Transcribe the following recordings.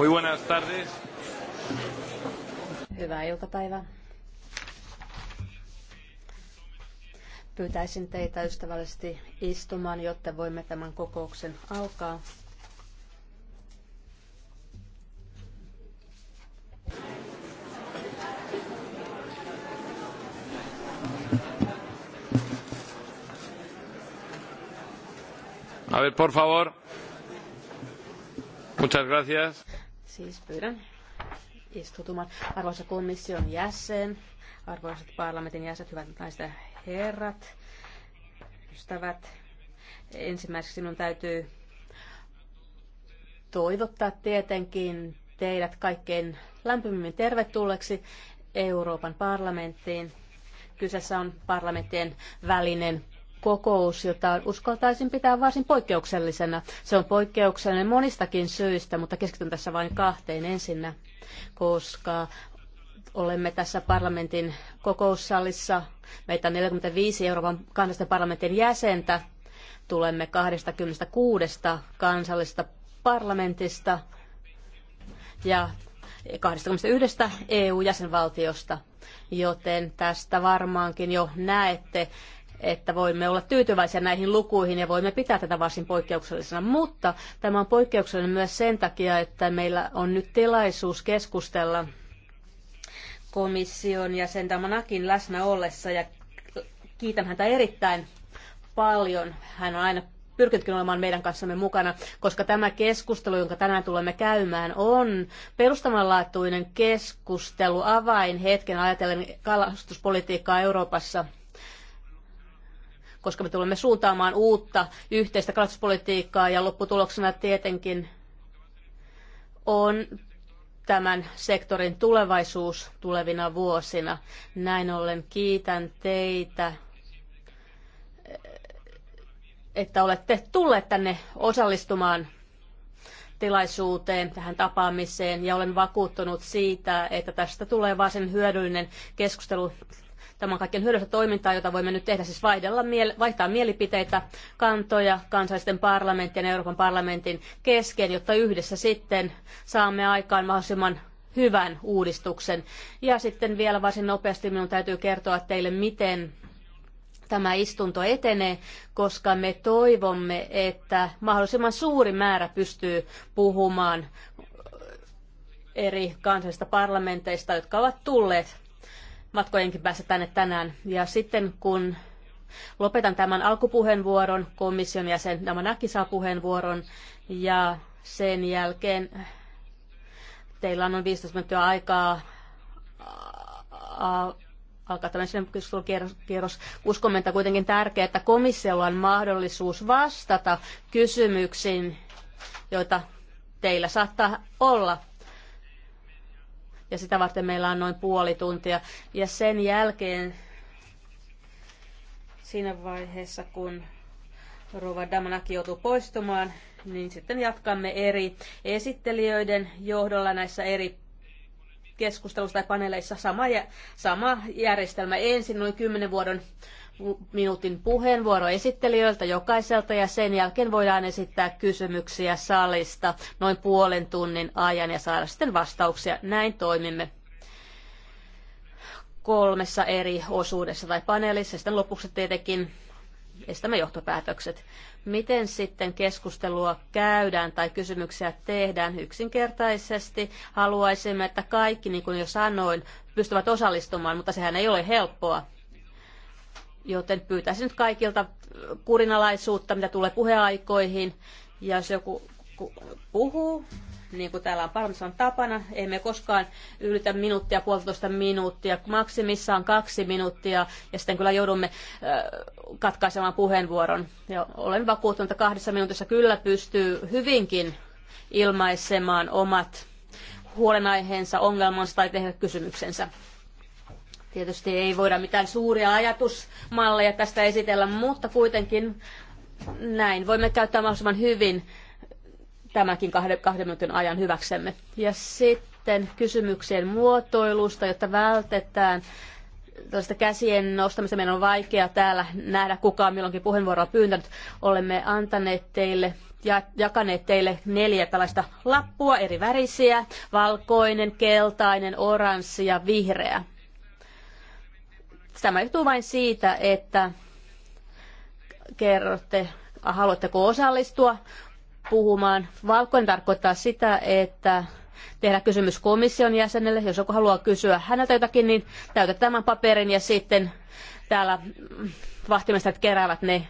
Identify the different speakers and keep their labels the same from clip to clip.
Speaker 1: Muy buenas tardes.
Speaker 2: Hyvää iltapäivää. Pyytäisin teitä ystävällisesti istumaan, jotta voimme tämän kokouksen alkaa.
Speaker 1: A ver, por favor. Muchas gracias.
Speaker 2: Siis pyydän istutumaan. Arvoisa komission jäsen, arvoisat parlamentin jäsenet, hyvät naiset ja herrat, ystävät. Ensimmäiseksi sinun täytyy toivottaa tietenkin teidät kaikkein lämpimimmin tervetulleeksi Euroopan parlamenttiin. Kyseessä on parlamenttien välinen kokous, jota uskaltaisin pitää varsin poikkeuksellisena. Se on poikkeuksellinen monistakin syistä, mutta keskityn tässä vain kahteen ensinnä, koska olemme tässä parlamentin kokoussalissa. Meitä on 45 Euroopan kansallisten parlamentin jäsentä. Tulemme 26 kansallisesta parlamentista ja 21 EU-jäsenvaltiosta, joten tästä varmaankin jo näette, että voimme olla tyytyväisiä näihin lukuihin ja voimme pitää tätä varsin poikkeuksellisena. Mutta tämä on poikkeuksellinen myös sen takia, että meillä on nyt tilaisuus keskustella komission ja sen Damanakin läsnä ollessa ja kiitän häntä erittäin paljon. Hän on aina pyrkinytkin olemaan meidän kanssamme mukana, koska tämä keskustelu, jonka tänään tulemme käymään, on perustavanlaatuinen keskustelu avainhetken ajatellen kalastuspolitiikkaa Euroopassa – koska me tulemme suuntaamaan uutta yhteistä kalastuspolitiikkaa ja lopputuloksena tietenkin on tämän sektorin tulevaisuus tulevina vuosina. Näin ollen kiitän teitä, että olette tulleet tänne osallistumaan tilaisuuteen, tähän tapaamiseen, ja olen vakuuttunut siitä, että tästä tulee varsin hyödyllinen keskustelu Tämä on kaikkien hyödyllistä toimintaa, jota voimme nyt tehdä, siis vaihdella, vaihtaa mielipiteitä, kantoja kansallisten parlamenttien ja Euroopan parlamentin kesken, jotta yhdessä sitten saamme aikaan mahdollisimman hyvän uudistuksen. Ja sitten vielä varsin nopeasti minun täytyy kertoa teille, miten tämä istunto etenee, koska me toivomme, että mahdollisimman suuri määrä pystyy puhumaan eri kansallisista parlamenteista, jotka ovat tulleet matkojenkin päässä tänne tänään. Ja sitten kun lopetan tämän alkupuheenvuoron, komission jäsen Damanaki saa puheenvuoron ja sen jälkeen teillä on noin 15 minuuttia aikaa alkaa tämmöinen keskustelukierros. Uskomme, että kuitenkin tärkeää, että komissiolla on mahdollisuus vastata kysymyksiin, joita teillä saattaa olla ja sitä varten meillä on noin puoli tuntia. Ja sen jälkeen siinä vaiheessa, kun Rova Damanaki joutuu poistumaan, niin sitten jatkamme eri esittelijöiden johdolla näissä eri keskustelussa tai paneeleissa sama, sama järjestelmä. Ensin noin kymmenen vuoden minuutin puheenvuoro esittelijöiltä jokaiselta ja sen jälkeen voidaan esittää kysymyksiä salista noin puolen tunnin ajan ja saada sitten vastauksia. Näin toimimme kolmessa eri osuudessa tai paneelissa. Sitten lopuksi tietenkin estämme johtopäätökset. Miten sitten keskustelua käydään tai kysymyksiä tehdään yksinkertaisesti? Haluaisimme, että kaikki, niin kuin jo sanoin, pystyvät osallistumaan, mutta sehän ei ole helppoa Joten pyytäisin nyt kaikilta kurinalaisuutta, mitä tulee puheaikoihin. Ja jos joku puhuu, niin kuin täällä on parhaimmillaan tapana, emme koskaan ylitä minuuttia, puolitoista minuuttia, maksimissaan kaksi minuuttia, ja sitten kyllä joudumme katkaisemaan puheenvuoron. Ja olen vakuuttunut, että kahdessa minuutissa kyllä pystyy hyvinkin ilmaisemaan omat huolenaiheensa, ongelmansa tai tehdä kysymyksensä. Tietysti ei voida mitään suuria ajatusmalleja tästä esitellä, mutta kuitenkin näin voimme käyttää mahdollisimman hyvin tämäkin kahden, kahden minuutin ajan hyväksemme. Ja sitten kysymyksien muotoilusta, jotta vältetään tällaista käsien nostamista. Meidän on vaikea täällä nähdä kukaan milloinkin puheenvuoroa pyyntänyt. Olemme antaneet teille ja jakaneet teille neljä tällaista lappua, eri värisiä, valkoinen, keltainen, oranssi ja vihreä. Tämä johtuu vain siitä, että kerrotte, haluatteko osallistua puhumaan. Valkoinen tarkoittaa sitä, että tehdä kysymys komission jäsenelle. Jos joku haluaa kysyä häneltä jotakin, niin täytä tämän paperin ja sitten täällä vahtimestat keräävät ne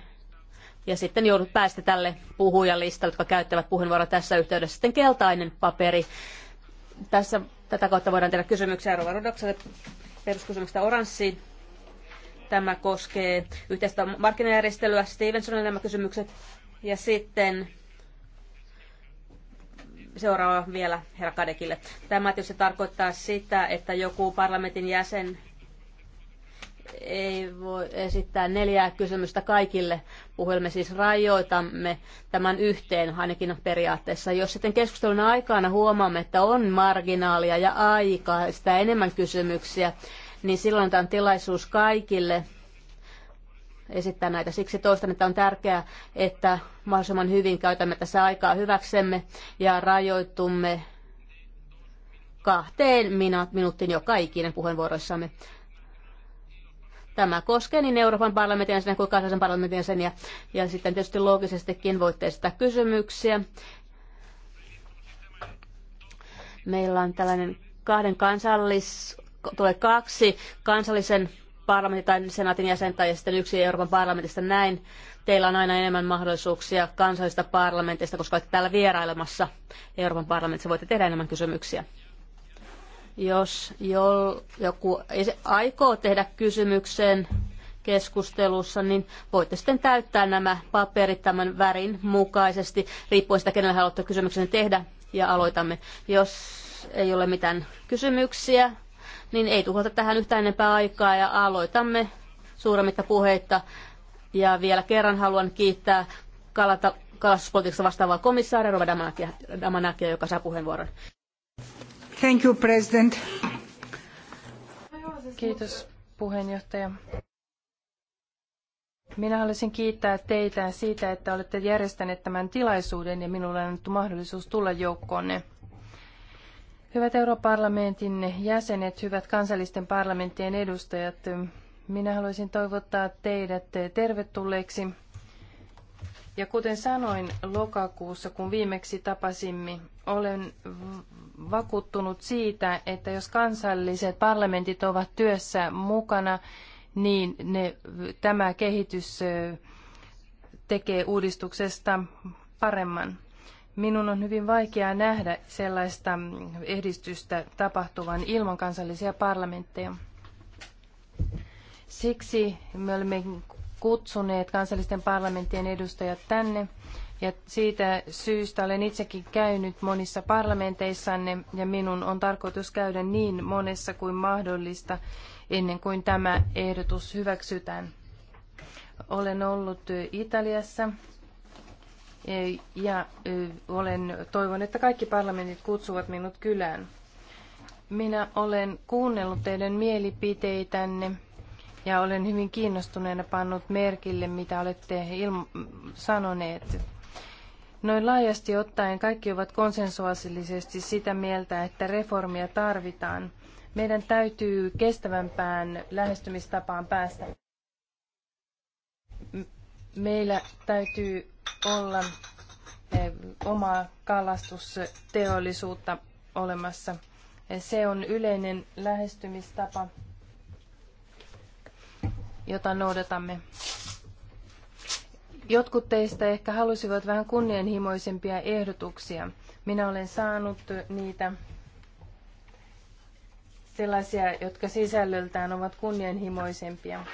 Speaker 2: ja sitten joudut päästä tälle puhujalistalle, jotka käyttävät puheenvuoroa tässä yhteydessä. Sitten keltainen paperi. Tässä tätä kautta voidaan tehdä kysymyksiä Rova Rodokselle peruskysymyksestä oranssiin. Tämä koskee yhteistä markkinajärjestelyä, Stevensonille nämä kysymykset. Ja sitten seuraava vielä herra Kadekille. Tämä tietysti tarkoittaa sitä, että joku parlamentin jäsen ei voi esittää neljää kysymystä kaikille puhelimme siis rajoitamme tämän yhteen ainakin periaatteessa. Jos sitten keskustelun aikana huomaamme, että on marginaalia ja aikaa, sitä enemmän kysymyksiä, niin silloin tämä on tilaisuus kaikille esittää näitä. Siksi toistan, että on tärkeää, että mahdollisimman hyvin käytämme tässä aikaa hyväksemme ja rajoitumme kahteen minuuttiin joka ikinen puheenvuoroissamme. Tämä koskee niin Euroopan parlamentin jäseniä kuin kansallisen parlamentin jäseniä. Ja sitten tietysti loogisestikin voitte esittää kysymyksiä. Meillä on tällainen kahden kansallis tulee kaksi kansallisen parlamentin tai senaatin jäsentä ja sitten yksi Euroopan parlamentista näin. Teillä on aina enemmän mahdollisuuksia kansallisesta parlamentista, koska olette täällä vierailemassa Euroopan parlamentissa. Voitte tehdä enemmän kysymyksiä. Jos joku aikoo tehdä kysymyksen keskustelussa, niin voitte sitten täyttää nämä paperit tämän värin mukaisesti, riippuen sitä, kenelle haluatte kysymyksen tehdä, ja aloitamme. Jos ei ole mitään kysymyksiä, niin ei tuhota tähän yhtään enempää aikaa ja aloitamme suuremmitta puheita. Ja vielä kerran haluan kiittää kalata, kalastuspolitiikasta vastaavaa komissaaria Rova Damanakia, joka saa puheenvuoron.
Speaker 3: Thank you, President. Kiitos, puheenjohtaja. Minä haluaisin kiittää teitä siitä, että olette järjestäneet tämän tilaisuuden ja minulle on annettu mahdollisuus tulla joukkoonne. Hyvät Euroopan parlamentin jäsenet, hyvät kansallisten parlamenttien edustajat, minä haluaisin toivottaa teidät tervetulleeksi. Ja kuten sanoin lokakuussa, kun viimeksi tapasimme, olen vakuuttunut siitä, että jos kansalliset parlamentit ovat työssä mukana, niin ne, tämä kehitys tekee uudistuksesta paremman. Minun on hyvin vaikeaa nähdä sellaista edistystä tapahtuvan ilman kansallisia parlamentteja. Siksi me olemme kutsuneet kansallisten parlamenttien edustajat tänne. Ja siitä syystä olen itsekin käynyt monissa parlamenteissanne ja minun on tarkoitus käydä niin monessa kuin mahdollista ennen kuin tämä ehdotus hyväksytään. Olen ollut Italiassa ja olen, toivon, että kaikki parlamentit kutsuvat minut kylään. Minä olen kuunnellut teidän mielipiteitänne ja olen hyvin kiinnostuneena pannut merkille, mitä olette ilmo- sanoneet. Noin laajasti ottaen kaikki ovat konsensuaalisesti sitä mieltä, että reformia tarvitaan. Meidän täytyy kestävämpään lähestymistapaan päästä. Meillä täytyy olla eh, omaa kalastusteollisuutta olemassa. Eh, se on yleinen lähestymistapa, jota noudatamme. Jotkut teistä ehkä halusivat vähän kunnianhimoisempia ehdotuksia. Minä olen saanut niitä sellaisia, jotka sisällöltään ovat kunnianhimoisempia.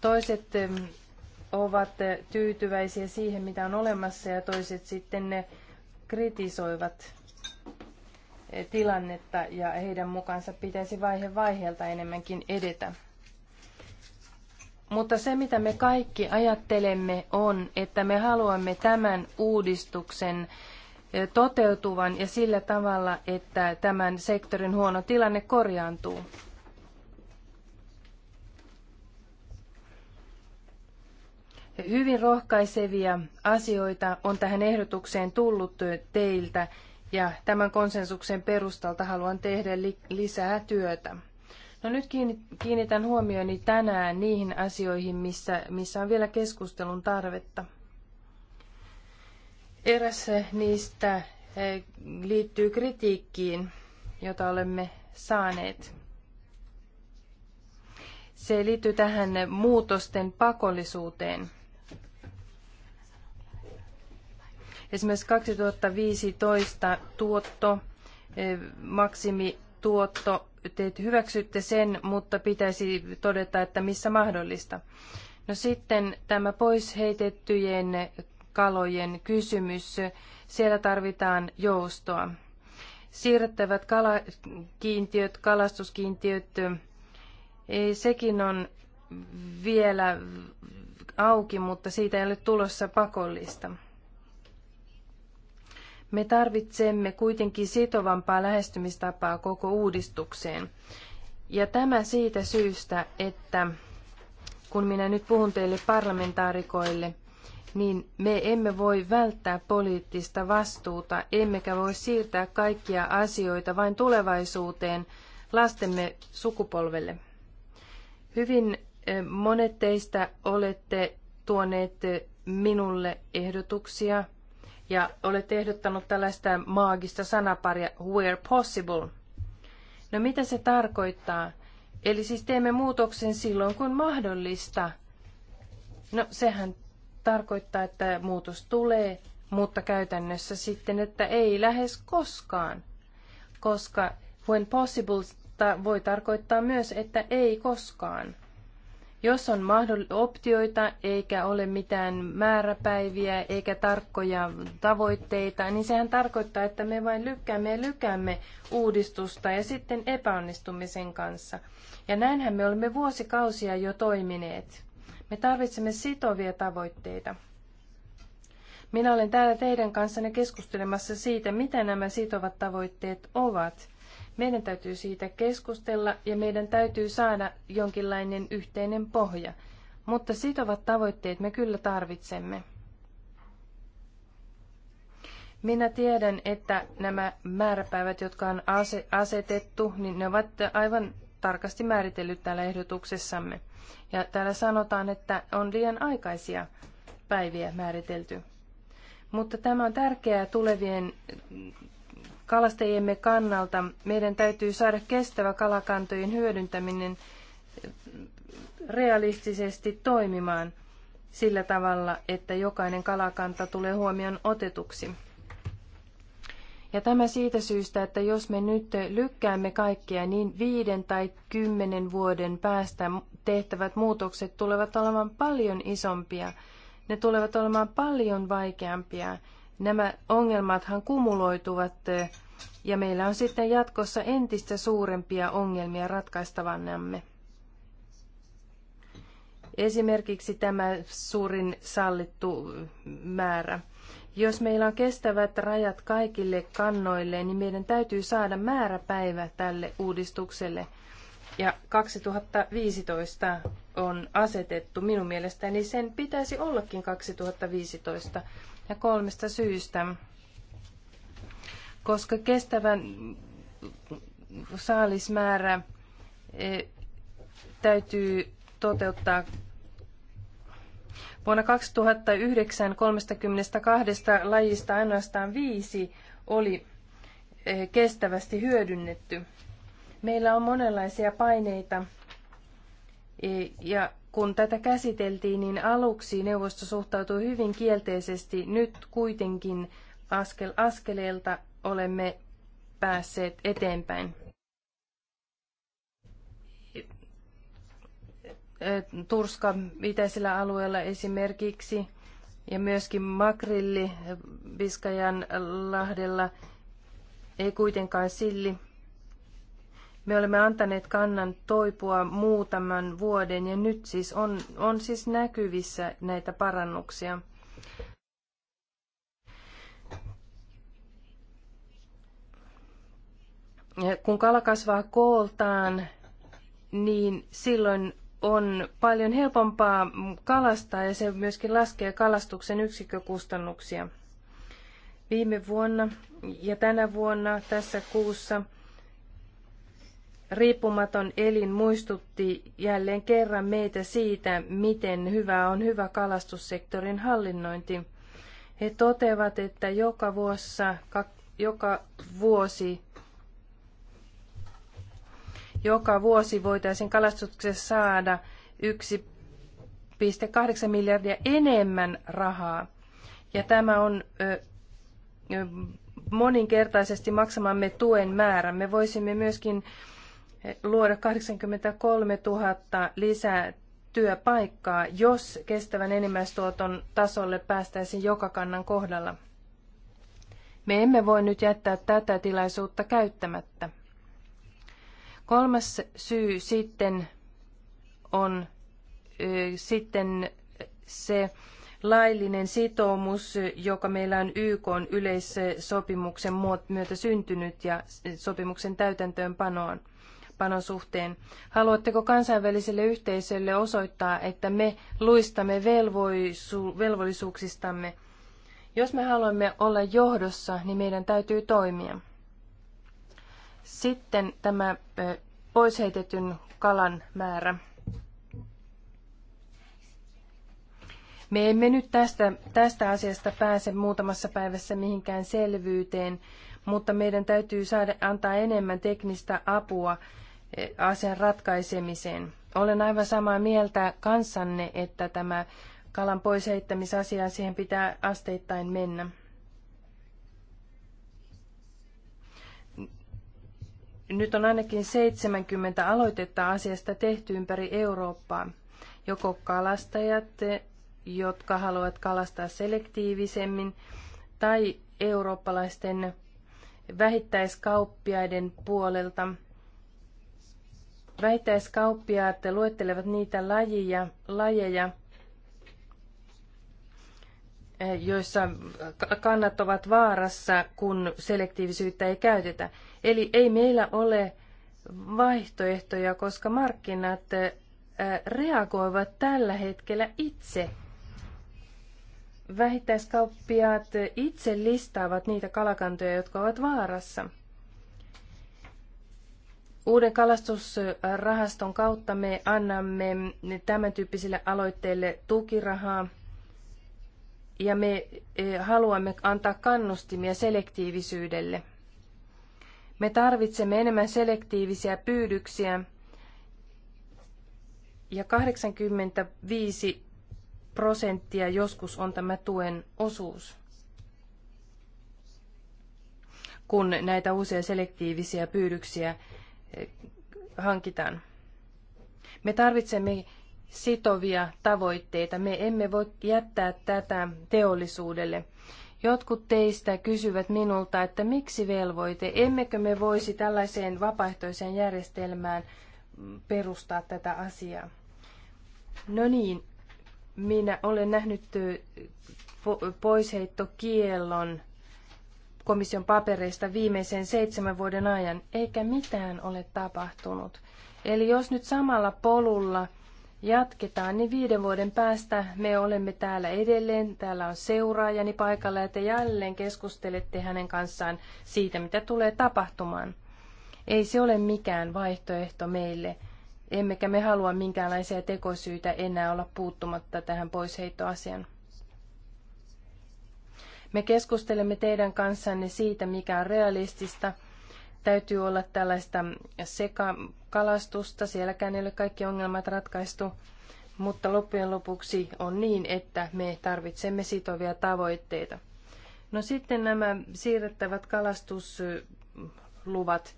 Speaker 3: Toiset eh, ovat tyytyväisiä siihen, mitä on olemassa, ja toiset sitten ne kritisoivat tilannetta, ja heidän mukaansa pitäisi vaihe vaiheelta enemmänkin edetä. Mutta se, mitä me kaikki ajattelemme, on, että me haluamme tämän uudistuksen e, toteutuvan ja sillä tavalla, että tämän sektorin huono tilanne korjaantuu. Hyvin rohkaisevia asioita on tähän ehdotukseen tullut teiltä ja tämän konsensuksen perustalta haluan tehdä lisää työtä. No nyt kiinnitän huomioni tänään niihin asioihin, missä, missä on vielä keskustelun tarvetta. Eräs niistä eh, liittyy kritiikkiin, jota olemme saaneet. Se liittyy tähän muutosten pakollisuuteen. Esimerkiksi 2015 tuotto, eh, maksimituotto, te hyväksytte sen, mutta pitäisi todeta, että missä mahdollista. No sitten tämä pois heitettyjen kalojen kysymys. Siellä tarvitaan joustoa. Siirrettävät kalakiintiöt, kalastuskiintiöt, eh, sekin on vielä auki, mutta siitä ei ole tulossa pakollista. Me tarvitsemme kuitenkin sitovampaa lähestymistapaa koko uudistukseen. Ja tämä siitä syystä, että kun minä nyt puhun teille parlamentaarikoille, niin me emme voi välttää poliittista vastuuta, emmekä voi siirtää kaikkia asioita vain tulevaisuuteen lastemme sukupolvelle. Hyvin eh, monet teistä olette tuoneet minulle ehdotuksia ja olette ehdottanut tällaista maagista sanaparia where possible. No mitä se tarkoittaa? Eli siis teemme muutoksen silloin, kun mahdollista. No sehän tarkoittaa, että muutos tulee, mutta käytännössä sitten, että ei lähes koskaan. Koska when possible voi tarkoittaa myös, että ei koskaan. Jos on optioita eikä ole mitään määräpäiviä eikä tarkkoja tavoitteita, niin sehän tarkoittaa, että me vain lykkäämme ja lykkäämme uudistusta ja sitten epäonnistumisen kanssa. Ja näinhän me olemme vuosikausia jo toimineet. Me tarvitsemme sitovia tavoitteita. Minä olen täällä teidän kanssanne keskustelemassa siitä, mitä nämä sitovat tavoitteet ovat – meidän täytyy siitä keskustella ja meidän täytyy saada jonkinlainen yhteinen pohja. Mutta sitovat tavoitteet me kyllä tarvitsemme. Minä tiedän, että nämä määräpäivät, jotka on asetettu, niin ne ovat aivan tarkasti määritellyt täällä ehdotuksessamme. Ja täällä sanotaan, että on liian aikaisia päiviä määritelty. Mutta tämä on tärkeää tulevien kalastajiemme kannalta meidän täytyy saada kestävä kalakantojen hyödyntäminen realistisesti toimimaan sillä tavalla, että jokainen kalakanta tulee huomioon otetuksi. Ja tämä siitä syystä, että jos me nyt lykkäämme kaikkia, niin viiden tai kymmenen vuoden päästä tehtävät muutokset tulevat olemaan paljon isompia. Ne tulevat olemaan paljon vaikeampia Nämä ongelmathan kumuloituvat eh, ja meillä on sitten jatkossa entistä suurempia ongelmia ratkaistavannamme. Esimerkiksi tämä suurin sallittu määrä. Jos meillä on kestävät rajat kaikille kannoille, niin meidän täytyy saada määräpäivä tälle uudistukselle. Ja 2015 on asetettu, minun mielestäni sen pitäisi ollakin 2015, ja kolmesta syystä. Koska kestävän saalismäärä eh, täytyy toteuttaa Vuonna 2009 32 lajista ainoastaan viisi oli eh, kestävästi hyödynnetty. Meillä on monenlaisia paineita eh, ja kun tätä käsiteltiin, niin aluksi neuvosto suhtautui hyvin kielteisesti. Nyt kuitenkin askel askeleelta olemme päässeet eteenpäin. Turska itäisellä alueella esimerkiksi ja myöskin makrilli Biskajan lahdella, ei kuitenkaan silli. Me olemme antaneet kannan toipua muutaman vuoden ja nyt siis on, on siis näkyvissä näitä parannuksia. Ja kun kala kasvaa kooltaan, niin silloin on paljon helpompaa kalastaa ja se myöskin laskee kalastuksen yksikkökustannuksia. Viime vuonna ja tänä vuonna tässä kuussa riippumaton elin muistutti jälleen kerran meitä siitä, miten hyvä on hyvä kalastussektorin hallinnointi. He toteavat, että joka, vuossa, joka vuosi joka vuosi voitaisiin kalastuksessa saada 1,8 miljardia enemmän rahaa. Ja tämä on ö, ö, moninkertaisesti maksamamme tuen määrä. Me voisimme myöskin luoda 83 000 lisää työpaikkaa, jos kestävän enimmäistuoton tasolle päästäisiin joka kannan kohdalla. Me emme voi nyt jättää tätä tilaisuutta käyttämättä. Kolmas syy sitten on sitten se laillinen sitoumus, joka meillä on YK on yleissopimuksen myötä syntynyt ja sopimuksen täytäntöönpanoon. panoon täytäntöönpanon suhteen? Haluatteko kansainväliselle yhteisölle osoittaa, että me luistamme velvollisuuksistamme? Jos me haluamme olla johdossa, niin meidän täytyy toimia. Sitten tämä poisheitetyn kalan määrä. Me emme nyt tästä, tästä asiasta pääse muutamassa päivässä mihinkään selvyyteen, mutta meidän täytyy saada antaa enemmän teknistä apua asian ratkaisemiseen. Olen aivan samaa mieltä kanssanne, että tämä kalan pois heittämisasia, siihen pitää asteittain mennä. Nyt on ainakin 70 aloitetta asiasta tehty ympäri Eurooppaa. Joko kalastajat, jotka haluavat kalastaa selektiivisemmin, tai eurooppalaisten vähittäiskauppiaiden puolelta – Vähittäiskauppiaat luettelevat niitä lajia, lajeja, joissa kannat ovat vaarassa, kun selektiivisyyttä ei käytetä. Eli ei meillä ole vaihtoehtoja, koska markkinat reagoivat tällä hetkellä itse. Vähittäiskauppiaat itse listaavat niitä kalakantoja, jotka ovat vaarassa – Uuden kalastusrahaston kautta me annamme tämän tyyppisille aloitteille tukirahaa ja me e, haluamme antaa kannustimia selektiivisyydelle. Me tarvitsemme enemmän selektiivisiä pyydyksiä ja 85 prosenttia joskus on tämä tuen osuus, kun näitä uusia selektiivisiä pyydyksiä hankitaan. Me tarvitsemme sitovia tavoitteita. Me emme voi jättää tätä teollisuudelle. Jotkut teistä kysyvät minulta, että miksi velvoite, emmekö me voisi tällaiseen vapaaehtoiseen järjestelmään perustaa tätä asiaa. No niin, minä olen nähnyt poisheittokiellon komission papereista viimeisen seitsemän vuoden ajan, eikä mitään ole tapahtunut. Eli jos nyt samalla polulla jatketaan, niin viiden vuoden päästä me olemme täällä edelleen. Täällä on seuraajani paikalla ja te jälleen keskustelette hänen kanssaan siitä, mitä tulee tapahtumaan. Ei se ole mikään vaihtoehto meille, emmekä me halua minkäänlaisia tekosyitä enää olla puuttumatta tähän poisheittoasiaan. Me keskustelemme teidän kanssanne siitä, mikä on realistista. Täytyy olla tällaista sekakalastusta, sielläkään ei ole kaikki ongelmat ratkaistu, mutta loppujen lopuksi on niin, että me tarvitsemme sitovia tavoitteita. No sitten nämä siirrettävät kalastusluvat.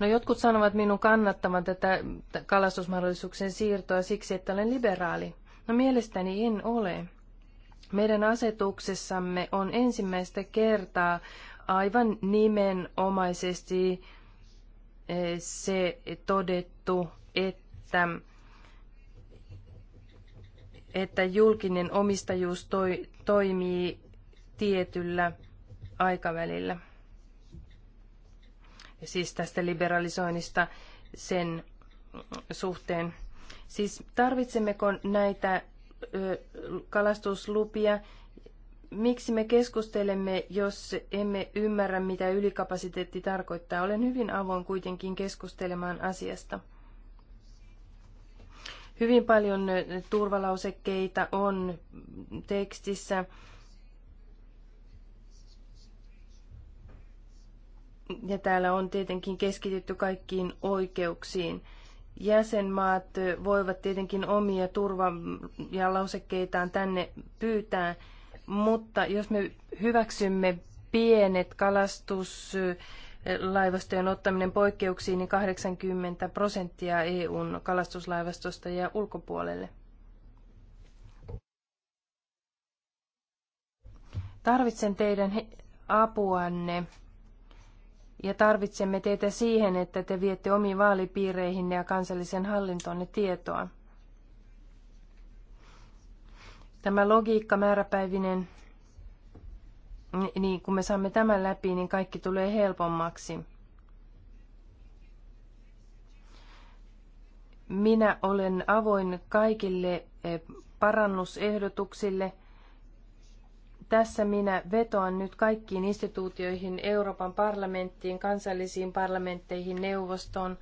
Speaker 3: No jotkut sanovat minun kannattavan tätä kalastusmahdollisuuksien siirtoa siksi, että olen liberaali. No mielestäni en ole. Meidän asetuksessamme on ensimmäistä kertaa aivan nimenomaisesti eh, se todettu, että, että julkinen omistajuus toi, toimii tietyllä aikavälillä siis tästä liberalisoinnista sen suhteen. Siis tarvitsemmeko näitä kalastuslupia? Miksi me keskustelemme, jos emme ymmärrä, mitä ylikapasiteetti tarkoittaa? Olen hyvin avoin kuitenkin keskustelemaan asiasta. Hyvin paljon turvalausekkeita on tekstissä ja täällä on tietenkin keskitytty kaikkiin oikeuksiin. Jäsenmaat voivat tietenkin omia turva- ja lausekkeitaan tänne pyytää, mutta jos me hyväksymme pienet kalastuslaivastojen ottaminen poikkeuksiin, niin 80 prosenttia EUn kalastuslaivastosta jää ulkopuolelle. Tarvitsen teidän apuanne ja tarvitsemme teitä siihen, että te viette omiin vaalipiireihinne ja kansallisen hallintonne tietoa. Tämä logiikka määräpäivinen, niin kun me saamme tämän läpi, niin kaikki tulee helpommaksi. Minä olen avoin kaikille eh, parannusehdotuksille – tässä minä vetoan nyt kaikkiin instituutioihin, Euroopan parlamenttiin, kansallisiin parlamentteihin, neuvostoon,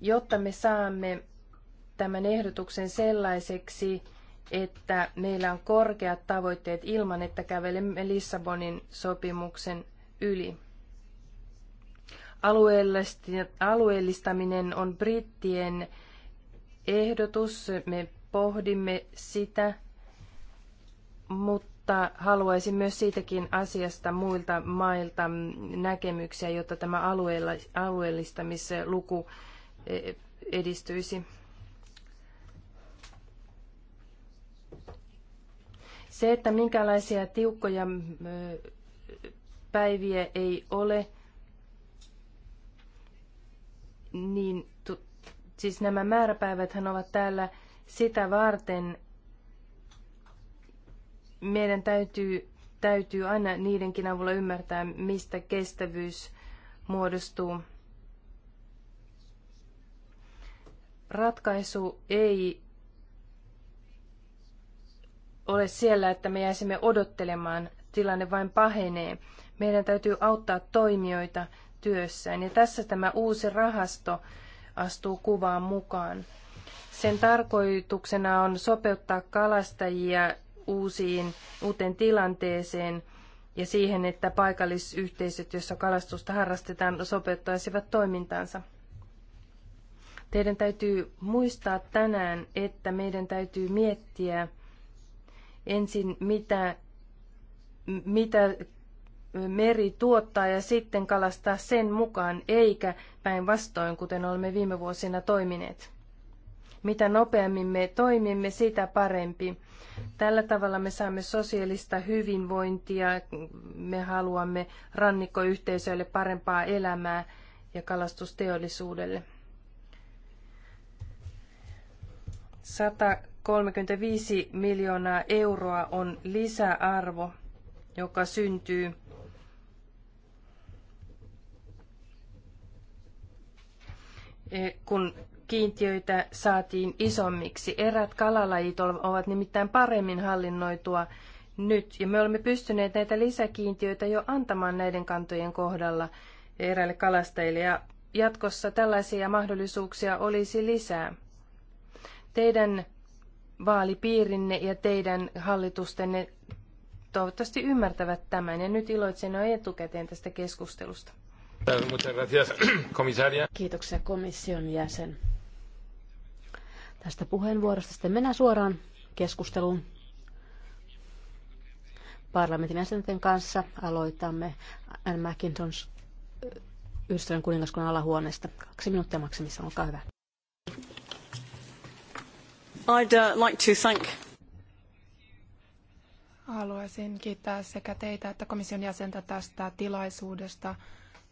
Speaker 3: jotta me saamme tämän ehdotuksen sellaiseksi, että meillä on korkeat tavoitteet ilman, että kävelemme Lissabonin sopimuksen yli. Alueellistaminen on brittien ehdotus. Me pohdimme sitä mutta haluaisin myös siitäkin asiasta muilta mailta näkemyksiä, jotta tämä alueellistamisluku eh, edistyisi. Se, että minkälaisia tiukkoja eh, päiviä ei ole, niin siis nämä määräpäiväthän ovat täällä sitä varten, meidän täytyy, täytyy aina niidenkin avulla ymmärtää, mistä kestävyys muodostuu. Ratkaisu ei ole siellä, että me jäisimme odottelemaan, tilanne vain pahenee. Meidän täytyy auttaa toimijoita työssään. Ja tässä tämä uusi rahasto astuu kuvaan mukaan. Sen tarkoituksena on sopeuttaa kalastajia uusiin, uuteen tilanteeseen ja siihen, että paikallisyhteisöt, joissa kalastusta harrastetaan, sopeuttaisivat toimintaansa. Teidän täytyy muistaa tänään, että meidän täytyy miettiä ensin, mitä, mitä meri tuottaa ja sitten kalastaa sen mukaan, eikä päinvastoin, kuten olemme viime vuosina toimineet. Mitä nopeammin me toimimme, sitä parempi. Tällä tavalla me saamme sosiaalista hyvinvointia, me haluamme rannikkoyhteisöille parempaa elämää ja kalastusteollisuudelle. 135 miljoonaa euroa on lisäarvo, joka syntyy kun kiintiöitä saatiin isommiksi. Erät kalalajit ovat nimittäin paremmin hallinnoitua nyt, ja me olemme pystyneet näitä lisäkiintiöitä jo antamaan näiden kantojen kohdalla eräille kalastajille, ja jatkossa tällaisia mahdollisuuksia olisi lisää. Teidän vaalipiirinne ja teidän hallitustenne toivottavasti ymmärtävät tämän, ja nyt iloitsen jo etukäteen tästä keskustelusta. Kiitoksia
Speaker 2: komission jäsen tästä puheenvuorosta. Sitten mennään suoraan keskusteluun parlamentin jäsenten kanssa. Aloitamme Anne McIntons eh, Ystävän kuningaskunnan alahuoneesta. Kaksi minuuttia maksimissa, olkaa hyvä. I'd uh, like to thank
Speaker 4: Haluaisin kiittää sekä teitä että komission jäsentä tästä tilaisuudesta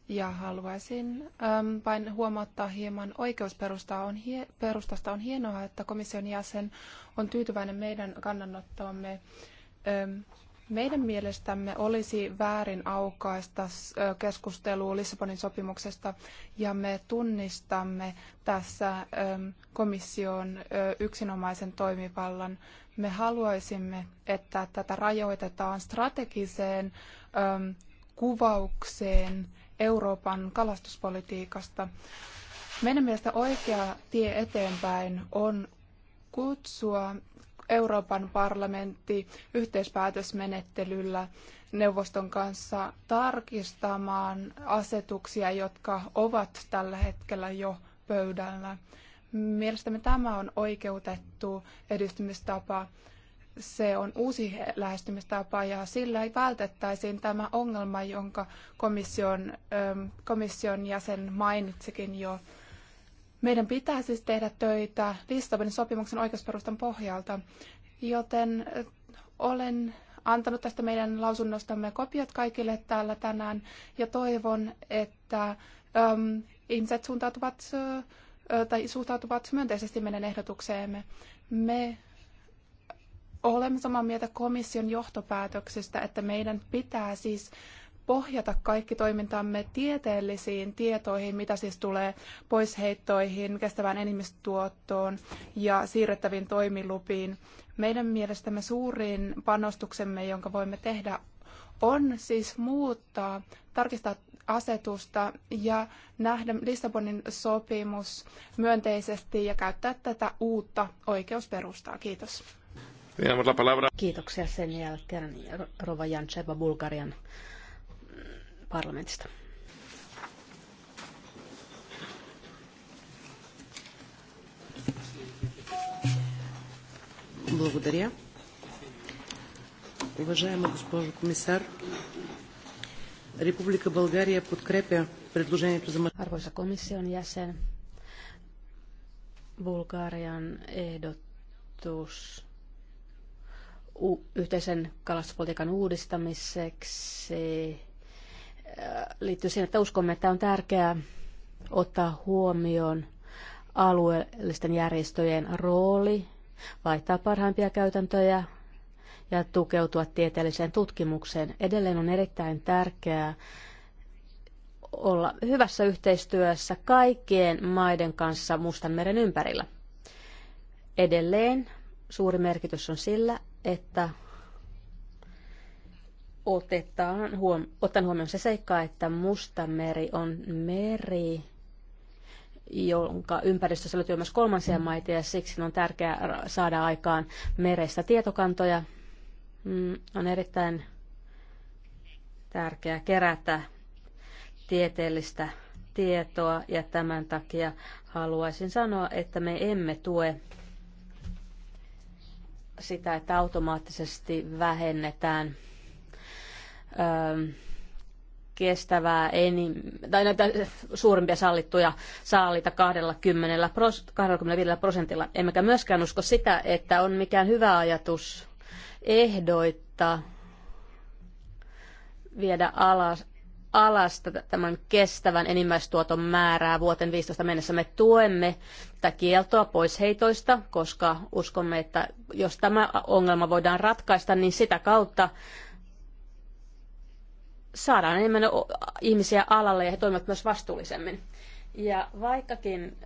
Speaker 4: ja haluaisin äm, vain huomauttaa hieman oikeusperustasta on, hie, perustasta on hienoa, että komission jäsen on tyytyväinen meidän kannanottoomme. Äm, meidän mielestämme olisi väärin aukaista keskustelua Lissabonin sopimuksesta ja me tunnistamme tässä komission yksinomaisen toimivallan. Me haluaisimme, että tätä rajoitetaan strategiseen kuvaukseen Euroopan kalastuspolitiikasta. Meidän mielestä oikea tie eteenpäin on kutsua Euroopan parlamentti yhteispäätösmenettelyllä neuvoston kanssa tarkistamaan asetuksia, jotka ovat tällä hetkellä jo pöydällä. Mielestämme tämä on oikeutettu edistymistapa se on uusi lähestymistapa ja sillä ei vältettäisiin tämä ongelma, jonka komission, ähm, komission jäsen mainitsikin jo. Meidän pitää siis tehdä töitä Lissabonin sopimuksen oikeusperustan pohjalta, joten äh, olen antanut tästä meidän lausunnostamme kopiot kaikille täällä tänään ja toivon, että äm, ihmiset suuntautuvat, äh, tai suhtautuvat myönteisesti meidän ehdotukseemme. Me Olemme samaa mieltä komission johtopäätöksistä, että meidän pitää siis pohjata kaikki toimintamme tieteellisiin tietoihin, mitä siis tulee poisheittoihin, kestävään enimmistuottoon ja siirrettäviin toimilupiin. Meidän mielestämme suurin panostuksemme, jonka voimme tehdä, on siis muuttaa, tarkistaa asetusta ja nähdä Lissabonin sopimus myönteisesti ja käyttää tätä uutta oikeusperustaa. Kiitos.
Speaker 2: Kiitoksia sen jälkeen Rova Jantseva Bulgarian parlamentista.
Speaker 4: Благодаря. Уважаема госпожо комисар,
Speaker 2: Република България подкрепя предложението за... Arvoisa komission jäsen, Bulgarian ehdotus yhteisen kalastuspolitiikan uudistamiseksi äh, liittyy siihen, että uskomme, että on tärkeää ottaa huomioon alueellisten järjestöjen rooli, vaihtaa parhaimpia käytäntöjä ja tukeutua tieteelliseen tutkimukseen. Edelleen on erittäin tärkeää olla hyvässä yhteistyössä kaikkien maiden kanssa Mustanmeren ympärillä. Edelleen suuri merkitys on sillä, että otetaan huom- otan huomioon se seikka, että Mustameri on meri, jonka ympäristössä löytyy myös kolmansia maita ja siksi on tärkeää saada aikaan merestä tietokantoja. Mm, on erittäin tärkeää kerätä tieteellistä tietoa ja tämän takia haluaisin sanoa, että me emme tue sitä, että automaattisesti vähennetään öö, kestävää enim, tai näitä suurimpia sallittuja saalita 20, 25 prosentilla. Emmekä myöskään usko sitä, että on mikään hyvä ajatus ehdoitta viedä alas alas tämän kestävän enimmäistuoton määrää vuoteen 15 mennessä. Me tuemme tätä kieltoa pois heitoista, koska uskomme, että jos tämä ongelma voidaan ratkaista, niin sitä kautta saadaan enemmän ihmisiä alalle ja he toimivat myös vastuullisemmin. Ja vaikkakin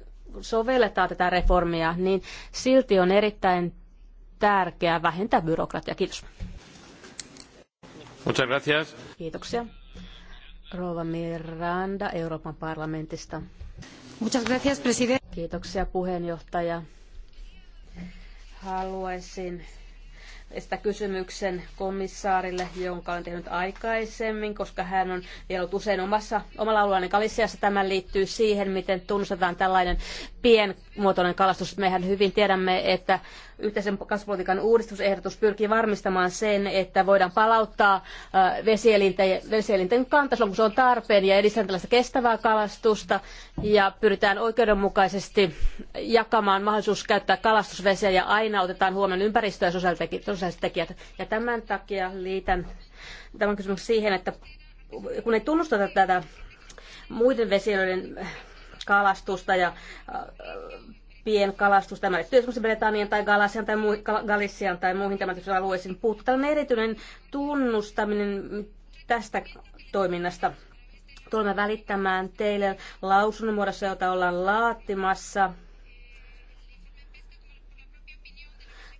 Speaker 2: sovelletaan tätä reformia, niin silti on erittäin tärkeää vähentää byrokratiaa. Kiitos.
Speaker 1: Muchas gracias.
Speaker 2: Kiitoksia. Rova Miranda Euroopan parlamentista. Muchas gracias, president. Kiitoksia puheenjohtaja. Haluaisin sitä kysymyksen komissaarille, jonka olen tehnyt aikaisemmin, koska hän on ollut usein omassa, omalla alueellani Kalisiassa. Tämä liittyy siihen, miten tunnustetaan tällainen pienmuotoinen kalastus. Mehän hyvin tiedämme, että Yhteisen kasvupolitiikan uudistusehdotus pyrkii varmistamaan sen, että voidaan palauttaa vesielinten, äh, vesielinten kanta silloin, kun se on tarpeen ja edistetään tällaista kestävää kalastusta ja pyritään oikeudenmukaisesti jakamaan mahdollisuus käyttää kalastusvesiä ja aina otetaan huomioon ympäristö- ja sosiaaliset tekijät. Ja tämän takia liitän tämän kysymyksen siihen, että kun ei tunnusteta tätä muiden vesielinten kalastusta ja äh, pienkalastus, tämä liittyy esimerkiksi Bretanian tai Galasian tai, mui, Galissian tai muihin tämän alueisiin. Puuttuu tällainen erityinen tunnustaminen tästä toiminnasta. Tulemme välittämään teille lausunnon muodossa, jota ollaan laatimassa.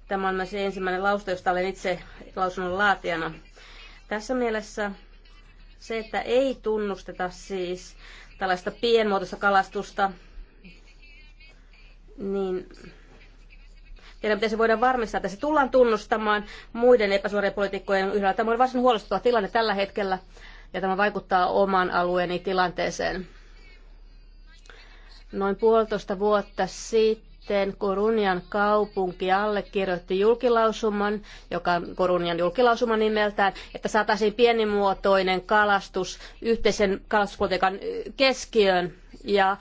Speaker 2: Tämä on myös ensimmäinen lausunto, josta olen itse lausunnon laatijana. Tässä mielessä se, että ei tunnusteta siis tällaista pienmuotoista kalastusta, niin teidän pitäisi voida varmistaa, että se tullaan tunnustamaan muiden epäsuorien poliitikkojen yhdellä. Tämä on varsin huolestuttava tilanne tällä hetkellä ja tämä vaikuttaa oman alueeni tilanteeseen. Noin puolitoista vuotta sitten Korunian kaupunki allekirjoitti julkilausuman, joka on Korunian julkilausuma nimeltään, että saataisiin pienimuotoinen kalastus yhteisen kalastuspolitiikan keskiöön ja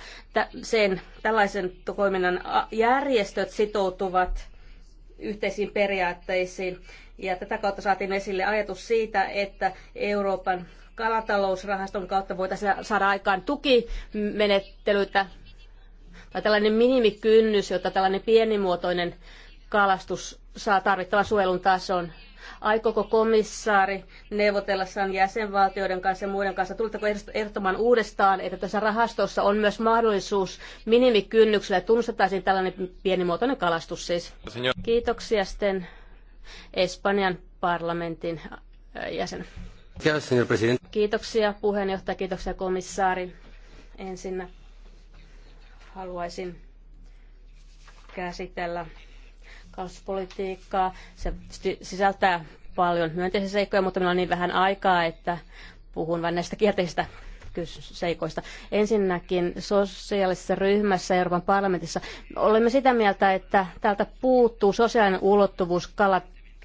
Speaker 2: sen, tällaisen toiminnan järjestöt sitoutuvat yhteisiin periaatteisiin. Ja tätä kautta saatiin esille ajatus siitä, että Euroopan kalatalousrahaston kautta voitaisiin saada aikaan tukimenettelyitä tai tällainen minimikynnys, jotta tällainen pienimuotoinen kalastus saa tarvittavan suojelun tason. Aikooko komissaari neuvotellessaan jäsenvaltioiden kanssa ja muiden kanssa, tuletteko ehdottamaan uudestaan, että tässä rahastossa on myös mahdollisuus minimikynnyksellä tunnustettaisiin tällainen pienimuotoinen kalastus siis. Kiitoksia sitten Espanjan parlamentin äh, jäsen. Kiitoksia puheenjohtaja, kiitoksia komissaari. Ensinnä haluaisin käsitellä kalastuspolitiikkaa. Se sisältää paljon myönteisiä seikkoja, mutta meillä on niin vähän aikaa, että puhun vain näistä kielteisistä seikoista. Ensinnäkin sosiaalisessa ryhmässä Euroopan parlamentissa olemme sitä mieltä, että täältä puuttuu sosiaalinen ulottuvuus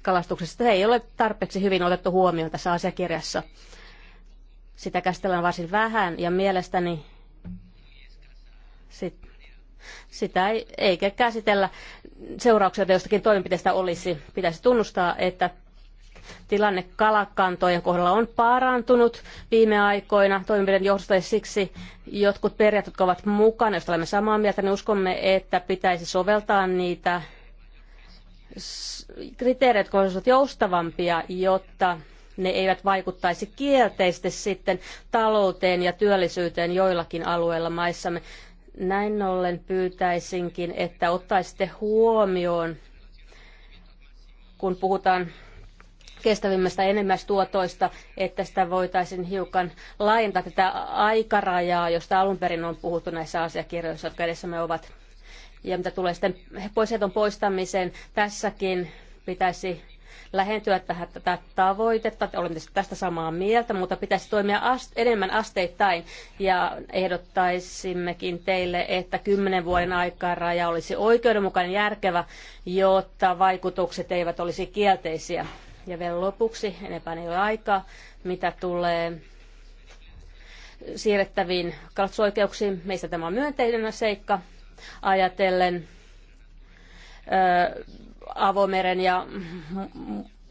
Speaker 2: kalastuksesta. Se ei ole tarpeeksi hyvin otettu huomioon tässä asiakirjassa. Sitä käsitellään varsin vähän ja mielestäni sit sitä ei, eikä käsitellä seurauksia, jostakin toimenpiteestä olisi. Pitäisi tunnustaa, että tilanne kalakantojen kohdalla on parantunut viime aikoina toimenpiteiden johdosta ja siksi jotkut periaatteet, jotka ovat mukana, joista olemme samaa mieltä, niin uskomme, että pitäisi soveltaa niitä kriteereitä, jotka olisivat joustavampia, jotta ne eivät vaikuttaisi kielteisesti sitten talouteen ja työllisyyteen joillakin alueilla maissamme. Näin ollen pyytäisinkin, että ottaisitte huomioon, kun puhutaan kestävimmästä enemmästä tuotoista, että sitä voitaisiin hiukan laajentaa tätä aikarajaa, josta alun perin on puhuttu näissä asiakirjoissa, jotka edessämme ovat. Ja mitä tulee sitten poistamiseen, tässäkin pitäisi lähentyä tähän tätä tavoitetta. Olemme tästä samaa mieltä, mutta pitäisi toimia ast- enemmän asteittain. Ja ehdottaisimmekin teille, että kymmenen vuoden aikaraja olisi oikeudenmukainen järkevä, jotta vaikutukset eivät olisi kielteisiä. Ja vielä lopuksi, enempää ei ole aikaa, mitä tulee siirrettäviin kalastusoikeuksiin. Meistä tämä on myönteinen seikka ajatellen öö, avomeren ja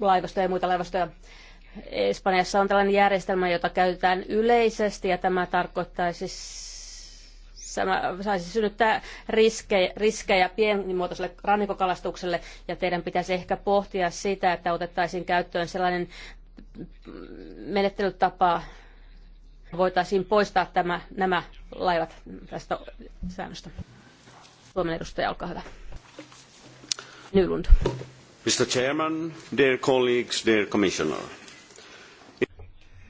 Speaker 2: laivastoja ja muita laivastoja. Espanjassa on tällainen järjestelmä, jota käytetään yleisesti ja tämä tarkoittaisi Tämä saisi synnyttää riskejä, riskejä pienimuotoiselle rannikokalastukselle ja teidän pitäisi ehkä pohtia sitä, että otettaisiin käyttöön sellainen menettelytapa, voitaisiin poistaa tämä, nämä laivat tästä säännöstä. Suomen edustaja, olkaa hyvä. Nylund.
Speaker 1: Mr. Chairman, dear colleagues, dear commissioner.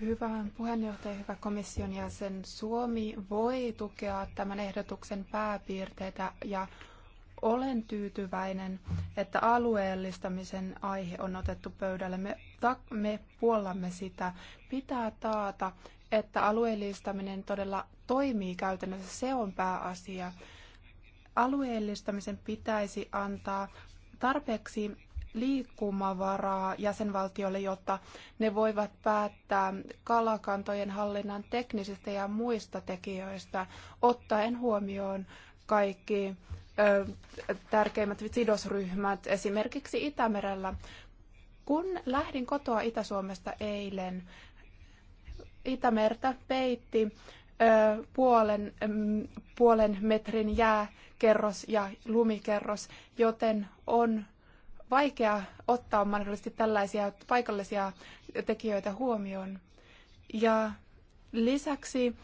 Speaker 4: Hyvä puheenjohtaja, hyvä komission jäsen. Suomi voi tukea tämän ehdotuksen pääpiirteitä ja olen tyytyväinen, että alueellistamisen aihe on otettu pöydälle. Me, ta, me puollamme sitä. Pitää taata, että alueellistaminen todella toimii käytännössä. Se on pääasia. Alueellistamisen pitäisi antaa tarpeeksi liikkumavaraa jäsenvaltioille, jotta ne voivat päättää kalakantojen hallinnan teknisistä ja muista tekijöistä, ottaen huomioon kaikki ö, tärkeimmät sidosryhmät, esimerkiksi Itämerellä. Kun lähdin kotoa Itä-Suomesta eilen, Itämertä peitti puolen, mm, puolen metrin jääkerros ja lumikerros, joten on vaikea ottaa mahdollisesti tällaisia paikallisia tekijöitä huomioon. Ja lisäksi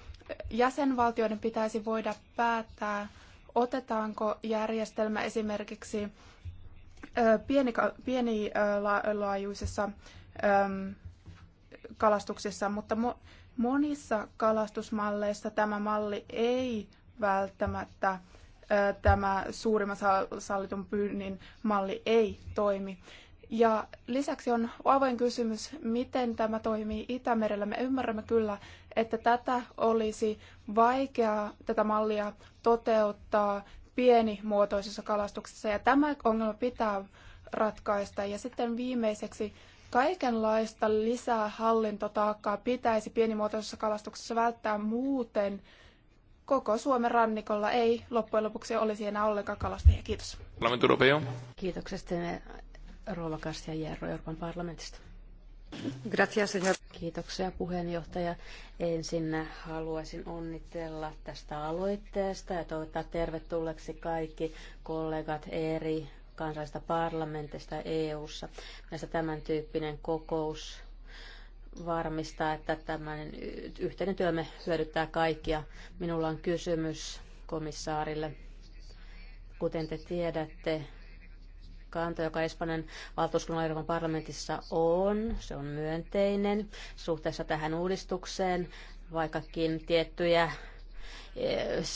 Speaker 4: jäsenvaltioiden pitäisi voida päättää, otetaanko järjestelmä esimerkiksi pieni, pienilaajuisessa kalastuksessa, mutta Monissa kalastusmalleissa tämä malli ei välttämättä tämä suurimman sallitun pyynnin malli ei toimi. Ja lisäksi on avoin kysymys, miten tämä toimii Itämerellä. Me ymmärrämme kyllä, että tätä olisi vaikeaa, tätä mallia toteuttaa pienimuotoisessa kalastuksessa. Ja tämä ongelma pitää ratkaista. Ja sitten viimeiseksi Kaikenlaista lisää hallintotaakkaa pitäisi pienimuotoisessa kalastuksessa välttää muuten. Koko Suomen rannikolla ei loppujen lopuksi olisi enää ollenkaan kalastajia. Kiitos.
Speaker 2: Kiitoksesta eh, Rova ja Jero Euroopan parlamentista. Gracias, señor. Kiitoksia puheenjohtaja. Ensin haluaisin onnitella tästä aloitteesta ja toivottaa tervetulleeksi kaikki kollegat eri kansallista parlamentista EU-ssa. Näistä tämän tyyppinen kokous varmistaa, että tämmöinen yhteinen työmme hyödyttää kaikkia. Minulla on kysymys komissaarille. Kuten te tiedätte, kanta, joka Espanjan valtuuskunnan Euroopan parlamentissa on, se on myönteinen suhteessa tähän uudistukseen, vaikkakin tiettyjä eh, eh,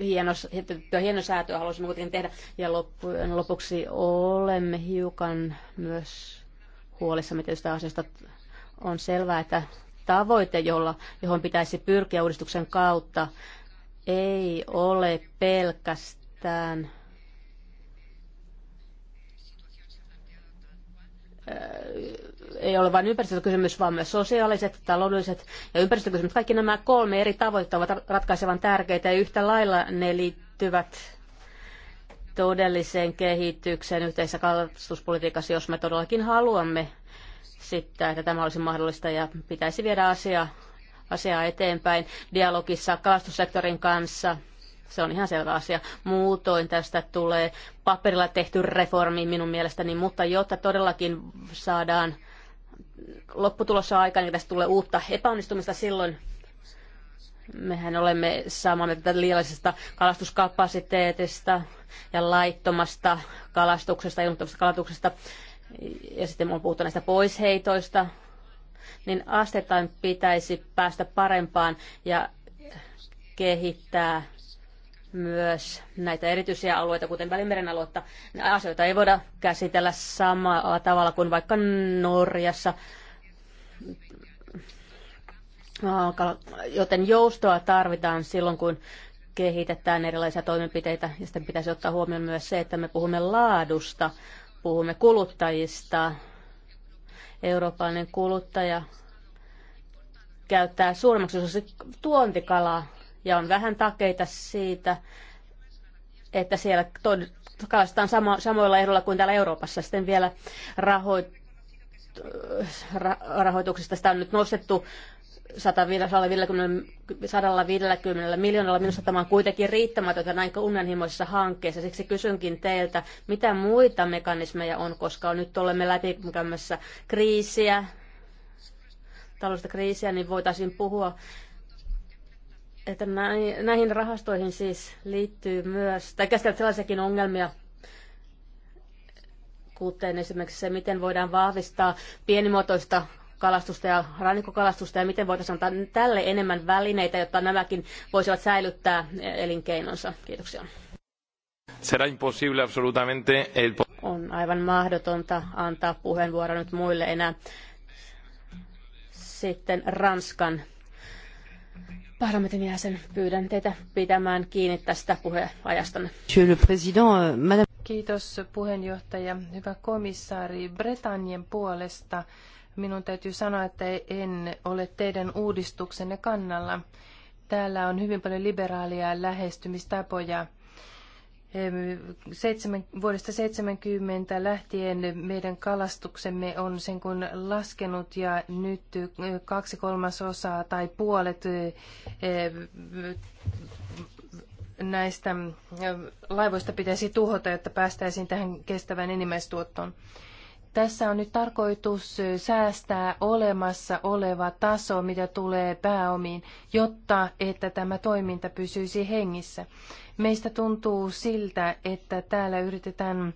Speaker 2: hieno, hieno säätöä haluaisimme kuitenkin tehdä. Ja loppujen lopuksi olemme hiukan myös huolissamme tietystä asiasta. On selvää, että tavoite, jolla, johon pitäisi pyrkiä uudistuksen kautta, ei ole pelkästään ei ole vain ympäristökysymys, vaan myös sosiaaliset, taloudelliset ja ympäristökysymykset. Kaikki nämä kolme eri tavoitetta ovat ratkaisevan tärkeitä ja yhtä lailla ne liittyvät todelliseen kehitykseen yhteisessä kalastuspolitiikassa, jos me todellakin haluamme sitä, että tämä olisi mahdollista ja pitäisi viedä asiaa, asiaa eteenpäin dialogissa kalastussektorin kanssa – se on ihan selvä asia. Muutoin tästä tulee paperilla tehty reformi minun mielestäni, mutta jotta todellakin saadaan lopputulossa aikaan, niin tästä tulee uutta epäonnistumista silloin, mehän olemme samaa mieltä liiallisesta kalastuskapasiteetista ja laittomasta kalastuksesta, ilmoittamasta kalastuksesta ja sitten on puhuttu näistä poisheitoista, niin asteittain pitäisi päästä parempaan ja kehittää myös näitä erityisiä alueita, kuten Välimeren aluetta. Asioita ei voida käsitellä samalla tavalla kuin vaikka Norjassa, joten joustoa tarvitaan silloin, kun kehitetään erilaisia toimenpiteitä, ja sitten pitäisi ottaa huomioon myös se, että me puhumme laadusta, puhumme kuluttajista. Eurooppalainen kuluttaja käyttää suurimmaksi osaksi tuontikalaa ja on vähän takeita siitä, että siellä kalastetaan samo, samoilla ehdoilla kuin täällä Euroopassa. Sitten vielä rahoit, ra, rahoituksesta sitä on nyt nostettu 150, miljoonalla. Minusta tämä on kuitenkin riittämätöntä näin unenhimoisessa hankkeessa. Siksi kysynkin teiltä, mitä muita mekanismeja on, koska nyt olemme läpikäymässä kriisiä, taloudellista kriisiä, niin voitaisiin puhua että näihin rahastoihin siis liittyy myös, tai käsitellään sellaisiakin ongelmia, kuten esimerkiksi se, miten voidaan vahvistaa pienimuotoista kalastusta ja rannikkokalastusta ja miten voitaisiin antaa tälle enemmän välineitä, jotta nämäkin voisivat säilyttää elinkeinonsa. Kiitoksia.
Speaker 1: Será imposible absolutamente el...
Speaker 2: On aivan mahdotonta antaa puheenvuoro nyt muille enää. Sitten Ranskan parlamentin jäsen, pyydän teitä pitämään kiinni tästä
Speaker 3: puheajastanne. Euh, Kiitos puheenjohtaja. Hyvä komissaari, Bretanien puolesta minun täytyy sanoa, että en ole teidän uudistuksenne kannalla. Täällä on hyvin paljon liberaalia lähestymistapoja Seitsemän, vuodesta 70 lähtien meidän kalastuksemme on sen kun laskenut ja nyt kaksi kolmasosaa tai puolet näistä laivoista pitäisi tuhota, jotta päästäisiin tähän kestävään enimmäistuottoon. Tässä on nyt tarkoitus säästää olemassa oleva taso, mitä tulee pääomiin, jotta että tämä toiminta pysyisi hengissä. Meistä tuntuu siltä, että täällä yritetään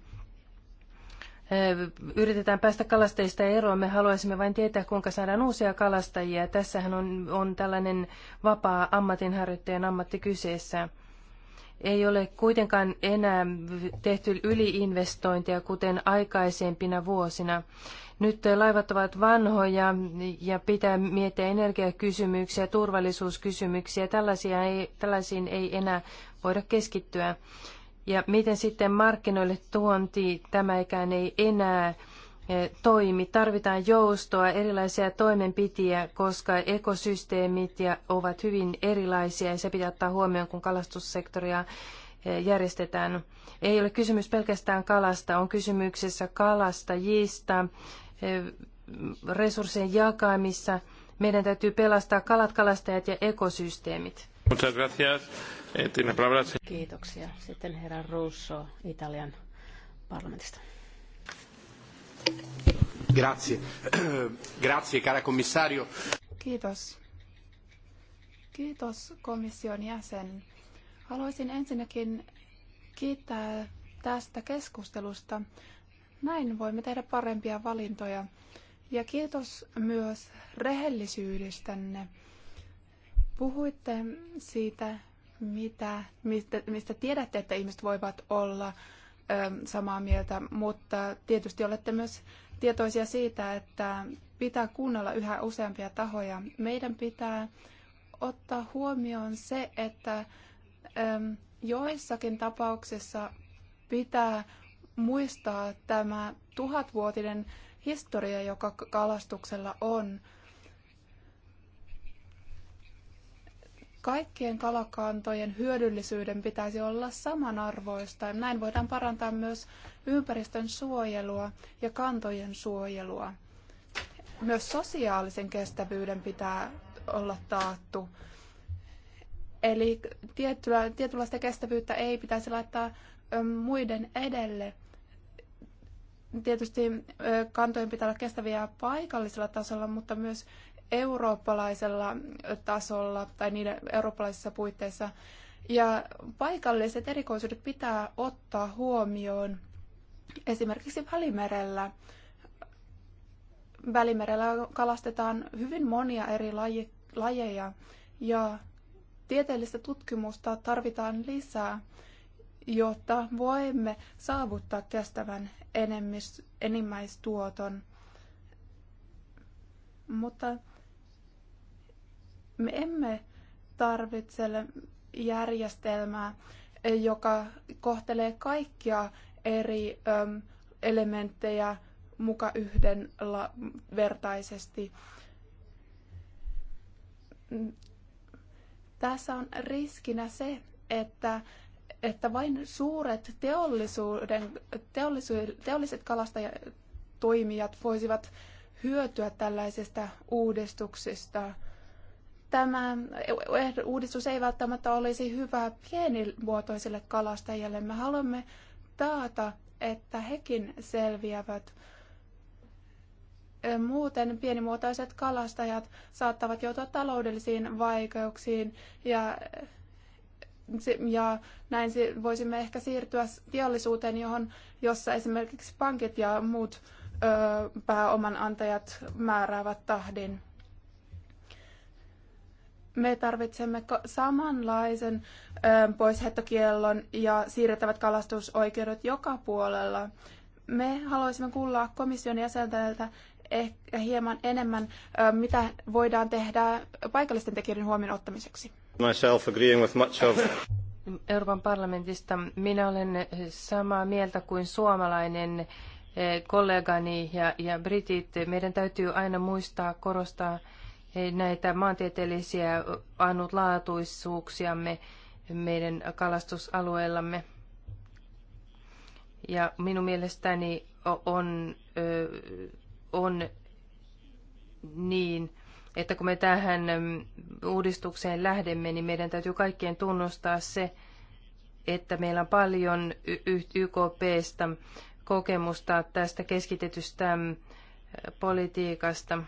Speaker 3: yritetään päästä kalastajista eroon. Me haluaisimme vain tietää, kuinka saadaan uusia kalastajia. Tässähän on, on tällainen vapaa ammatinharjoittajan ammatti kyseessä. Ei ole kuitenkaan enää tehty yliinvestointia, kuten aikaisempina vuosina. Nyt laivat ovat vanhoja ja pitää miettiä energiakysymyksiä, turvallisuuskysymyksiä. Tällaisia ei, tällaisiin ei enää voida keskittyä. Ja miten sitten markkinoille tuonti, tämäkään ei enää eh, toimi. Tarvitaan joustoa, erilaisia toimenpiteitä, koska ekosysteemit ja ovat hyvin erilaisia ja se pitää ottaa huomioon, kun kalastussektoria eh, järjestetään. Ei ole kysymys pelkästään kalasta, on kysymyksessä kalastajista, Eh, resurssien jakamissa. Meidän täytyy pelastaa kalat, kalastajat ja ekosysteemit. Eh, Kiitoksia. Sitten herra Russo Italian parlamentista.
Speaker 1: Grazie. Grazie, cara commissario.
Speaker 4: Kiitos. Kiitos komission jäsen. Haluaisin ensinnäkin kiittää tästä keskustelusta. Näin voimme tehdä parempia valintoja. Ja kiitos myös rehellisyydestänne. Puhuitte siitä, mitä, mistä, mistä tiedätte, että ihmiset voivat olla ö, samaa mieltä, mutta tietysti olette myös tietoisia siitä, että pitää kuunnella yhä useampia tahoja. Meidän pitää ottaa huomioon se, että ö, joissakin tapauksissa pitää muistaa tämä tuhatvuotinen historia, joka kalastuksella on. Kaikkien kalakantojen hyödyllisyyden pitäisi olla samanarvoista. Näin voidaan parantaa myös ympäristön suojelua ja kantojen suojelua. Myös sosiaalisen kestävyyden pitää olla taattu. Eli tietynlaista kestävyyttä ei pitäisi laittaa muiden edelle – Tietysti kantojen pitää olla kestäviä paikallisella tasolla, mutta myös eurooppalaisella tasolla tai niiden eurooppalaisissa puitteissa. Ja paikalliset erikoisuudet pitää ottaa huomioon esimerkiksi Välimerellä. Välimerellä kalastetaan hyvin monia eri lajeja ja tieteellistä tutkimusta tarvitaan lisää jotta voimme saavuttaa kestävän enemmis, enimmäistuoton. Mutta me emme tarvitse järjestelmää, joka kohtelee kaikkia eri ö, elementtejä muka yhdenvertaisesti. Tässä on riskinä se, että että vain suuret teollisuuden, teollisu, teolliset kalastajatoimijat voisivat hyötyä tällaisesta uudistuksesta. Tämä uudistus ei välttämättä olisi hyvä pienimuotoisille kalastajille. Me haluamme taata, että hekin selviävät. Muuten pienimuotoiset kalastajat saattavat joutua taloudellisiin vaikeuksiin ja ja näin voisimme ehkä siirtyä teollisuuteen, johon, jossa esimerkiksi pankit ja muut ö, pääoman antajat määräävät tahdin. Me tarvitsemme samanlaisen ö, poishettokiellon ja siirrettävät kalastusoikeudet joka puolella. Me haluaisimme kuulla komission jäseneltä ehkä hieman enemmän, ö, mitä voidaan tehdä paikallisten tekijöiden huomioon ottamiseksi.
Speaker 1: Myself agreeing with much of...
Speaker 4: Euroopan
Speaker 3: parlamentista minä olen samaa mieltä kuin suomalainen eh, kollegani ja, ja britit. Meidän täytyy aina muistaa korostaa eh, näitä maantieteellisiä ainutlaatuisuuksiamme meidän kalastusalueellamme. Ja minun mielestäni on, on niin, että kun me tähän uudistukseen lähdemme, niin meidän täytyy kaikkien tunnustaa se, että meillä on paljon YKPstä kokemusta tästä keskitetystä politiikasta.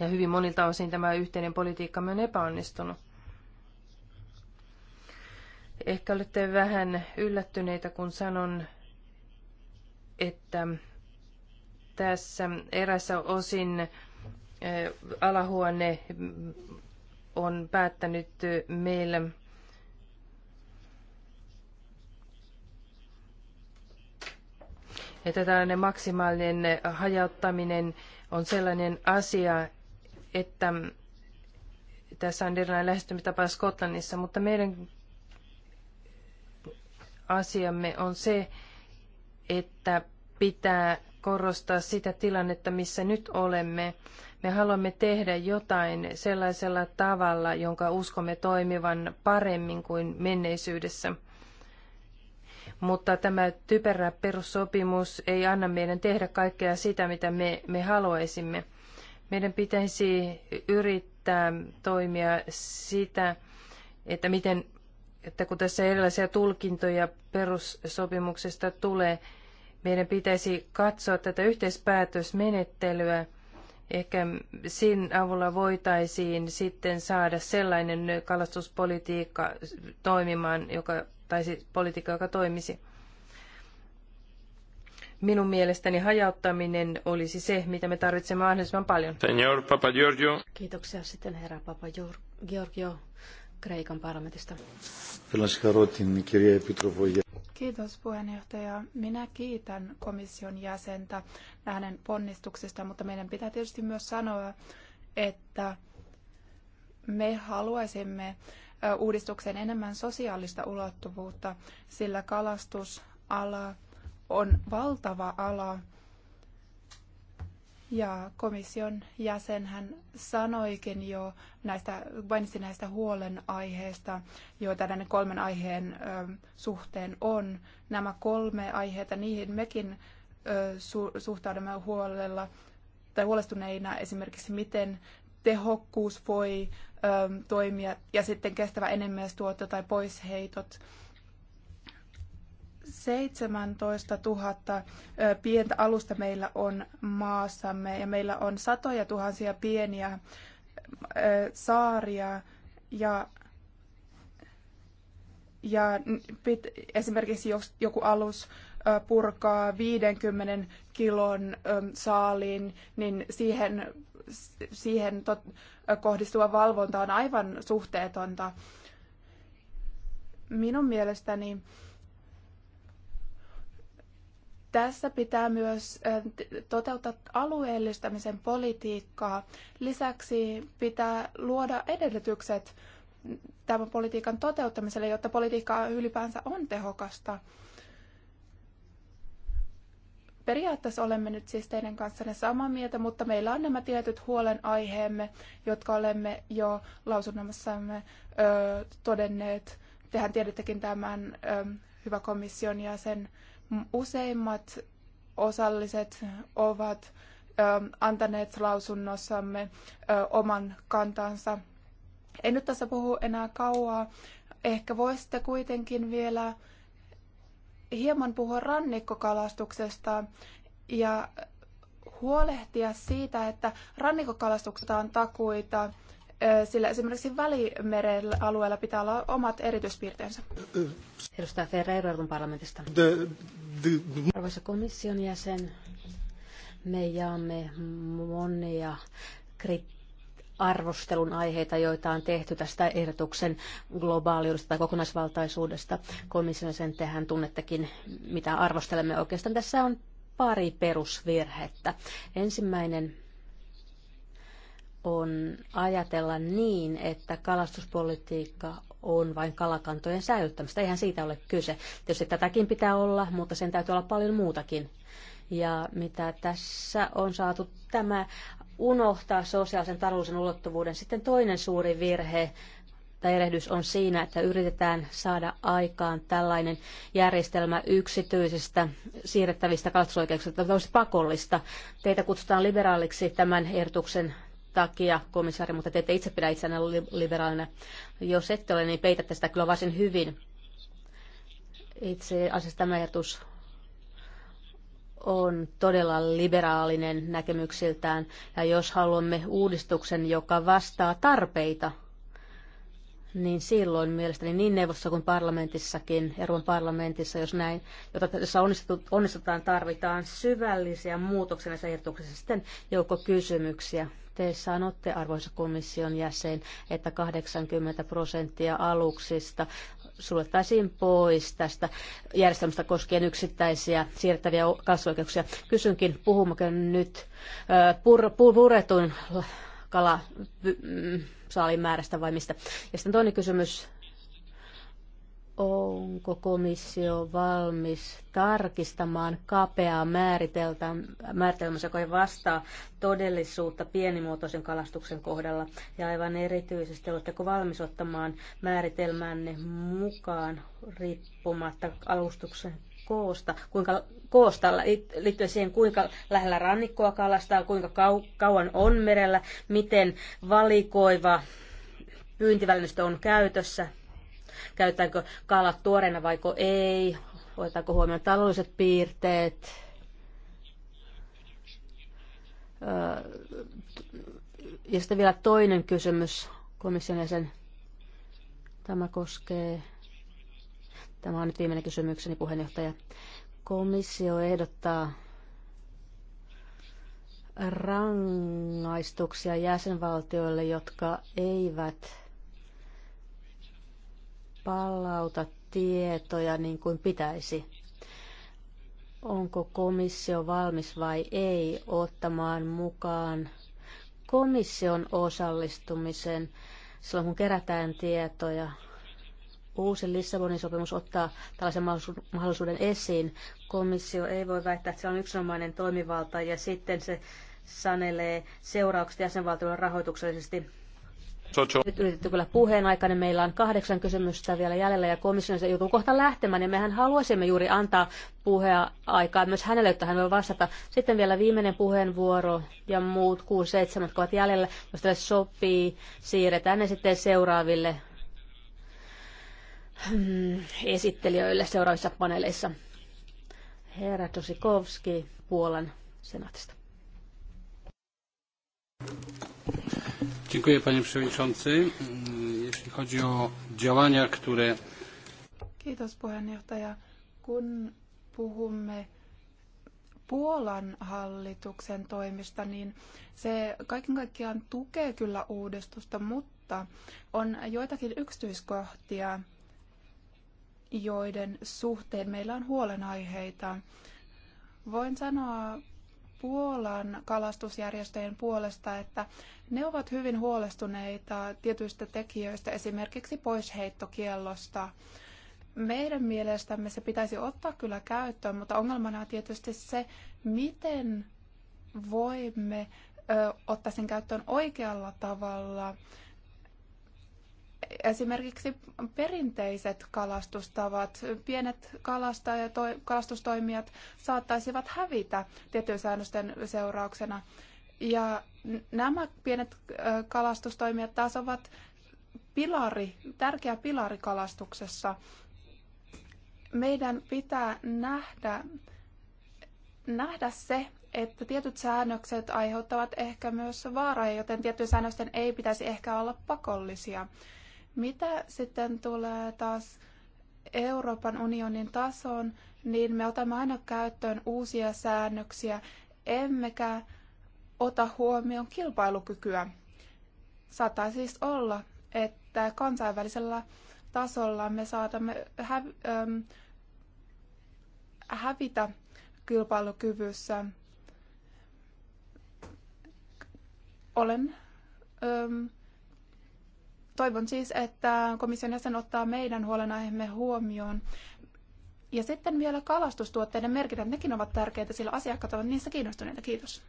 Speaker 3: Ja hyvin monilta osin tämä yhteinen politiikka on epäonnistunut. Ehkä olette vähän yllättyneitä, kun sanon, että tässä erässä osin alahuone on päättänyt meille, että tällainen maksimaalinen hajauttaminen on sellainen asia, että tässä on erilainen lähestymistapa Skotlannissa, mutta meidän asiamme on se, että pitää korostaa sitä tilannetta, missä nyt olemme. Me haluamme tehdä jotain sellaisella tavalla, jonka uskomme toimivan paremmin kuin menneisyydessä. Mutta tämä typerä perussopimus ei anna meidän tehdä kaikkea sitä, mitä me, me haluaisimme. Meidän pitäisi yrittää toimia sitä, että miten, että kun tässä erilaisia tulkintoja perussopimuksesta tulee, meidän pitäisi katsoa tätä yhteispäätösmenettelyä. Ehkä sen avulla voitaisiin sitten saada sellainen kalastuspolitiikka toimimaan, joka, tai siis politiikka, joka toimisi. Minun mielestäni hajauttaminen olisi se, mitä me tarvitsemme mahdollisimman paljon.
Speaker 1: Señor Papa Giorgio.
Speaker 4: Kiitoksia sitten herra Papa Giorgio. Kreikan parlamentista. Kiitos puheenjohtaja. Minä kiitän komission jäsentä hänen ponnistuksesta, mutta meidän pitää tietysti myös sanoa, että me haluaisimme uudistukseen enemmän sosiaalista ulottuvuutta, sillä kalastusala on valtava ala ja komission jäsen hän sanoikin jo näistä, mainitsi näistä huolenaiheista, joita näiden kolmen aiheen ö, suhteen on. Nämä kolme aihetta, niihin mekin ö, su, suhtaudumme huolella tai huolestuneina esimerkiksi, miten tehokkuus voi ö, toimia ja sitten kestävä tuotto tai poisheitot. 17 000 pientä alusta meillä on maassamme ja meillä on satoja tuhansia pieniä saaria ja ja pit, esimerkiksi jos joku alus purkaa 50 kilon saaliin, niin siihen, siihen tot, kohdistuva valvonta on aivan suhteetonta. Minun mielestäni tässä pitää myös toteuttaa alueellistamisen politiikkaa. Lisäksi pitää luoda edellytykset tämän politiikan toteuttamiselle, jotta politiikka ylipäänsä on tehokasta. Periaatteessa olemme nyt siis teidän kanssanne samaa mieltä, mutta meillä on nämä tietyt huolenaiheemme, jotka olemme jo lausunnossamme todenneet. Tehän tiedättekin tämän, ö, hyvä komission ja sen Useimmat osalliset ovat antaneet lausunnossamme oman kantansa. En nyt tässä puhu enää kauaa. Ehkä voisitte kuitenkin vielä hieman puhua rannikkokalastuksesta ja huolehtia siitä, että rannikkokalastuksesta on takuita sillä esimerkiksi Välimeren alueella pitää olla omat erityispiirteensä.
Speaker 2: Edustaja Ferreira Euroopan parlamentista. Arvoisa komission jäsen, me jaamme monia kriteerejä arvostelun aiheita, joita on tehty tästä ehdotuksen globaaliudesta tai kokonaisvaltaisuudesta. Komission sen tehän tunnettekin, mitä arvostelemme. Oikeastaan tässä on pari perusvirhettä. Ensimmäinen on ajatella niin, että kalastuspolitiikka on vain kalakantojen säilyttämistä. Eihän siitä ole kyse. Tietysti tätäkin pitää olla, mutta sen täytyy olla paljon muutakin. Ja mitä tässä on saatu tämä unohtaa sosiaalisen taloudellisen ulottuvuuden. Sitten toinen suuri virhe tai erehdys on siinä, että yritetään saada aikaan tällainen järjestelmä yksityisistä siirrettävistä kalastusoikeuksista, että olisi pakollista. Teitä kutsutaan liberaaliksi tämän ehdotuksen takia, komissaari, mutta te ette itse pidä itseänne liberaalina. Jos ette ole, niin peitätte sitä kyllä varsin hyvin. Itse asiassa tämä ajatus on todella liberaalinen näkemyksiltään, ja jos haluamme uudistuksen, joka vastaa tarpeita, niin silloin mielestäni niin neuvossa kuin parlamentissakin, Euroopan parlamentissa, jos näin, jota tässä onnistutaan, tarvitaan syvällisiä muutoksia näissä ehdotuksissa. Sitten joukko kysymyksiä. Te sanotte, arvoisa komission jäsen, että 80 prosenttia aluksista suljettaisiin pois tästä järjestelmästä koskien yksittäisiä siirtäviä kasvuoikeuksia. Kysynkin, puhummeko nyt pur, puretun kala saaliin määrästä vai mistä? Ja sitten toinen kysymys onko komissio valmis tarkistamaan kapeaa määritelmää, joka ei vastaa todellisuutta pienimuotoisen kalastuksen kohdalla? Ja aivan erityisesti, oletteko valmis ottamaan määritelmänne mukaan riippumatta alustuksen koosta, kuinka koosta liittyen siihen, kuinka lähellä rannikkoa kalastaa, kuinka kau- kauan on merellä, miten valikoiva pyyntivälineistö on käytössä, käytetäänkö kalat tuoreena vaiko ei, otetaanko huomioon taloudelliset piirteet, ja sitten vielä toinen kysymys komission jäsen. Tämä koskee, tämä on nyt viimeinen kysymykseni puheenjohtaja. Komissio ehdottaa rangaistuksia jäsenvaltioille, jotka eivät palauta tietoja niin kuin pitäisi. Onko komissio valmis vai ei ottamaan mukaan komission osallistumisen silloin, kun kerätään tietoja? Uusi Lissabonin sopimus ottaa tällaisen mahdollisuuden esiin. Komissio ei voi väittää, että se on yksinomainen toimivalta ja sitten se sanelee seuraukset jäsenvaltioiden rahoituksellisesti nyt yritetty kyllä puheen aikana. Meillä on kahdeksan kysymystä vielä jäljellä ja komission se joutuu kohta lähtemään. Ja mehän haluaisimme juuri antaa puheaikaa myös hänelle, jotta hän voi vastata. Sitten vielä viimeinen puheenvuoro ja muut kuusi seitsemän, jotka ovat jäljellä. Jos teille sopii, siirretään ne sitten seuraaville hmm, esittelijöille seuraavissa paneeleissa. Herra Tosikovski Puolan senaatista.
Speaker 1: Dziękuję panie przewodniczący. Mm, jeśli chodzi o działania, które...
Speaker 4: Kiitos puheenjohtaja. Kun puhumme Puolan hallituksen toimista, niin se kaiken kaikkiaan tukee kyllä uudistusta, mutta on joitakin yksityiskohtia, joiden suhteen meillä on huolenaiheita. Voin sanoa Puolan kalastusjärjestöjen puolesta, että ne ovat hyvin huolestuneita tietyistä tekijöistä, esimerkiksi poisheittokiellosta. Meidän mielestämme se pitäisi ottaa kyllä käyttöön, mutta ongelmana on tietysti se, miten voimme ö, ottaa sen käyttöön oikealla tavalla esimerkiksi perinteiset kalastustavat, pienet kalastajat, kalastustoimijat saattaisivat hävitä tiettyjen säännösten seurauksena. Ja nämä pienet kalastustoimijat taas ovat pilari, tärkeä pilari kalastuksessa. Meidän pitää nähdä, nähdä se, että tietyt säännökset aiheuttavat ehkä myös vaaraa, joten tiettyjen säännösten ei pitäisi ehkä olla pakollisia. Mitä sitten tulee taas Euroopan unionin tasoon, niin me otamme aina käyttöön uusia säännöksiä, emmekä ota huomioon kilpailukykyä. Saattaa siis olla, että kansainvälisellä tasolla me saatamme häv- ähm, hävitä kilpailukyvyssä. Olen ähm, Toivon siis, että komission jäsen ottaa meidän huolenaiheemme huomioon. Ja sitten vielä kalastustuotteiden merkitään nekin ovat tärkeitä, sillä asiakkaat ovat niissä kiinnostuneita. Kiitos.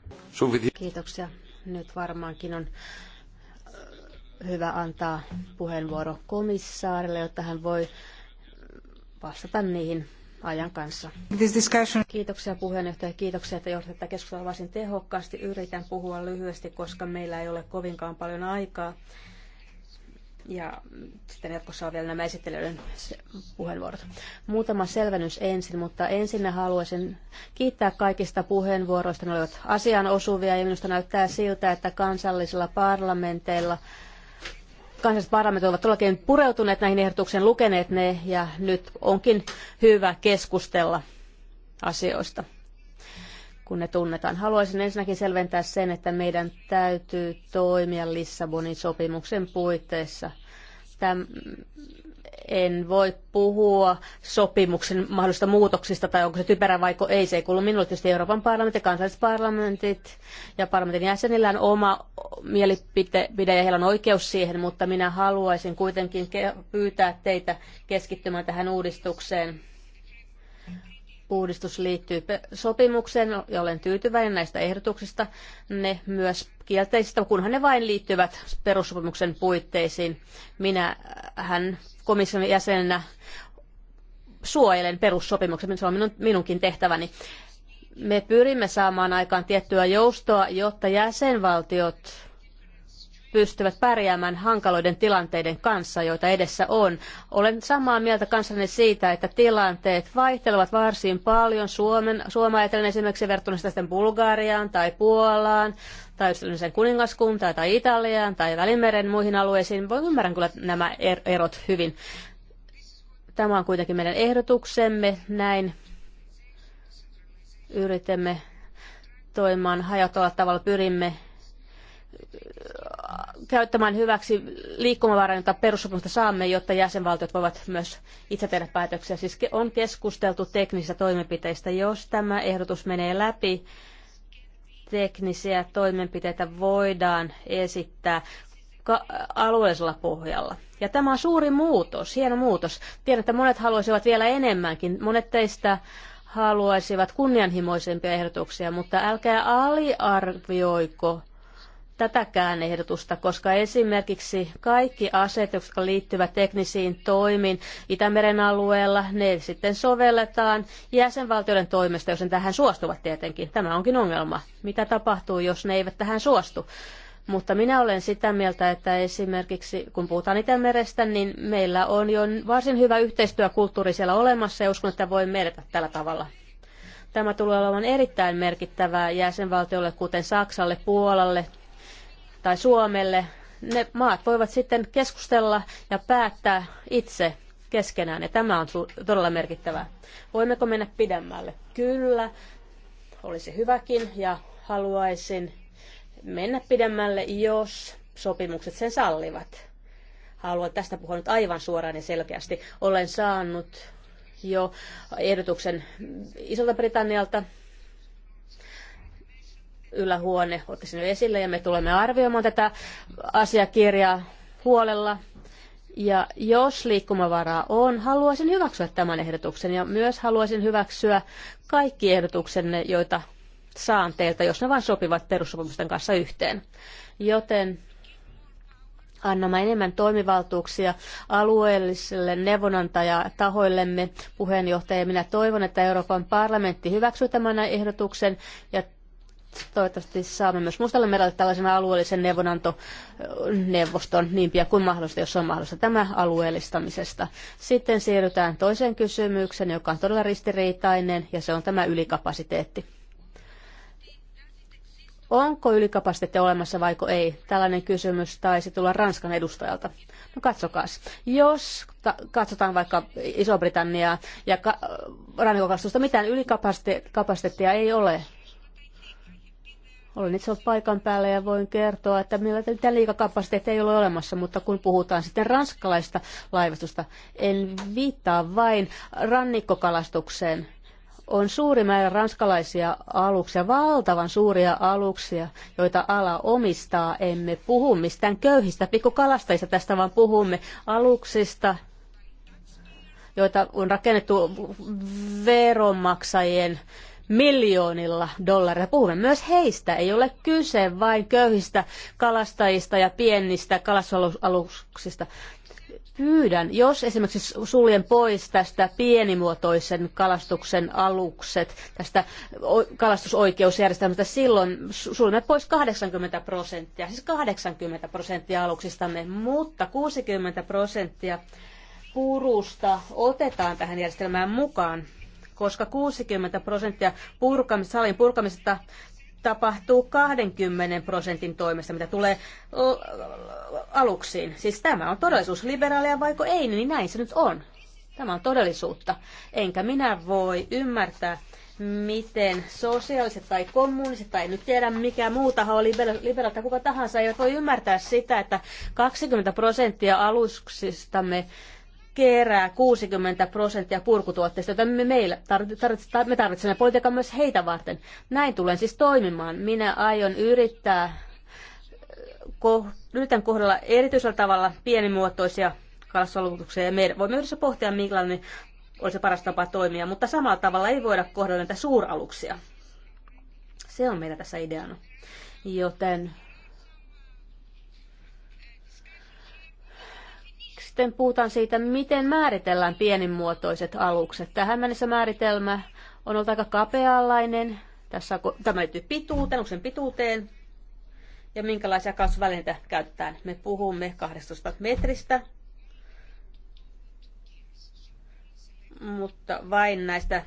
Speaker 2: Kiitoksia. Nyt varmaankin on hyvä antaa puheenvuoro komissaarille, jotta hän voi vastata niihin ajan kanssa. Kiitoksia puheenjohtaja, kiitoksia, että johdat tätä keskustelua varsin tehokkaasti. Yritän puhua lyhyesti, koska meillä ei ole kovinkaan paljon aikaa ja sitten jatkossa on vielä nämä esittelyiden puheenvuorot. Muutama selvennys ensin, mutta ensin haluaisin kiittää kaikista puheenvuoroista. Ne olivat asian osuvia ja minusta näyttää siltä, että kansallisilla parlamenteilla kansalliset parlamentit ovat todellakin pureutuneet näihin ehdotuksiin, lukeneet ne ja nyt onkin hyvä keskustella asioista kun ne tunnetaan. Haluaisin ensinnäkin selventää sen, että meidän täytyy toimia Lissabonin sopimuksen puitteissa. Täm, en voi puhua sopimuksen mahdollisista muutoksista tai onko se typerä vai ei. Se ei kuulu minulle tietysti Euroopan parlamentti, kansalliset parlamentit ja parlamentin jäsenillä on oma mielipide ja heillä on oikeus siihen, mutta minä haluaisin kuitenkin pyytää teitä keskittymään tähän uudistukseen uudistus liittyy sopimukseen ja olen tyytyväinen näistä ehdotuksista. Ne myös kielteisistä, kunhan ne vain liittyvät perussopimuksen puitteisiin. Minä hän komission jäsenenä suojelen perussopimuksen, se on minun, minunkin tehtäväni. Me pyrimme saamaan aikaan tiettyä joustoa, jotta jäsenvaltiot pystyvät pärjäämään hankaloiden tilanteiden kanssa, joita edessä on. Olen samaa mieltä kanssanne siitä, että tilanteet vaihtelevat varsin paljon Suomen, Suomea ajatellen esimerkiksi verrattuna sitten Bulgariaan tai Puolaan tai yhdistymisen kuningaskuntaan tai Italiaan tai Välimeren muihin alueisiin. Voi ymmärrän kyllä nämä er-, erot hyvin. Tämä on kuitenkin meidän ehdotuksemme. Näin yritämme toimimaan hajauttavalla tavalla, pyrimme käyttämään hyväksi liikkumavaran, jota perussopimusta saamme, jotta jäsenvaltiot voivat myös itse tehdä päätöksiä. Siis on keskusteltu teknisistä toimenpiteistä. Jos tämä ehdotus menee läpi, teknisiä toimenpiteitä voidaan esittää alueellisella pohjalla. Ja tämä on suuri muutos, hieno muutos. Tiedän, että monet haluaisivat vielä enemmänkin. Monet teistä haluaisivat kunnianhimoisempia ehdotuksia, mutta älkää aliarvioiko tätäkään ehdotusta, koska esimerkiksi kaikki asetukset, jotka liittyvät teknisiin toimiin Itämeren alueella, ne sitten sovelletaan jäsenvaltioiden toimesta, jos ne tähän suostuvat tietenkin. Tämä onkin ongelma. Mitä tapahtuu, jos ne eivät tähän suostu? Mutta minä olen sitä mieltä, että esimerkiksi kun puhutaan Itämerestä, niin meillä on jo varsin hyvä yhteistyökulttuuri siellä olemassa ja uskon, että voi merkitä tällä tavalla. Tämä tulee olemaan erittäin merkittävää jäsenvaltiolle, kuten Saksalle, Puolalle, tai Suomelle, ne maat voivat sitten keskustella ja päättää itse keskenään, ja tämä on todella merkittävää. Voimmeko mennä pidemmälle? Kyllä, olisi hyväkin, ja haluaisin mennä pidemmälle, jos sopimukset sen sallivat. Haluan tästä puhua nyt aivan suoraan ja selkeästi. Olen saanut jo ehdotuksen Isolta Britannialta ylähuone otti sen esille ja me tulemme arvioimaan tätä asiakirjaa huolella. Ja jos liikkumavaraa on, haluaisin hyväksyä tämän ehdotuksen ja myös haluaisin hyväksyä kaikki ehdotuksenne, joita saan teiltä, jos ne vain sopivat perussopimusten kanssa yhteen. Joten annamme enemmän toimivaltuuksia alueellisille neuvonantajatahoillemme. Puheenjohtaja, minä toivon, että Euroopan parlamentti hyväksyy tämän ehdotuksen ja Toivottavasti saamme myös Mustalle merelle tällaisen alueellisen neuvonantoneuvoston niin pian kuin mahdollista, jos on mahdollista tämä alueellistamisesta. Sitten siirrytään toiseen kysymykseen, joka on todella ristiriitainen, ja se on tämä ylikapasiteetti. Onko ylikapasiteetti olemassa vai ei? Tällainen kysymys taisi tulla Ranskan edustajalta. No katsokaa. Jos katsotaan vaikka Iso-Britanniaa ja ka- rannikokastusta, mitään ylikapasiteettia ei ole. Olen itse paikan päällä ja voin kertoa, että meillä tätä liikakapasiteettia ei ole olemassa, mutta kun puhutaan sitten ranskalaista laivastusta, en viittaa vain rannikkokalastukseen. On suuri määrä ranskalaisia aluksia, valtavan suuria aluksia, joita ala omistaa. Emme puhu mistään köyhistä pikkukalastajista tästä, vaan puhumme aluksista, joita on rakennettu veronmaksajien miljoonilla dollareilla. Puhumme myös heistä. Ei ole kyse vain köyhistä kalastajista ja pienistä kalastusaluksista. Pyydän, jos esimerkiksi suljen pois tästä pienimuotoisen kalastuksen alukset, tästä kalastusoikeusjärjestelmästä, silloin suljemme pois 80 prosenttia, siis 80 prosenttia aluksistamme, mutta 60 prosenttia purusta otetaan tähän järjestelmään mukaan koska 60 prosenttia purkamis, salin purkamisesta tapahtuu 20 prosentin toimesta, mitä tulee aluksiin. Siis tämä on todellisuus. Liberaaleja vaiko ei, niin näin se nyt on. Tämä on todellisuutta. Enkä minä voi ymmärtää, miten sosiaaliset tai kommuniset tai nyt tiedä mikä muu taho, liberaali tai kuka tahansa, ei voi ymmärtää sitä, että 20 prosenttia aluksistamme kerää 60 prosenttia purkutuotteista, joita me, meillä tarvitse, me tarvitsemme politiikan myös heitä varten. Näin tulen siis toimimaan. Minä aion yrittää ko, yritän kohdella erityisellä tavalla pienimuotoisia kalastusolutuksia me voimme yhdessä pohtia, minkälainen olisi paras tapa toimia, mutta samalla tavalla ei voida kohdella näitä suuraluksia. Se on meillä tässä ideana. Joten Sitten puhutaan siitä, miten määritellään pienimuotoiset alukset. Tähän mennessä määritelmä on ollut aika kapealainen. Tässä on, tämä liittyy pituuteen, aluksen pituuteen ja minkälaisia kasvavälineitä käytetään. Me puhumme 12 metristä, mutta vain näistä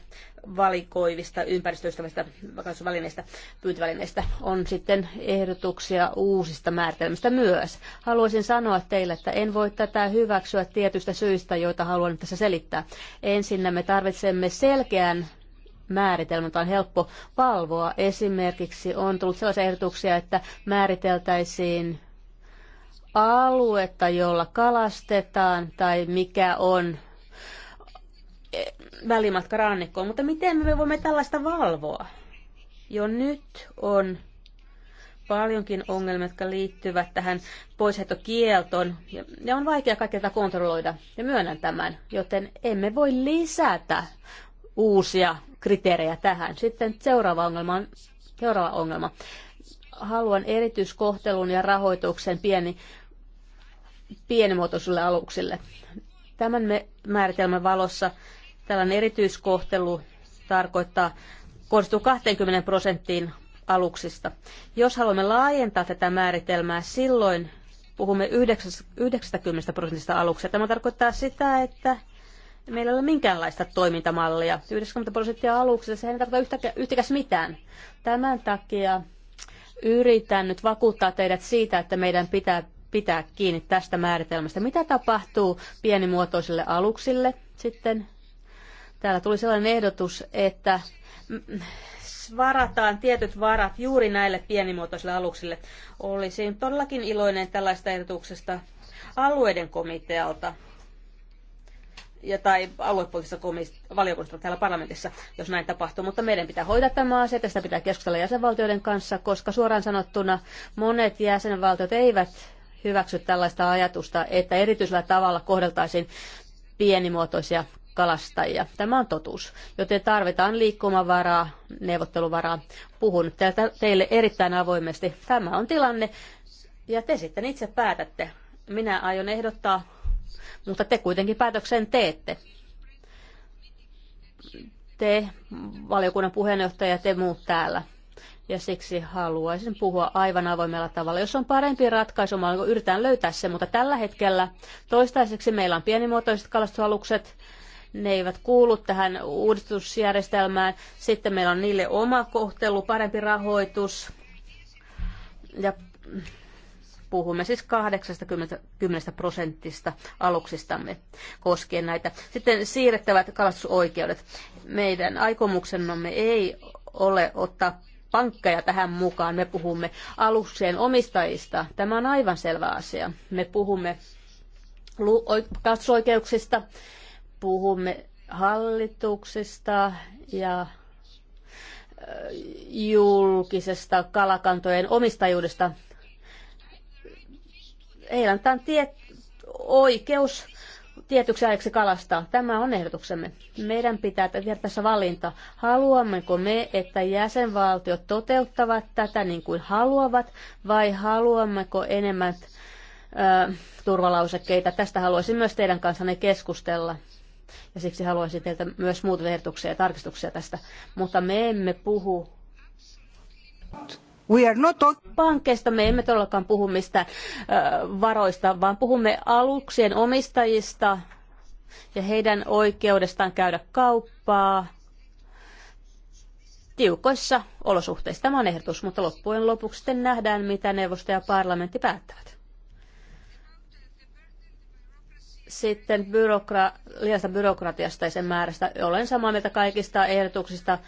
Speaker 2: valikoivista ympäristöystävistä kasvuvälineistä, pyyntivälineistä, on sitten ehdotuksia uusista määritelmistä myös. Haluaisin sanoa teille, että en voi tätä hyväksyä tietystä syistä, joita haluan tässä selittää. Ensinnä me tarvitsemme selkeän määritelmä, on helppo valvoa. Esimerkiksi on tullut sellaisia ehdotuksia, että määriteltäisiin aluetta, jolla kalastetaan tai mikä on välimatka rannikkoon, mutta miten me voimme tällaista valvoa? Jo nyt on paljonkin ongelmia, jotka liittyvät tähän poisheittokieltoon, ja on vaikea kaikkea kontrolloida, ja myönnän tämän, joten emme voi lisätä uusia kriteerejä tähän. Sitten seuraava ongelma on, seuraava ongelma. Haluan erityiskohtelun ja rahoituksen pieni, pienimuotoisille aluksille. Tämän me määritelmän valossa Tällainen erityiskohtelu tarkoittaa, kohdistuu 20 prosenttiin aluksista. Jos haluamme laajentaa tätä määritelmää, silloin puhumme 90 prosentista aluksia. Tämä tarkoittaa sitä, että meillä ei ole minkäänlaista toimintamallia. 90 prosenttia aluksista, se ei tarkoita yhtäkäs mitään. Tämän takia yritän nyt vakuuttaa teidät siitä, että meidän pitää pitää kiinni tästä määritelmästä. Mitä tapahtuu pienimuotoisille aluksille sitten? Täällä tuli sellainen ehdotus, että varataan tietyt varat juuri näille pienimuotoisille aluksille. Olisin todellakin iloinen tällaista ehdotuksesta alueiden komitealta ja, tai aluepoliittisesta valiokunnasta täällä parlamentissa, jos näin tapahtuu. Mutta meidän pitää hoitaa tämä asia, tästä pitää keskustella jäsenvaltioiden kanssa, koska suoraan sanottuna monet jäsenvaltiot eivät hyväksy tällaista ajatusta, että erityisellä tavalla kohdeltaisiin pienimuotoisia kalastajia. Tämä on totuus, joten tarvitaan liikkumavaraa, neuvotteluvaraa. Puhun täältä teille erittäin avoimesti. Tämä on tilanne ja te sitten itse päätätte. Minä aion ehdottaa, mutta te kuitenkin päätöksen teette. Te, valiokunnan puheenjohtaja, te muut täällä ja siksi haluaisin puhua aivan avoimella tavalla. Jos on parempi ratkaisu, mä yritän löytää se, mutta tällä hetkellä toistaiseksi meillä on pienimuotoiset kalastusalukset, ne eivät kuulu tähän uudistusjärjestelmään. Sitten meillä on niille oma kohtelu, parempi rahoitus ja puhumme siis 80 prosentista aluksistamme koskien näitä. Sitten siirrettävät kalastusoikeudet. Meidän aikomuksenamme ei ole ottaa pankkeja tähän mukaan. Me puhumme aluksien omistajista. Tämä on aivan selvä asia. Me puhumme kalastusoikeuksista puhumme hallituksesta ja julkisesta kalakantojen omistajuudesta. Heillä on tiet- oikeus tietyksi ajaksi kalastaa. Tämä on ehdotuksemme. Meidän pitää tehdä tässä valinta. Haluammeko me, että jäsenvaltiot toteuttavat tätä niin kuin haluavat, vai haluammeko enemmän äh, turvalausekkeita? Tästä haluaisin myös teidän kanssanne keskustella. Ja siksi haluaisin teiltä myös muut ehdotuksia ja tarkistuksia tästä. Mutta me emme puhu We are not... Pankeista me emme todellakaan puhu mistä varoista, vaan puhumme aluksien omistajista ja heidän oikeudestaan käydä kauppaa tiukoissa olosuhteissa. Tämä on ehdotus, mutta loppujen lopuksi sitten nähdään, mitä neuvosto ja parlamentti päättävät. Sitten byrokra- liiasta byrokratiasta ja sen määrästä. Olen samaa mieltä kaikista ehdotuksista,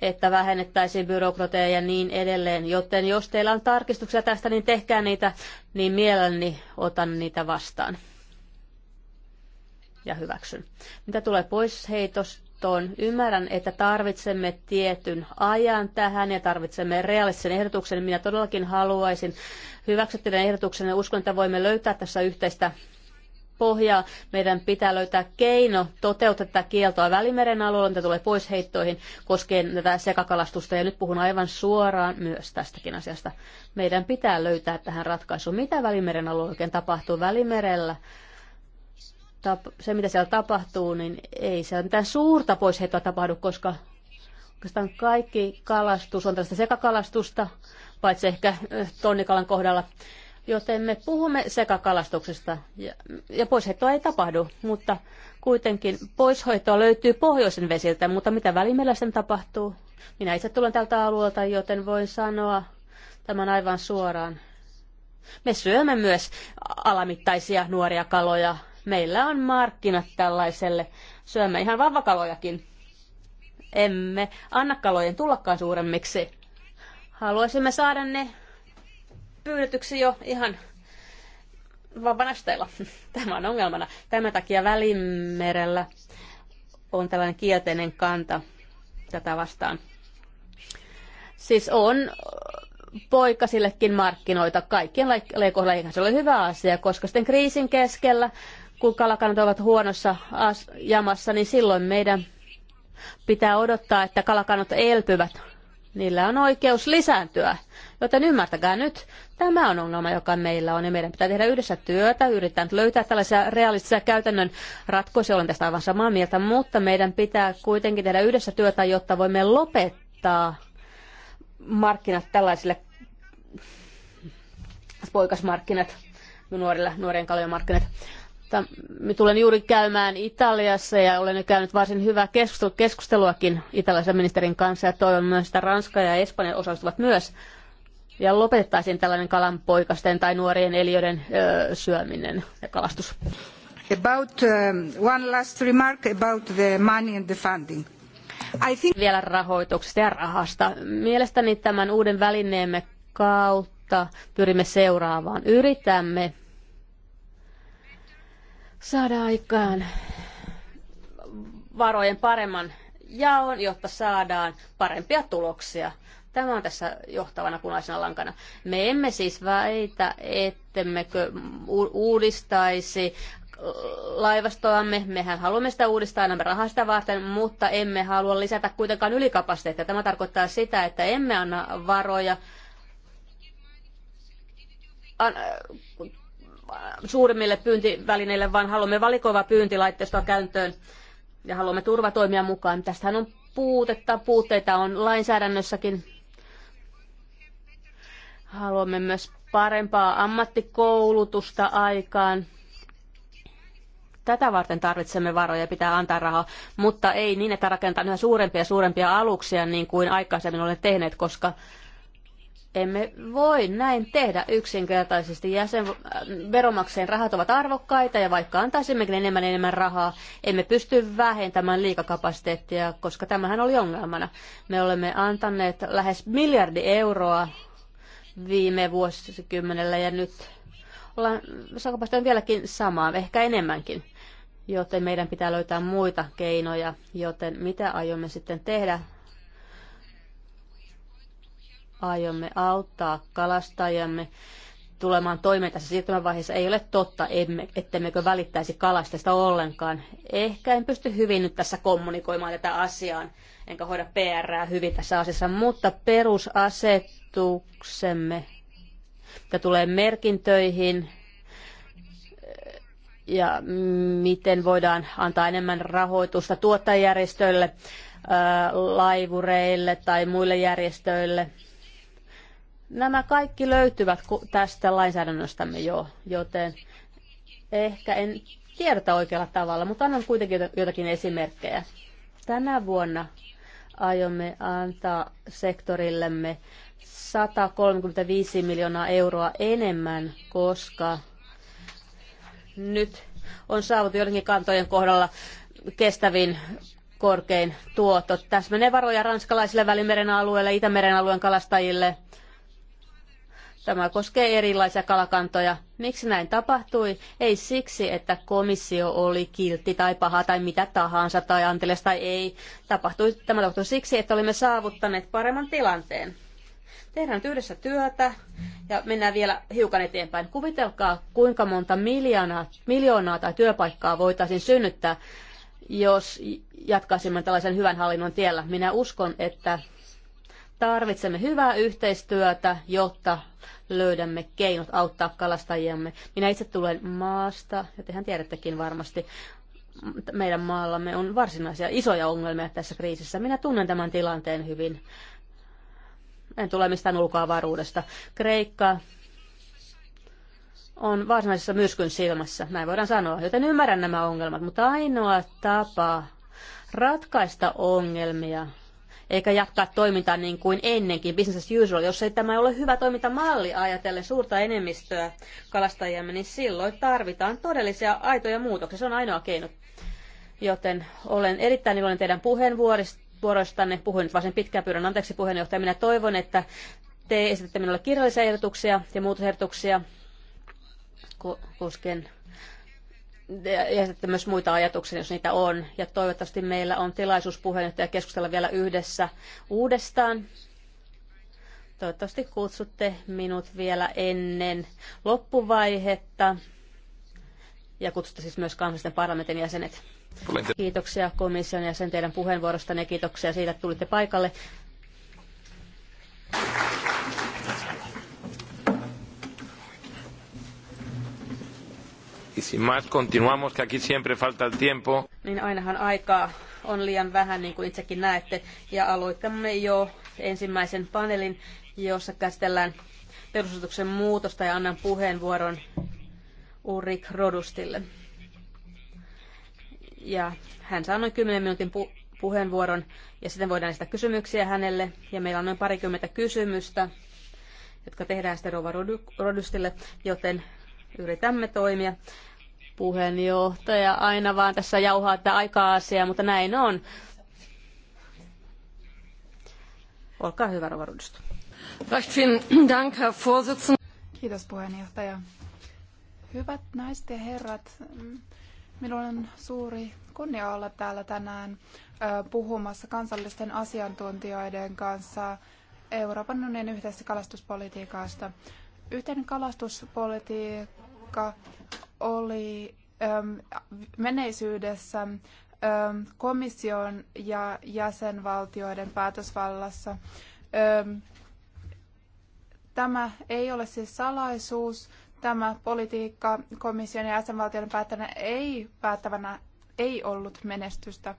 Speaker 2: että vähennettäisiin byrokratiaa ja niin edelleen. Joten jos teillä on tarkistuksia tästä, niin tehkää niitä, niin mielelläni otan niitä vastaan ja hyväksyn. Mitä tulee pois heitostoon, ymmärrän, että tarvitsemme tietyn ajan tähän ja tarvitsemme realistisen ehdotuksen. Minä todellakin haluaisin hyväksyttävän ehdotuksen ja uskon, että voimme löytää tässä yhteistä pohjaa. Meidän pitää löytää keino toteuttaa tätä kieltoa Välimeren alueella, mitä tulee pois heittoihin koskien tätä sekakalastusta. Ja nyt puhun aivan suoraan myös tästäkin asiasta. Meidän pitää löytää tähän ratkaisu. Mitä Välimeren alueella oikein tapahtuu Välimerellä? se, mitä siellä tapahtuu, niin ei siellä mitään suurta poisheittoa tapahdu, koska oikeastaan kaikki kalastus on tällaista sekakalastusta, paitsi ehkä eh, tonnikalan kohdalla. Joten me puhumme sekakalastuksesta ja, ja poishoitoa ei tapahdu, mutta kuitenkin poishoitoa löytyy pohjoisen vesiltä, mutta mitä välimellä sen tapahtuu? Minä itse tulen tältä alueelta, joten voin sanoa tämän aivan suoraan. Me syömme myös alamittaisia nuoria kaloja. Meillä on markkinat tällaiselle. Syömme ihan vavvakalojakin. Emme anna kalojen tullakaan suuremmiksi. Haluaisimme saada ne pyydetyksi jo ihan vapanasteilla. Tämä on ongelmana. Tämän takia Välimerellä on tällainen kielteinen kanta tätä vastaan. Siis on poikasillekin markkinoita kaikkien leikoilla, eikä se ole hyvä asia, koska sitten kriisin keskellä, kun kalakannat ovat huonossa jamassa, niin silloin meidän pitää odottaa, että kalakannat elpyvät Niillä on oikeus lisääntyä. Joten ymmärtäkää nyt, tämä on ongelma, joka meillä on, ja meidän pitää tehdä yhdessä työtä, yritetään löytää tällaisia realistisia käytännön ratkaisuja, olen tästä aivan samaa mieltä, mutta meidän pitää kuitenkin tehdä yhdessä työtä, jotta voimme lopettaa markkinat tällaisille poikasmarkkinat, nuorille, nuorien kaljomarkkinat. markkinat aiheesta. Me tulen juuri käymään Italiassa ja olen käynyt varsin hyvää keskusteluakin italialaisen ministerin kanssa ja toivon myös, että Ranska ja Espanja osallistuvat myös ja lopetettaisiin tällainen kalanpoikasten tai nuorien eliöiden ö, syöminen ja kalastus.
Speaker 3: About, um, one last remark about the money
Speaker 2: and the funding. I think... Vielä rahoituksesta ja rahasta. Mielestäni tämän uuden välineemme kautta pyrimme seuraavaan. Yritämme saada aikaan varojen paremman jaon, jotta saadaan parempia tuloksia. Tämä on tässä johtavana punaisena lankana. Me emme siis väitä, ettemmekö uudistaisi laivastoamme. Mehän haluamme sitä uudistaa nämä rahasta varten, mutta emme halua lisätä kuitenkaan ylikapasiteettia. Tämä tarkoittaa sitä, että emme anna varoja suuremmille pyyntivälineille, vaan haluamme valikoivaa pyyntilaitteistoa käyttöön ja haluamme turvatoimia mukaan. Tästähän on puutetta, puutteita on lainsäädännössäkin. Haluamme myös parempaa ammattikoulutusta aikaan. Tätä varten tarvitsemme varoja ja pitää antaa rahaa, mutta ei niin, että rakentaa yhä suurempia ja suurempia aluksia niin kuin aikaisemmin olemme tehneet, koska emme voi näin tehdä yksinkertaisesti. Jäsen, veromakseen rahat ovat arvokkaita ja vaikka antaisimmekin enemmän enemmän rahaa, emme pysty vähentämään liikakapasiteettia, koska tämähän oli ongelmana. Me olemme antaneet lähes miljardi euroa viime vuosikymmenellä ja nyt ollaan on vieläkin samaa, ehkä enemmänkin. Joten meidän pitää löytää muita keinoja, joten mitä aiomme sitten tehdä aiomme auttaa kalastajamme tulemaan toimeen tässä siirtymävaiheessa ei ole totta, emme, ettemmekö välittäisi kalastajista ollenkaan. Ehkä en pysty hyvin nyt tässä kommunikoimaan tätä asiaa, enkä hoida PR hyvin tässä asiassa, mutta perusasetuksemme, mitä tulee merkintöihin ja miten voidaan antaa enemmän rahoitusta tuottajajärjestöille, laivureille tai muille järjestöille – Nämä kaikki löytyvät tästä lainsäädännöstämme jo, joten ehkä en kiertä oikealla tavalla, mutta annan kuitenkin jotakin esimerkkejä. Tänä vuonna aiomme antaa sektorillemme 135 miljoonaa euroa enemmän, koska nyt on saavutettu joidenkin kantojen kohdalla kestävin korkein tuotto. Tässä menee varoja ranskalaisille välimeren alueelle, Itämeren alueen kalastajille – Tämä koskee erilaisia kalakantoja. Miksi näin tapahtui? Ei siksi, että komissio oli kiltti tai paha tai mitä tahansa tai antelias tai ei. Tapahtui, tämä tapahtui siksi, että olimme saavuttaneet paremman tilanteen. Tehdään nyt yhdessä työtä ja mennään vielä hiukan eteenpäin. Kuvitelkaa, kuinka monta miljoonaa, miljoonaa tai työpaikkaa voitaisiin synnyttää, jos jatkaisimme tällaisen hyvän hallinnon tiellä. Minä uskon, että Tarvitsemme hyvää yhteistyötä, jotta löydämme keinot auttaa kalastajiamme. Minä itse tulen maasta, ja tehän tiedättekin varmasti, meidän maallamme on varsinaisia isoja ongelmia tässä kriisissä. Minä tunnen tämän tilanteen hyvin. En tule mistään ulkoavaruudesta. Kreikka on varsinaisessa myrskyn silmässä, näin voidaan sanoa, joten ymmärrän nämä ongelmat, mutta ainoa tapa ratkaista ongelmia eikä jatkaa toimintaa niin kuin ennenkin, business as usual. Jos ei tämä ole hyvä toimintamalli ajatellen suurta enemmistöä kalastajiamme, niin silloin tarvitaan todellisia aitoja muutoksia. Se on ainoa keino. Joten olen erittäin iloinen teidän puheenvuoroistanne. Puhuin nyt varsin pitkään, pyydän anteeksi puheenjohtaja. Minä toivon, että te esitätte minulle kirjallisia ehdotuksia ja muutosehdotuksia koskien ja sitten myös muita ajatuksia, jos niitä on. Ja toivottavasti meillä on tilaisuus puheenjohtaja keskustella vielä yhdessä uudestaan. Toivottavasti kutsutte minut vielä ennen loppuvaihetta ja kutsutte siis myös kansallisten parlamentin jäsenet. Kiitoksia komission jäsen teidän puheenvuorostanne ja kiitoksia siitä, että tulitte paikalle.
Speaker 1: sin más continuamos, que aquí siempre falta el tiempo.
Speaker 2: Niin ainahan aikaa on liian vähän, niin kuin itsekin näette. Ja aloitamme jo ensimmäisen paneelin, jossa käsitellään perusasetuksen muutosta ja annan puheenvuoron Ulrik Rodustille. Ja hän saa noin 10 minuutin pu- puheenvuoron ja sitten voidaan esittää kysymyksiä hänelle. Ja meillä on noin parikymmentä kysymystä, jotka tehdään sitten Rova Rodustille, joten yritämme toimia puheenjohtaja aina vaan tässä jauhaa tätä aika-asiaa, mutta näin on. Olkaa hyvä, Rova Rudistu.
Speaker 4: Kiitos puheenjohtaja. Hyvät naiset ja herrat, minulla on suuri kunnia olla täällä tänään puhumassa kansallisten asiantuntijoiden kanssa Euroopan unionin yhteisestä kalastuspolitiikasta. Yhteinen kalastuspolitiikka joka oli ähm, menneisyydessä ähm, komission ja jäsenvaltioiden päätösvallassa. Ähm, tämä ei ole siis salaisuus. Tämä politiikka komission ja jäsenvaltioiden päättävänä ei, päättävänä ei ollut menestystä.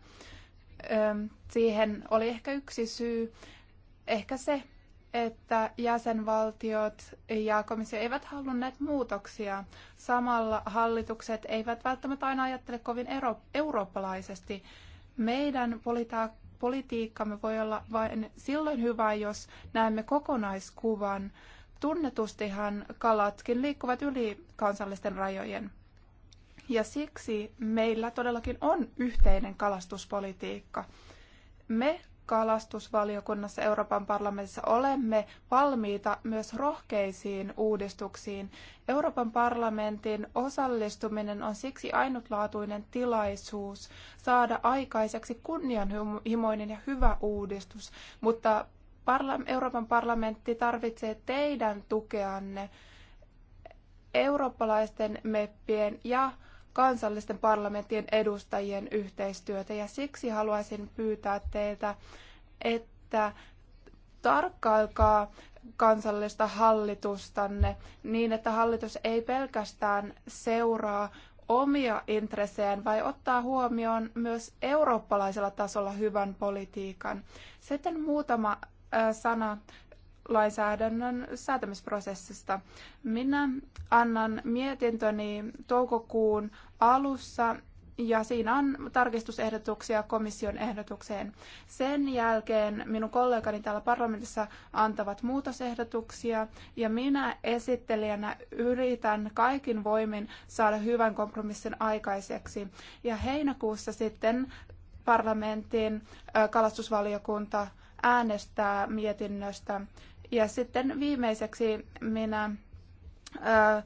Speaker 4: Siihen oli ehkä yksi syy, ehkä se, että jäsenvaltiot ja komissio eivät halunneet muutoksia. Samalla hallitukset eivät välttämättä aina ajattele kovin euro- eurooppalaisesti. Meidän polita- politiikkamme voi olla vain silloin hyvä, jos näemme kokonaiskuvan. Tunnetustihan kalatkin liikkuvat yli kansallisten rajojen. Ja siksi meillä todellakin on yhteinen kalastuspolitiikka. Me kalastusvaliokunnassa Euroopan parlamentissa olemme valmiita myös rohkeisiin uudistuksiin. Euroopan parlamentin osallistuminen on siksi ainutlaatuinen tilaisuus saada aikaiseksi kunnianhimoinen ja hyvä uudistus, mutta Euroopan parlamentti tarvitsee teidän tukeanne eurooppalaisten meppien ja kansallisten parlamenttien edustajien yhteistyötä. Ja siksi haluaisin pyytää teiltä, että tarkkailkaa kansallista hallitustanne niin, että hallitus ei pelkästään seuraa omia intressejään vai ottaa huomioon myös eurooppalaisella tasolla hyvän politiikan. Sitten muutama äh, sana lainsäädännön säätämisprosessista. Minä annan mietintöni toukokuun alussa ja siinä on tarkistusehdotuksia komission ehdotukseen. Sen jälkeen minun kollegani täällä parlamentissa antavat muutosehdotuksia ja minä esittelijänä yritän kaikin voimin saada hyvän kompromissin aikaiseksi. Ja heinäkuussa sitten parlamentin kalastusvaliokunta äänestää mietinnöstä ja sitten viimeiseksi minä ää,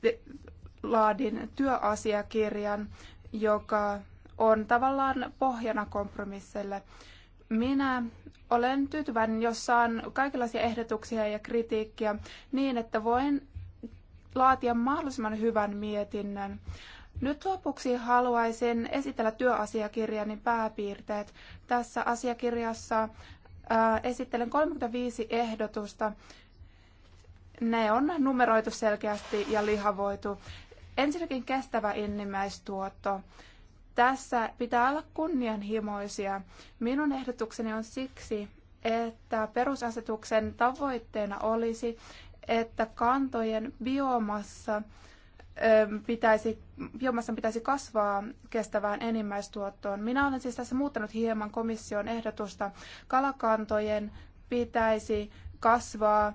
Speaker 4: te, laadin työasiakirjan, joka on tavallaan pohjana kompromisselle. Minä olen tyytyväinen, jos saan kaikenlaisia ehdotuksia ja kritiikkiä niin, että voin laatia mahdollisimman hyvän mietinnön. Nyt lopuksi haluaisin esitellä työasiakirjani pääpiirteet. Tässä asiakirjassa Äh, esittelen 35 ehdotusta. Ne on numeroitu selkeästi ja lihavoitu. Ensinnäkin kestävä ennimmäistuotto. Tässä pitää olla kunnianhimoisia. Minun ehdotukseni on siksi, että perusasetuksen tavoitteena olisi, että kantojen biomassa pitäisi, biomassan pitäisi kasvaa kestävään enimmäistuottoon. Minä olen siis tässä muuttanut hieman komission ehdotusta. Kalakantojen pitäisi kasvaa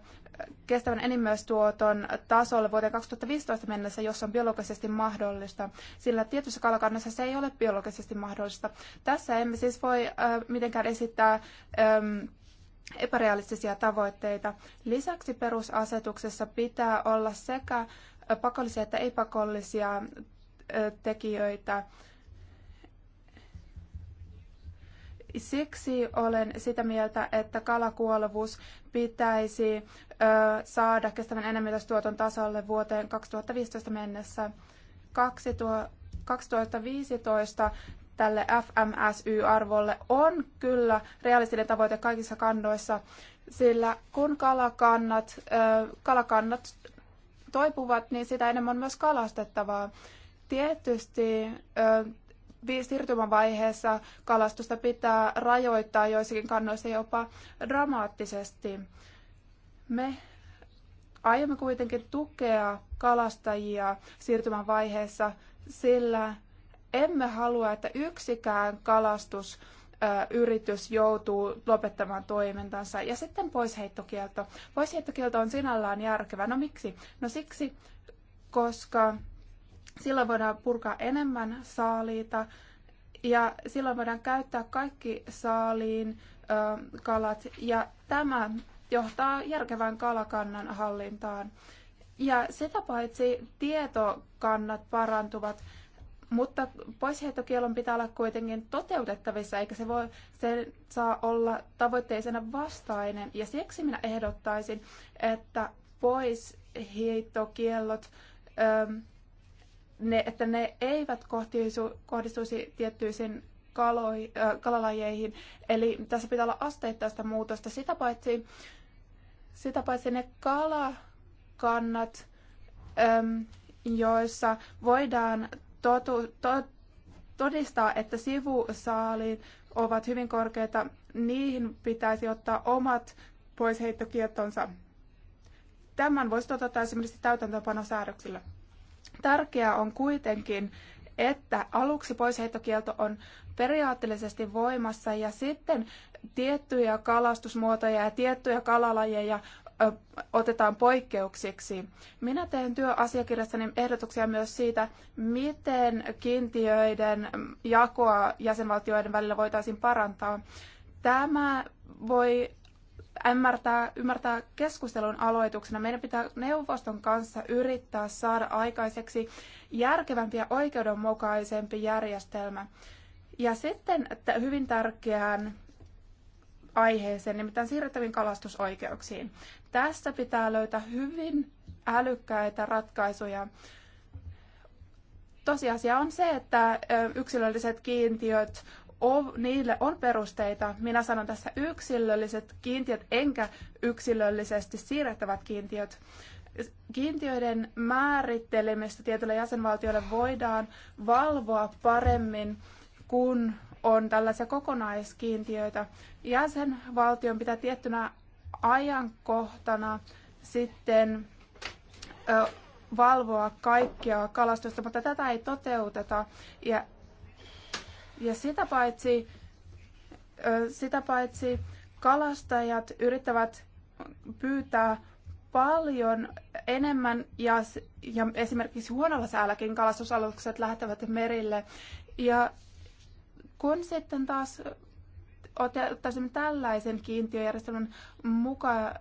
Speaker 4: kestävän enimmäistuoton tasolle vuoteen 2015 mennessä, jos on biologisesti mahdollista, sillä tietyssä kalakannassa se ei ole biologisesti mahdollista. Tässä emme siis voi mitenkään esittää epärealistisia tavoitteita. Lisäksi perusasetuksessa pitää olla sekä pakollisia että ei-pakollisia tekijöitä. Siksi olen sitä mieltä, että kalakuolevuus pitäisi saada kestävän enemmistötuoton tasolle vuoteen 2015 mennessä. 2015 tälle FMSY-arvolle on kyllä realistinen tavoite kaikissa kannoissa, sillä kun kalakannat, kalakannat toipuvat, niin sitä enemmän on myös kalastettavaa. Tietysti siirtymävaiheessa kalastusta pitää rajoittaa joissakin kannoissa jopa dramaattisesti. Me aiomme kuitenkin tukea kalastajia siirtymävaiheessa, sillä emme halua, että yksikään kalastus yritys joutuu lopettamaan toimintansa. Ja sitten poisheittokielto. Poisheittokielto on sinällään järkevä. No miksi? No siksi, koska silloin voidaan purkaa enemmän saaliita ja silloin voidaan käyttää kaikki saaliin ö, kalat ja tämä johtaa järkevään kalakannan hallintaan. Ja sitä paitsi tietokannat parantuvat mutta poisheittokielon pitää olla kuitenkin toteutettavissa, eikä se voi se saa olla tavoitteisena vastainen. Ja siksi minä ehdottaisin, että poisheittokiellot, ähm, ne, että ne eivät kohtisu, kohdistuisi tiettyisiin kaloi, äh, kalalajeihin. Eli tässä pitää olla asteittaista muutosta. Sitä paitsi, sitä paitsi ne kalakannat, äm, joissa voidaan totu, to, todistaa, että sivusaaliin ovat hyvin korkeita, niihin pitäisi ottaa omat poisheittokieltonsa. Tämän voisi toteuttaa esimerkiksi täytäntöpanosäädöksillä. Tärkeää on kuitenkin, että aluksi poisheittokielto on periaatteellisesti voimassa ja sitten tiettyjä kalastusmuotoja ja tiettyjä kalalajeja otetaan poikkeuksiksi. Minä teen työasiakirjassani ehdotuksia myös siitä, miten kiintiöiden jakoa jäsenvaltioiden välillä voitaisiin parantaa. Tämä voi ymmärtää, ymmärtää keskustelun aloituksena. Meidän pitää neuvoston kanssa yrittää saada aikaiseksi järkevämpi ja oikeudenmukaisempi järjestelmä. Ja sitten että hyvin tärkeään aiheeseen, nimittäin siirrettäviin kalastusoikeuksiin. Tässä pitää löytää hyvin älykkäitä ratkaisuja. Tosiasia on se, että yksilölliset kiintiöt niille on perusteita. Minä sanon tässä yksilölliset kiintiöt, enkä yksilöllisesti siirrettävät kiintiöt. Kiintiöiden määrittelemistä tietylle jäsenvaltiolle voidaan valvoa paremmin, kun on tällaisia kokonaiskiintiöitä. Jäsenvaltion pitää tiettynä ajankohtana sitten ö, valvoa kaikkia kalastusta, mutta tätä ei toteuteta. Ja, ja sitä paitsi, ö, sitä paitsi kalastajat yrittävät pyytää paljon enemmän ja, ja esimerkiksi huonolla säälläkin kalastusalukset lähtevät merille. Ja kun sitten taas ottaisimme tällaisen kiintiöjärjestelmän mukaan,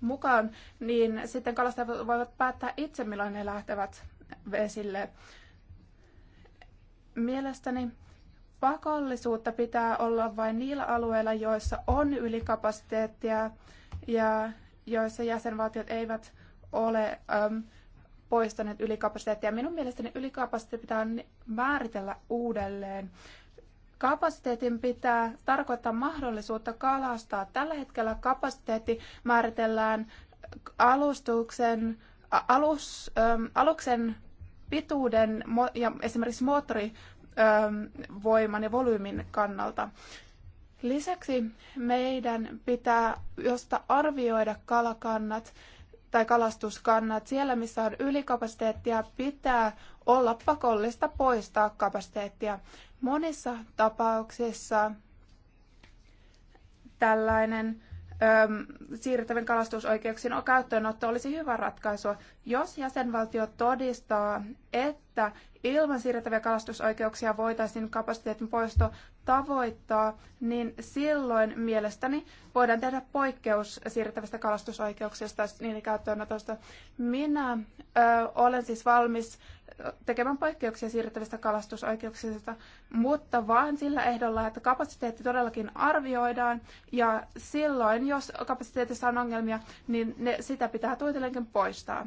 Speaker 4: mukaan, niin sitten kalastajat voivat päättää itse, milloin ne lähtevät vesille. Mielestäni pakollisuutta pitää olla vain niillä alueilla, joissa on ylikapasiteettia ja joissa jäsenvaltiot eivät ole äm, poistaneet ylikapasiteettia. Minun mielestäni ylikapasiteetti pitää määritellä uudelleen. Kapasiteetin pitää tarkoittaa mahdollisuutta kalastaa. Tällä hetkellä kapasiteetti määritellään alustuksen, alus, äm, aluksen pituuden ja esimerkiksi moottorivoiman ähm, ja volyymin kannalta. Lisäksi meidän pitää josta arvioida kalakannat tai kalastuskannat. Siellä, missä on ylikapasiteettia, pitää olla pakollista poistaa kapasiteettia. Monissa tapauksissa tällainen äm, siirrettävien kalastusoikeuksien käyttöönotto olisi hyvä ratkaisu, jos jäsenvaltio todistaa, että että ilman siirrettäviä kalastusoikeuksia voitaisiin kapasiteetin poisto tavoittaa, niin silloin mielestäni voidaan tehdä poikkeus siirrettävistä kalastusoikeuksista niiden käyttöönotosta. Minä ö, olen siis valmis tekemään poikkeuksia siirrettävistä kalastusoikeuksista, mutta vain sillä ehdolla, että kapasiteetti todellakin arvioidaan ja silloin, jos kapasiteetissa on ongelmia, niin ne, sitä pitää tuitenkin poistaa.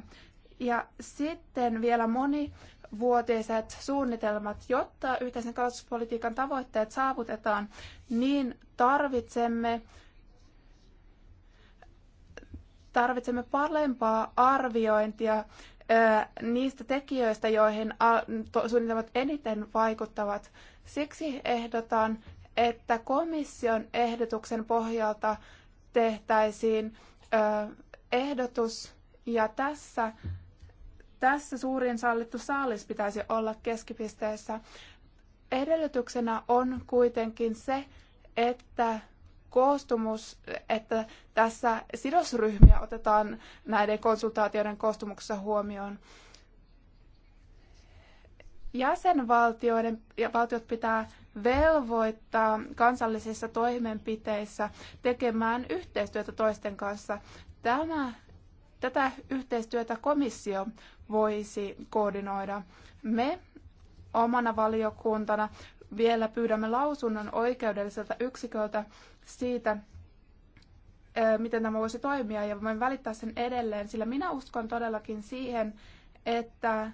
Speaker 4: Ja sitten vielä moni vuotiset suunnitelmat, jotta yhteisen kalastuspolitiikan tavoitteet saavutetaan, niin tarvitsemme tarvitsemme parempaa arviointia niistä tekijöistä, joihin suunnitelmat eniten vaikuttavat. Siksi ehdotan, että komission ehdotuksen pohjalta tehtäisiin ehdotus, ja tässä tässä suurin sallittu saalis pitäisi olla keskipisteessä. Edellytyksenä on kuitenkin se, että koostumus, että tässä sidosryhmiä otetaan näiden konsultaatioiden koostumuksessa huomioon. Jäsenvaltioiden ja valtiot pitää velvoittaa kansallisissa toimenpiteissä tekemään yhteistyötä toisten kanssa. Tämä, tätä yhteistyötä komissio voisi koordinoida. Me omana valiokuntana vielä pyydämme lausunnon oikeudelliselta yksiköltä siitä, miten tämä voisi toimia ja voin välittää sen edelleen, sillä minä uskon todellakin siihen, että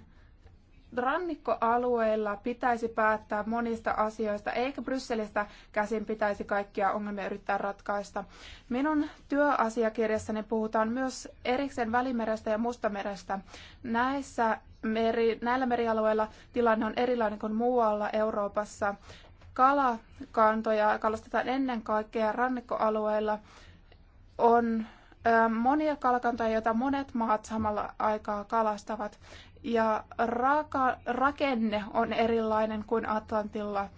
Speaker 4: rannikkoalueilla pitäisi päättää monista asioista, eikä Brysselistä käsin pitäisi kaikkia ongelmia yrittää ratkaista. Minun työasiakirjassani puhutaan myös erikseen Välimerestä ja Mustamerestä. Näissä meri, näillä merialueilla tilanne on erilainen kuin muualla Euroopassa. Kalakantoja kalastetaan ennen kaikkea rannikkoalueilla. On monia kalakantoja, joita monet maat samalla aikaa kalastavat ja raaka, rakenne on erilainen kuin Atlantilla.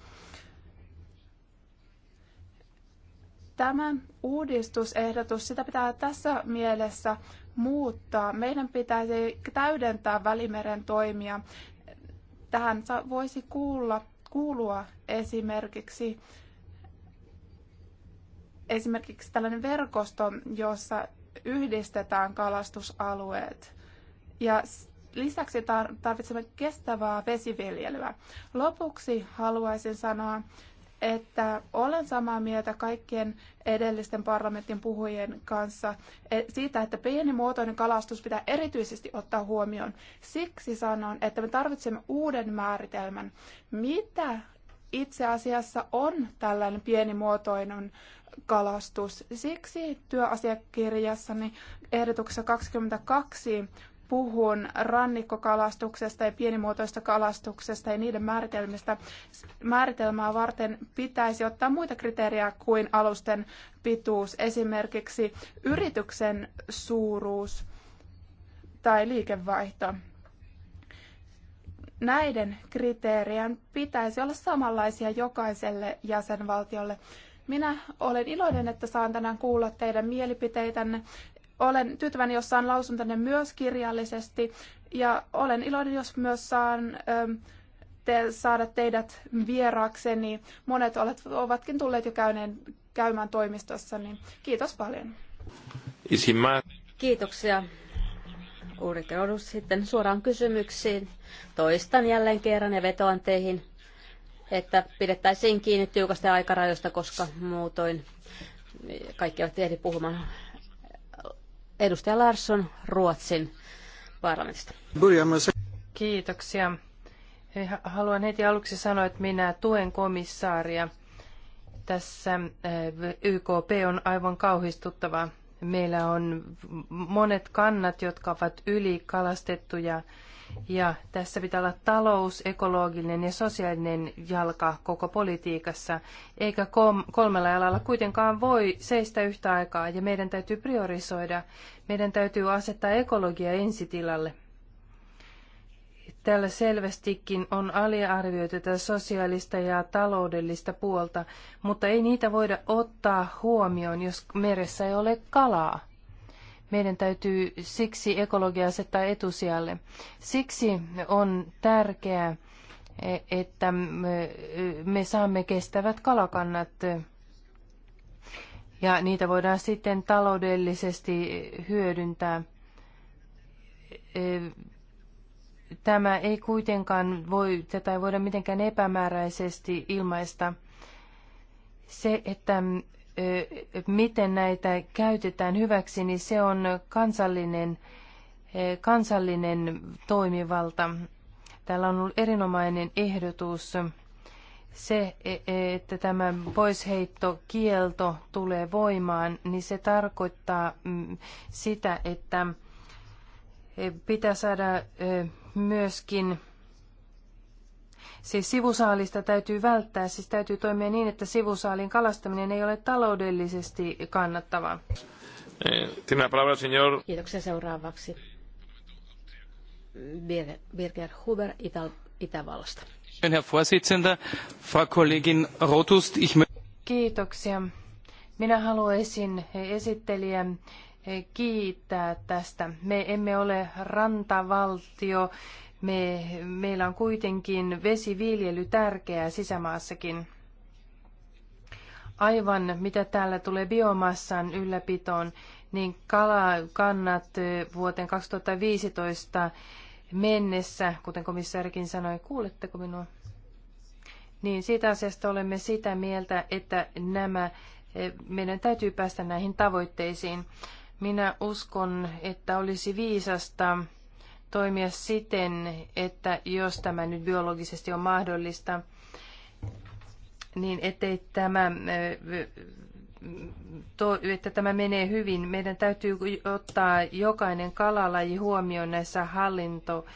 Speaker 4: Tämä uudistusehdotus, sitä pitää tässä mielessä muuttaa. Meidän pitäisi täydentää Välimeren toimia. Tähän voisi kuulla, kuulua esimerkiksi esimerkiksi tällainen verkosto, jossa yhdistetään kalastusalueet. Ja Lisäksi tarvitsemme kestävää vesiviljelyä. Lopuksi haluaisin sanoa, että olen samaa mieltä kaikkien edellisten parlamentin puhujien kanssa e, siitä, että pienimuotoinen kalastus pitää erityisesti ottaa huomioon. Siksi sanon, että me tarvitsemme uuden määritelmän. Mitä itse asiassa on tällainen pienimuotoinen kalastus. Siksi työasiakirjassani ehdotuksessa 22 puhun rannikkokalastuksesta ja pienimuotoista kalastuksesta ja niiden määritelmistä. Määritelmää varten pitäisi ottaa muita kriteerejä kuin alusten pituus, esimerkiksi yrityksen suuruus tai liikevaihto. Näiden kriteerien pitäisi olla samanlaisia jokaiselle jäsenvaltiolle. Minä olen iloinen, että saan tänään kuulla teidän mielipiteitänne olen tyytyväinen, jos saan tänne myös kirjallisesti ja olen iloinen, jos myös saan ähm, te, saada teidät vieraakseni. Monet olet, ovatkin tulleet jo käyneen, käymään toimistossa, niin kiitos paljon. Kiitoksia. Uurit sitten suoraan kysymyksiin. Toistan
Speaker 2: jälleen kerran ja vetoan teihin, että pidettäisiin kiinni tiukasta aikarajoista, koska muutoin kaikki ovat ehdi puhumaan
Speaker 3: Edustaja Larsson Ruotsin parlamentista. Kiitoksia. Haluan heti aluksi sanoa, että minä tuen komissaaria. Tässä eh, YKP on aivan kauhistuttava. Meillä on monet kannat, jotka ovat ylikalastettuja. kalastettuja ja tässä pitää olla talous, ekologinen ja sosiaalinen jalka koko politiikassa, eikä kolmella jalalla kuitenkaan voi seistä yhtä aikaa, ja meidän täytyy priorisoida. Meidän täytyy asettaa ekologia ensitilalle. Täällä selvästikin on aliarvioitu tätä sosiaalista ja taloudellista puolta, mutta ei niitä voida ottaa huomioon, jos meressä ei ole kalaa. Meidän täytyy siksi ekologia asettaa etusijalle. Siksi on tärkeää, että me saamme kestävät kalakannat ja niitä voidaan sitten taloudellisesti hyödyntää. Tämä ei kuitenkaan voi, tätä ei voida mitenkään epämääräisesti ilmaista. Se, että miten näitä käytetään hyväksi, niin se on kansallinen, kansallinen toimivalta. Täällä on ollut erinomainen ehdotus se, e, e, että tämä poisheittokielto tulee voimaan, niin se tarkoittaa mm, sitä, että e, pitää saada myöskin Siis sivusaalista täytyy välttää, siis täytyy toimia niin, että sivusaalin kalastaminen ei ole taloudellisesti kannattavaa. Kiitoksia seuraavaksi. Birger Huber Ital- Itävallasta. Kiitoksia. Minä haluaisin esittelijä kiittää tästä. Me emme ole rantavaltio me, meillä on kuitenkin vesiviljely tärkeää sisämaassakin. Aivan mitä täällä tulee biomassan ylläpitoon, niin kalakannat vuoteen 2015 mennessä, kuten komissaarikin sanoi, kuuletteko minua? Niin siitä asiasta olemme sitä mieltä, että nämä, eh, meidän täytyy päästä näihin tavoitteisiin. Minä uskon, että olisi viisasta toimia siten, että jos tämä nyt biologisesti on mahdollista, niin ettei tämä, että tämä menee hyvin. Meidän täytyy ottaa jokainen kalalaji huomioon näissä hallinto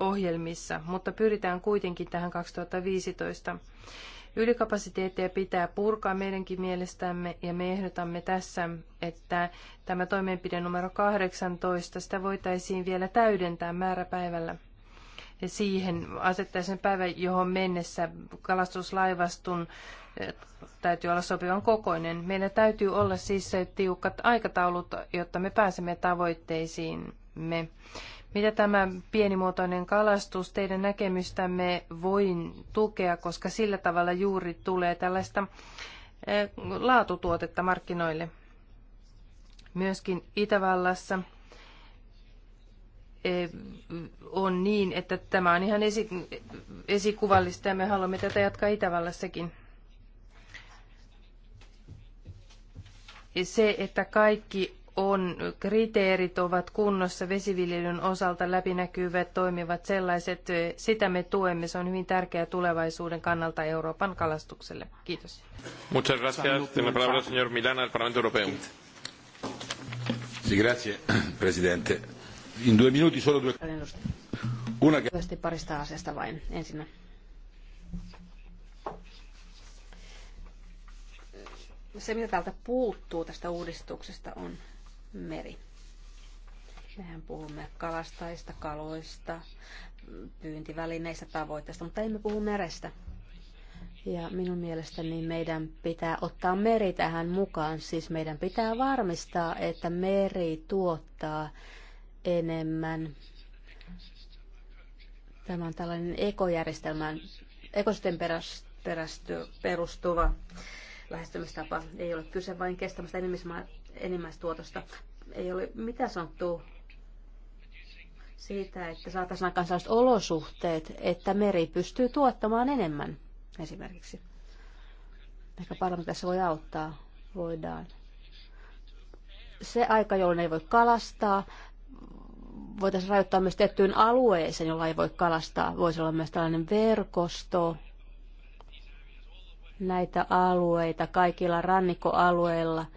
Speaker 3: ohjelmissa, mutta pyritään kuitenkin tähän 2015. Ylikapasiteettia pitää purkaa meidänkin mielestämme ja me ehdotamme tässä, että tämä toimenpide numero 18, sitä voitaisiin vielä täydentää määräpäivällä. Ja siihen asettaisen päivä, johon mennessä kalastuslaivaston eh, täytyy olla sopivan kokoinen. Meillä täytyy olla siis tiukat aikataulut, jotta me pääsemme tavoitteisiimme. Mitä tämä pienimuotoinen kalastus teidän näkemystämme voin tukea, koska sillä tavalla juuri tulee tällaista eh, laatutuotetta markkinoille? Myöskin Itävallassa eh, on niin, että tämä on ihan esi- esikuvallista ja me haluamme tätä jatkaa Itävallassakin. Se, että kaikki on, kriteerit ovat kunnossa vesiviljelyn osalta, läpinäkyvät, toimivat sellaiset. Sitä me tuemme. Se on hyvin tärkeää tulevaisuuden kannalta Euroopan kalastukselle. Kiitos.
Speaker 1: Muchas gracias. Tiene palabra señor Milana Parlamento Europeo. Presidente. In due minuti solo due...
Speaker 2: Una... parista asiasta vain ensinnä. se, mitä täältä puuttuu tästä uudistuksesta, on meri. Mehän puhumme kalastaista, kaloista, pyyntivälineistä, tavoitteista, mutta emme puhu merestä. Ja minun mielestäni meidän pitää ottaa meri tähän mukaan. Siis meidän pitää varmistaa, että meri tuottaa enemmän. Tämä on tällainen ekojärjestelmän, ekosysteem perustuva lähestymistapa. Ei ole kyse vain kestämästä enimmäistuotosta. Ei ole mitä sanottu siitä, että saataisiin aikaan sellaiset olosuhteet, että meri pystyy tuottamaan enemmän esimerkiksi. Ehkä tässä voi auttaa, voidaan. Se aika, jolloin ei voi kalastaa, voitaisiin rajoittaa myös tiettyyn alueeseen, jolla ei voi kalastaa. Voisi olla myös tällainen verkosto, näitä alueita kaikilla rannikkoalueilla –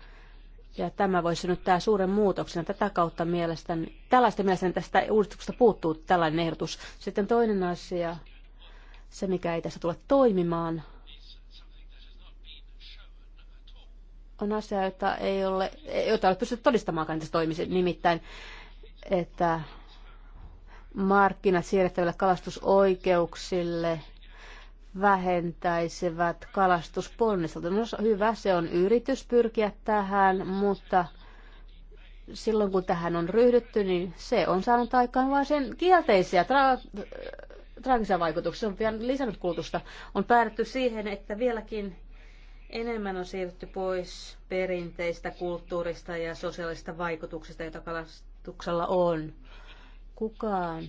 Speaker 2: ja tämä voisi synnyttää suuren muutoksen. Tätä kautta mielestäni, tällaista mielestäni tästä uudistuksesta puuttuu tällainen ehdotus. Sitten toinen asia, se mikä ei tässä tule toimimaan, on asia, jota ei ole, jota ei ole pystytty todistamaan, että se toimisi. Nimittäin, että markkinat siirrettäville kalastusoikeuksille – vähentäisivät kalastusponnistelta. No hyvä, se on yritys pyrkiä tähän, mutta silloin kun tähän on ryhdytty, niin se on saanut aikaan vain sen kielteisiä tra- traagisia vaikutuksia. Se on pian lisännyt kulutusta. On päädytty siihen, että vieläkin enemmän on siirrytty pois perinteistä kulttuurista ja sosiaalista vaikutuksista, joita kalastuksella on. Kukaan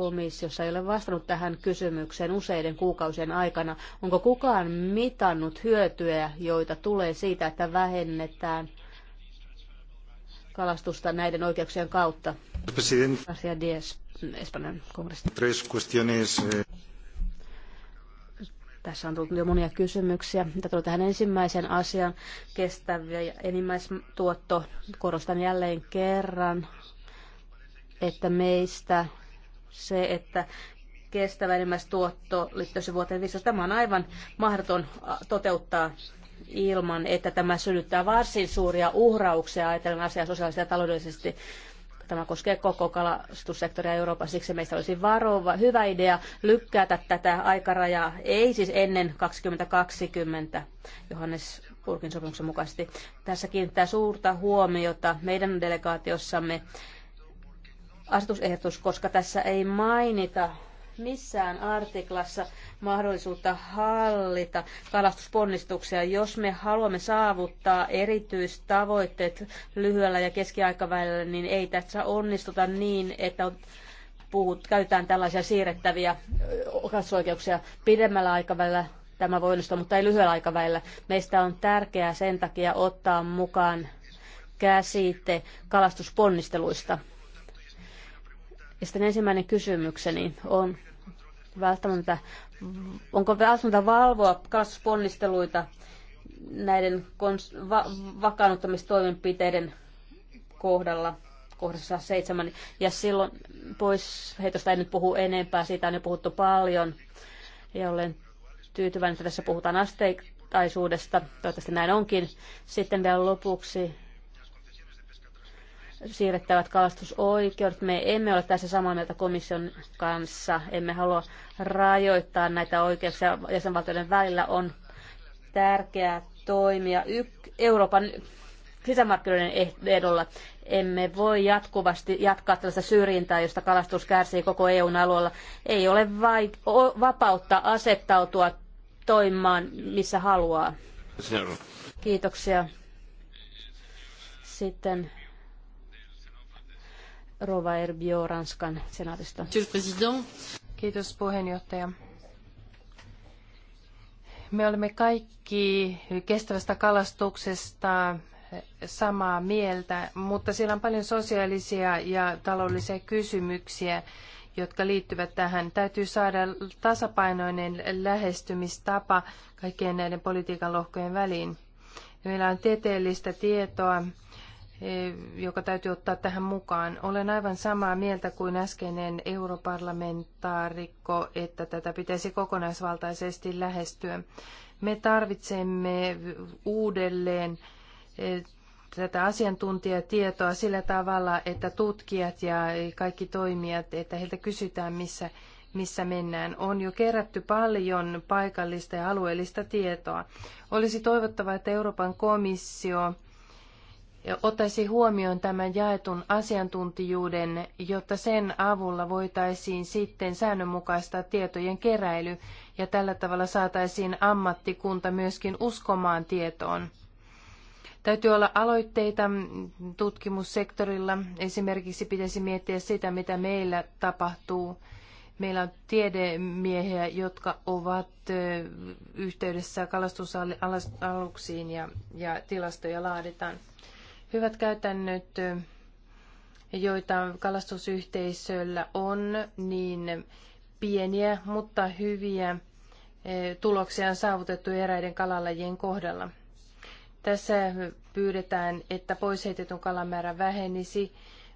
Speaker 2: komissiossa ei ole vastannut tähän kysymykseen useiden kuukausien aikana. Onko kukaan mitannut hyötyä, joita tulee siitä, että vähennetään kalastusta näiden oikeuksien kautta? Asia Dies, Espanjan
Speaker 1: eh.
Speaker 2: Tässä on tullut jo monia kysymyksiä. Mitä tulee tähän ensimmäisen asian, kestäviä ja enimmäistuotto, korostan jälleen kerran, että meistä se, että kestävä enimmäistuotto liittyisi vuoteen 15. Tämä on aivan mahdoton toteuttaa ilman, että tämä synnyttää varsin suuria uhrauksia ajatellen asiaa sosiaalisesti ja taloudellisesti. Tämä koskee koko kalastussektoria Euroopassa, siksi meistä olisi varova, hyvä idea lykkätä tätä aikarajaa, ei siis ennen 2020, Johannes Purkin sopimuksen mukaisesti. Tässä kiinnittää suurta huomiota meidän delegaatiossamme asetusehdotus, koska tässä ei mainita missään artiklassa mahdollisuutta hallita kalastusponnistuksia. Jos me haluamme saavuttaa erityistavoitteet lyhyellä ja keskiaikavälillä, niin ei tässä onnistuta niin, että puhut, käytetään tällaisia siirrettäviä kasvoikeuksia pidemmällä aikavälillä. Tämä voi onnistua, mutta ei lyhyellä aikavälillä. Meistä on tärkeää sen takia ottaa mukaan käsite kalastusponnisteluista ja sitten ensimmäinen kysymykseni on välttämättä, onko välttämättä valvoa kasvuponnisteluita näiden kons- va- vakaannuttamistoimenpiteiden kohdalla kohdassa seitsemän. Ja silloin pois heitosta ei nyt puhu enempää, siitä on jo puhuttu paljon. Ja olen tyytyväinen, että tässä puhutaan asteittaisuudesta. Toivottavasti näin onkin. Sitten vielä lopuksi siirrettävät kalastusoikeudet. Me emme ole tässä samaa mieltä komission kanssa. Emme halua rajoittaa näitä oikeuksia. Jäsenvaltioiden välillä on tärkeää toimia Euroopan sisämarkkinoiden ehdolla. Emme voi jatkuvasti jatkaa tällaista syrjintää, josta kalastus kärsii koko EUn alueella. Ei ole vaik- vapautta asettautua toimimaan, missä haluaa. Kiitoksia. Sitten
Speaker 3: Rova Erbio Ranskan senaatista. Kiitos puheenjohtaja. Me olemme kaikki kestävästä kalastuksesta samaa mieltä, mutta siellä on paljon sosiaalisia ja taloudellisia kysymyksiä, jotka liittyvät tähän. Täytyy saada tasapainoinen lähestymistapa kaikkien näiden politiikan lohkojen väliin. Meillä on tieteellistä tietoa E, joka täytyy ottaa tähän mukaan. Olen aivan samaa mieltä kuin äskeinen europarlamentaarikko, että tätä pitäisi kokonaisvaltaisesti lähestyä. Me tarvitsemme uudelleen e, tätä asiantuntijatietoa sillä tavalla, että tutkijat ja kaikki toimijat, että heiltä kysytään, missä, missä mennään. On jo kerätty paljon paikallista ja alueellista tietoa. Olisi toivottavaa, että Euroopan komissio ottaisi huomioon tämän jaetun asiantuntijuuden, jotta sen avulla voitaisiin sitten säännönmukaistaa tietojen keräily ja tällä tavalla saataisiin ammattikunta myöskin uskomaan tietoon. Täytyy olla aloitteita tutkimussektorilla. Esimerkiksi pitäisi miettiä sitä, mitä meillä tapahtuu. Meillä on tiedemiehiä, jotka ovat yhteydessä kalastusaluksiin ja, ja tilastoja laaditaan. Hyvät käytännöt, joita kalastusyhteisöllä on, niin pieniä, mutta hyviä eh, tuloksia on saavutettu eräiden kalalajien kohdalla. Tässä pyydetään, että poisheitetyn kalamäärä määrä vähenisi,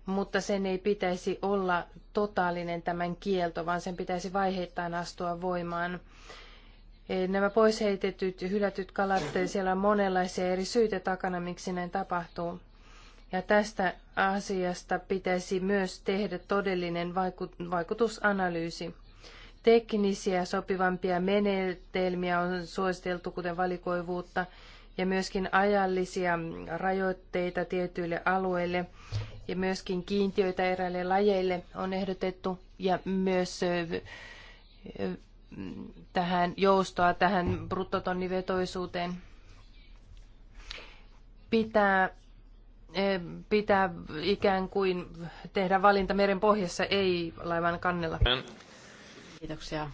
Speaker 3: mutta sen ei pitäisi olla totaalinen tämän kielto, vaan sen pitäisi vaiheittain astua voimaan. Nämä pois heitetyt ja hylätyt kalat, siellä on monenlaisia eri syitä takana, miksi näin tapahtuu. Ja tästä asiasta pitäisi myös tehdä todellinen vaikutusanalyysi. Teknisiä sopivampia menetelmiä on suositeltu, kuten valikoivuutta, ja myöskin ajallisia rajoitteita tietyille alueille ja myöskin kiintiöitä eräille lajeille on ehdotettu ja myös tähän joustoa, tähän bruttotonnivetoisuuteen. Pitää, eh, pitää ikään kuin tehdä valinta meren pohjassa, ei laivan kannella. Kiitoksia.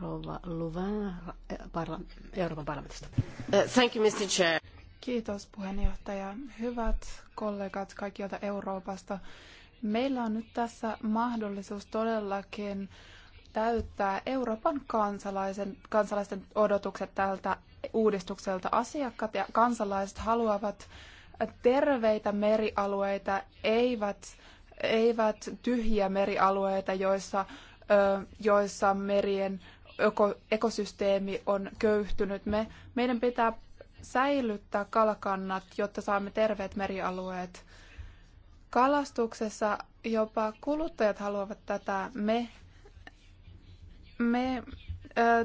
Speaker 3: Rouva Luvan Euroopan parlamentista.
Speaker 2: Eh, thank you, Mr. Chair.
Speaker 4: Kiitos puheenjohtaja. Hyvät kollegat kaikkialta Euroopasta. Meillä on nyt tässä mahdollisuus todellakin äh, täyttää Euroopan kansalaisen, kansalaisten odotukset tältä uudistukselta. Asiakkaat ja kansalaiset haluavat terveitä merialueita, eivät, eivät tyhjiä merialueita, joissa, joissa merien öko, ekosysteemi on köyhtynyt. Me, meidän pitää säilyttää kalakannat, jotta saamme terveet merialueet. Kalastuksessa jopa kuluttajat haluavat tätä. Me me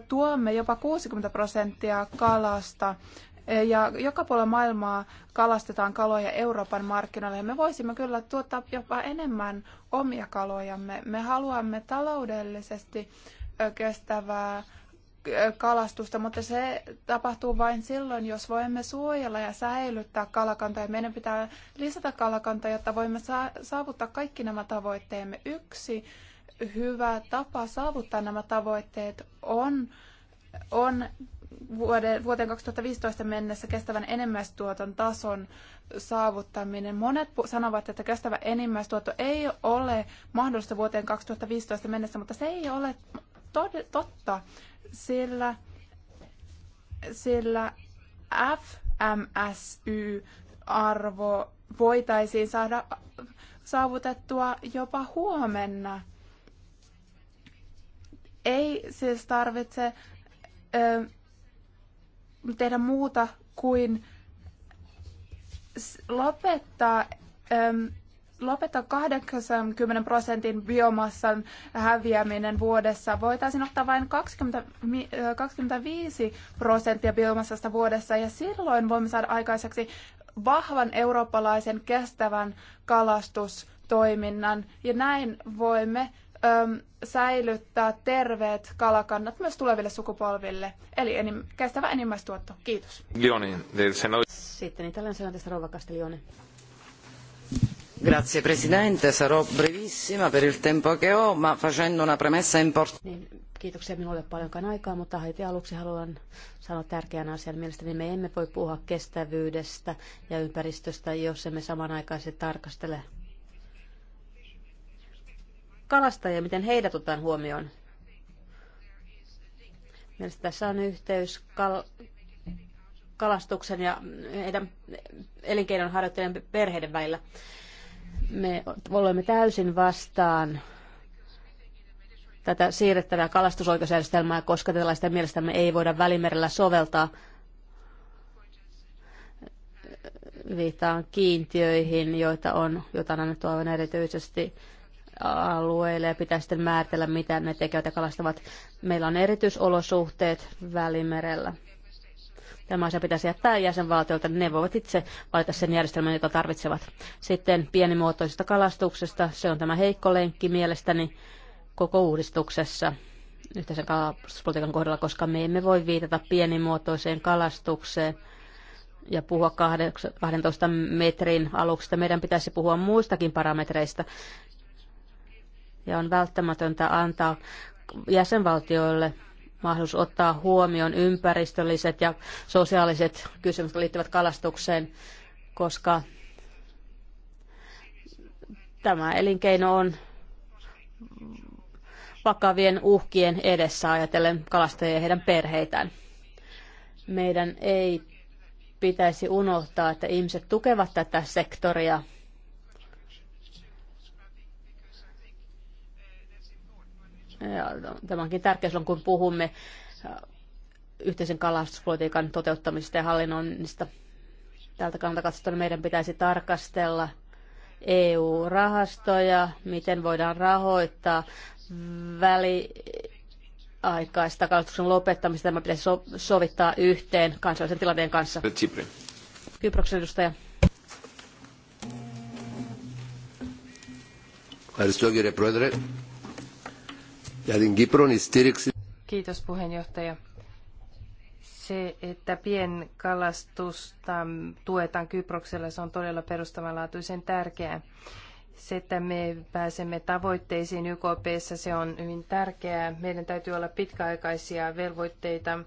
Speaker 4: tuomme jopa 60 prosenttia kalasta ja joka puolella maailmaa kalastetaan kaloja Euroopan markkinoille. Me voisimme kyllä tuottaa jopa enemmän omia kalojamme. Me haluamme taloudellisesti kestävää kalastusta, mutta se tapahtuu vain silloin, jos voimme suojella ja säilyttää kalakantoja. Meidän pitää lisätä kalakantoja, jotta voimme saavuttaa kaikki nämä tavoitteemme. Yksi hyvä tapa saavuttaa nämä tavoitteet on, on vuoden, vuoteen 2015 mennessä kestävän enimmäistuoton tason saavuttaminen. Monet sanovat, että kestävä enimmäistuotto ei ole mahdollista vuoteen 2015 mennessä, mutta se ei ole totta, sillä, sillä FMSY-arvo voitaisiin saada saavutettua jopa huomenna – ei siis tarvitse ö, tehdä muuta kuin lopettaa, ö, lopettaa 80 prosentin biomassan häviäminen vuodessa. Voitaisiin ottaa vain 20, 25 prosenttia biomassasta vuodessa ja silloin voimme saada aikaiseksi vahvan eurooppalaisen kestävän kalastustoiminnan ja näin voimme säilyttää terveet kalakannat myös tuleville sukupolville, eli enim, kestävä enimmäistuotto. Kiitos.
Speaker 3: Lioni,
Speaker 2: Sitten
Speaker 4: italian senaatista Rova Castiglione. Grazie Presidente, sarò brevissima per il tempo che ho, ma facendo una premessa importante.
Speaker 2: Niin, kiitoksia minulle paljonkaan aikaa, mutta heti aluksi haluan sanoa tärkeän asian. Mielestäni me emme voi puhua kestävyydestä ja ympäristöstä, jos emme samanaikaisesti tarkastele kalastajia, miten heidät otetaan huomioon. Mielestäni tässä on yhteys kal- kalastuksen ja heidän elinkeinon harjoittajien perheiden välillä. Me olemme täysin vastaan tätä siirrettävää kalastusoikeusjärjestelmää, koska tällaista mielestämme ei voida välimerellä soveltaa. Viitaan kiintiöihin, joita on, joita on annettu aivan erityisesti alueille ja pitää sitten määritellä, mitä ne tekevät ja kalastavat. Meillä on erityisolosuhteet Välimerellä. Tämä asia pitäisi jättää jäsenvaltiolta, niin ne voivat itse valita sen järjestelmän, jota tarvitsevat. Sitten pienimuotoisesta kalastuksesta, se on tämä heikko lenkki mielestäni koko uudistuksessa yhteisen kalastuspolitiikan kohdalla, koska me emme voi viitata pienimuotoiseen kalastukseen ja puhua 12 metrin aluksesta. Meidän pitäisi puhua muistakin parametreista, ja on välttämätöntä antaa jäsenvaltioille mahdollisuus ottaa huomioon ympäristölliset ja sosiaaliset kysymykset liittyvät kalastukseen, koska tämä elinkeino on vakavien uhkien edessä ajatellen kalastajia ja heidän perheitään. Meidän ei pitäisi unohtaa, että ihmiset tukevat tätä sektoria – Tämä onkin tärkeä silloin, kun puhumme yhteisen kalastuspolitiikan toteuttamisesta ja hallinnoinnista. Tältä kannalta katsottuna meidän pitäisi tarkastella EU-rahastoja, miten voidaan rahoittaa väliaikaista kalastuksen lopettamista. Tämä pitäisi so- sovittaa yhteen kansallisen tilanteen kanssa. Kyproksen edustaja.
Speaker 1: Ευχαριστώ κύριε
Speaker 3: Kiitos puheenjohtaja. Se, että pienkalastusta tuetaan Kyproksella, se on todella perustavanlaatuisen tärkeää. Se, että me pääsemme tavoitteisiin YKP, se on hyvin tärkeää. Meidän täytyy olla pitkäaikaisia velvoitteita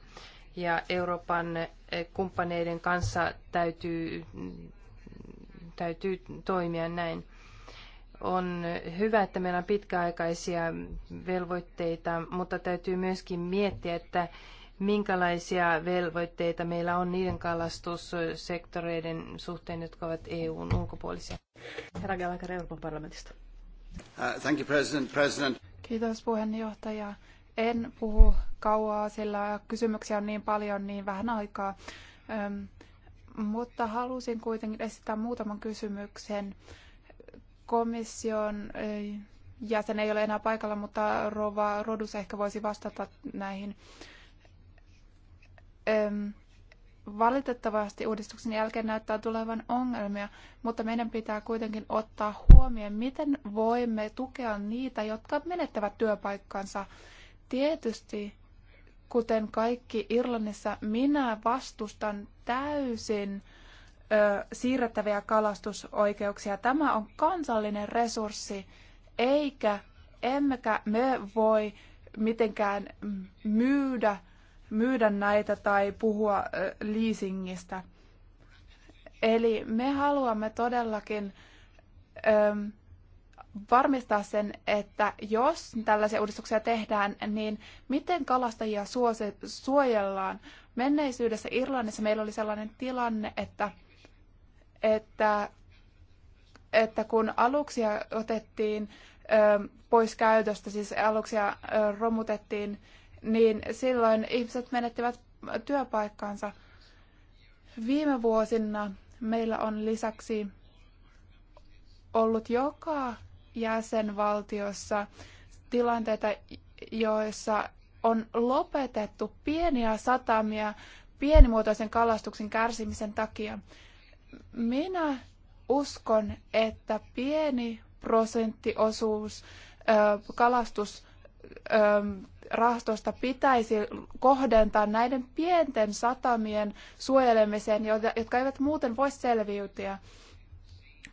Speaker 3: ja Euroopan eh, kumppaneiden kanssa täytyy, mm, täytyy toimia näin. On hyvä, että meillä on pitkäaikaisia velvoitteita, mutta täytyy myöskin miettiä, että minkälaisia velvoitteita meillä on niiden kalastussektoreiden suhteen, jotka ovat EUn ulkopuolisia. Herra Gallagher Euroopan parlamentista. Uh, thank you, President. President.
Speaker 4: Kiitos puheenjohtaja. En puhu kauaa, sillä kysymyksiä on niin paljon, niin vähän aikaa. mutta halusin kuitenkin esittää muutaman kysymyksen komission eh, jäsen ei ole enää paikalla, mutta Rova Rodus ehkä voisi vastata näihin. Valitettavasti uudistuksen jälkeen näyttää tulevan ongelmia, mutta meidän pitää kuitenkin ottaa huomioon, miten voimme tukea niitä, jotka menettävät työpaikkansa. Tietysti, kuten kaikki Irlannissa, minä vastustan täysin siirrettäviä kalastusoikeuksia. Tämä on kansallinen resurssi, eikä emmekä me voi mitenkään myydä, myydä näitä tai puhua leasingistä. Eli me haluamme todellakin ö, varmistaa sen, että jos tällaisia uudistuksia tehdään, niin miten kalastajia suojellaan. Menneisyydessä Irlannissa meillä oli sellainen tilanne, että että, että kun aluksia otettiin ö, pois käytöstä, siis aluksia ö, romutettiin, niin silloin ihmiset menettivät työpaikkaansa. Viime vuosina meillä on lisäksi ollut joka jäsenvaltiossa tilanteita, joissa on lopetettu pieniä satamia pienimuotoisen kalastuksen kärsimisen takia. Minä uskon, että pieni prosenttiosuus rahastosta pitäisi kohdentaa näiden pienten satamien suojelemiseen, jotka eivät muuten voi selviytyä.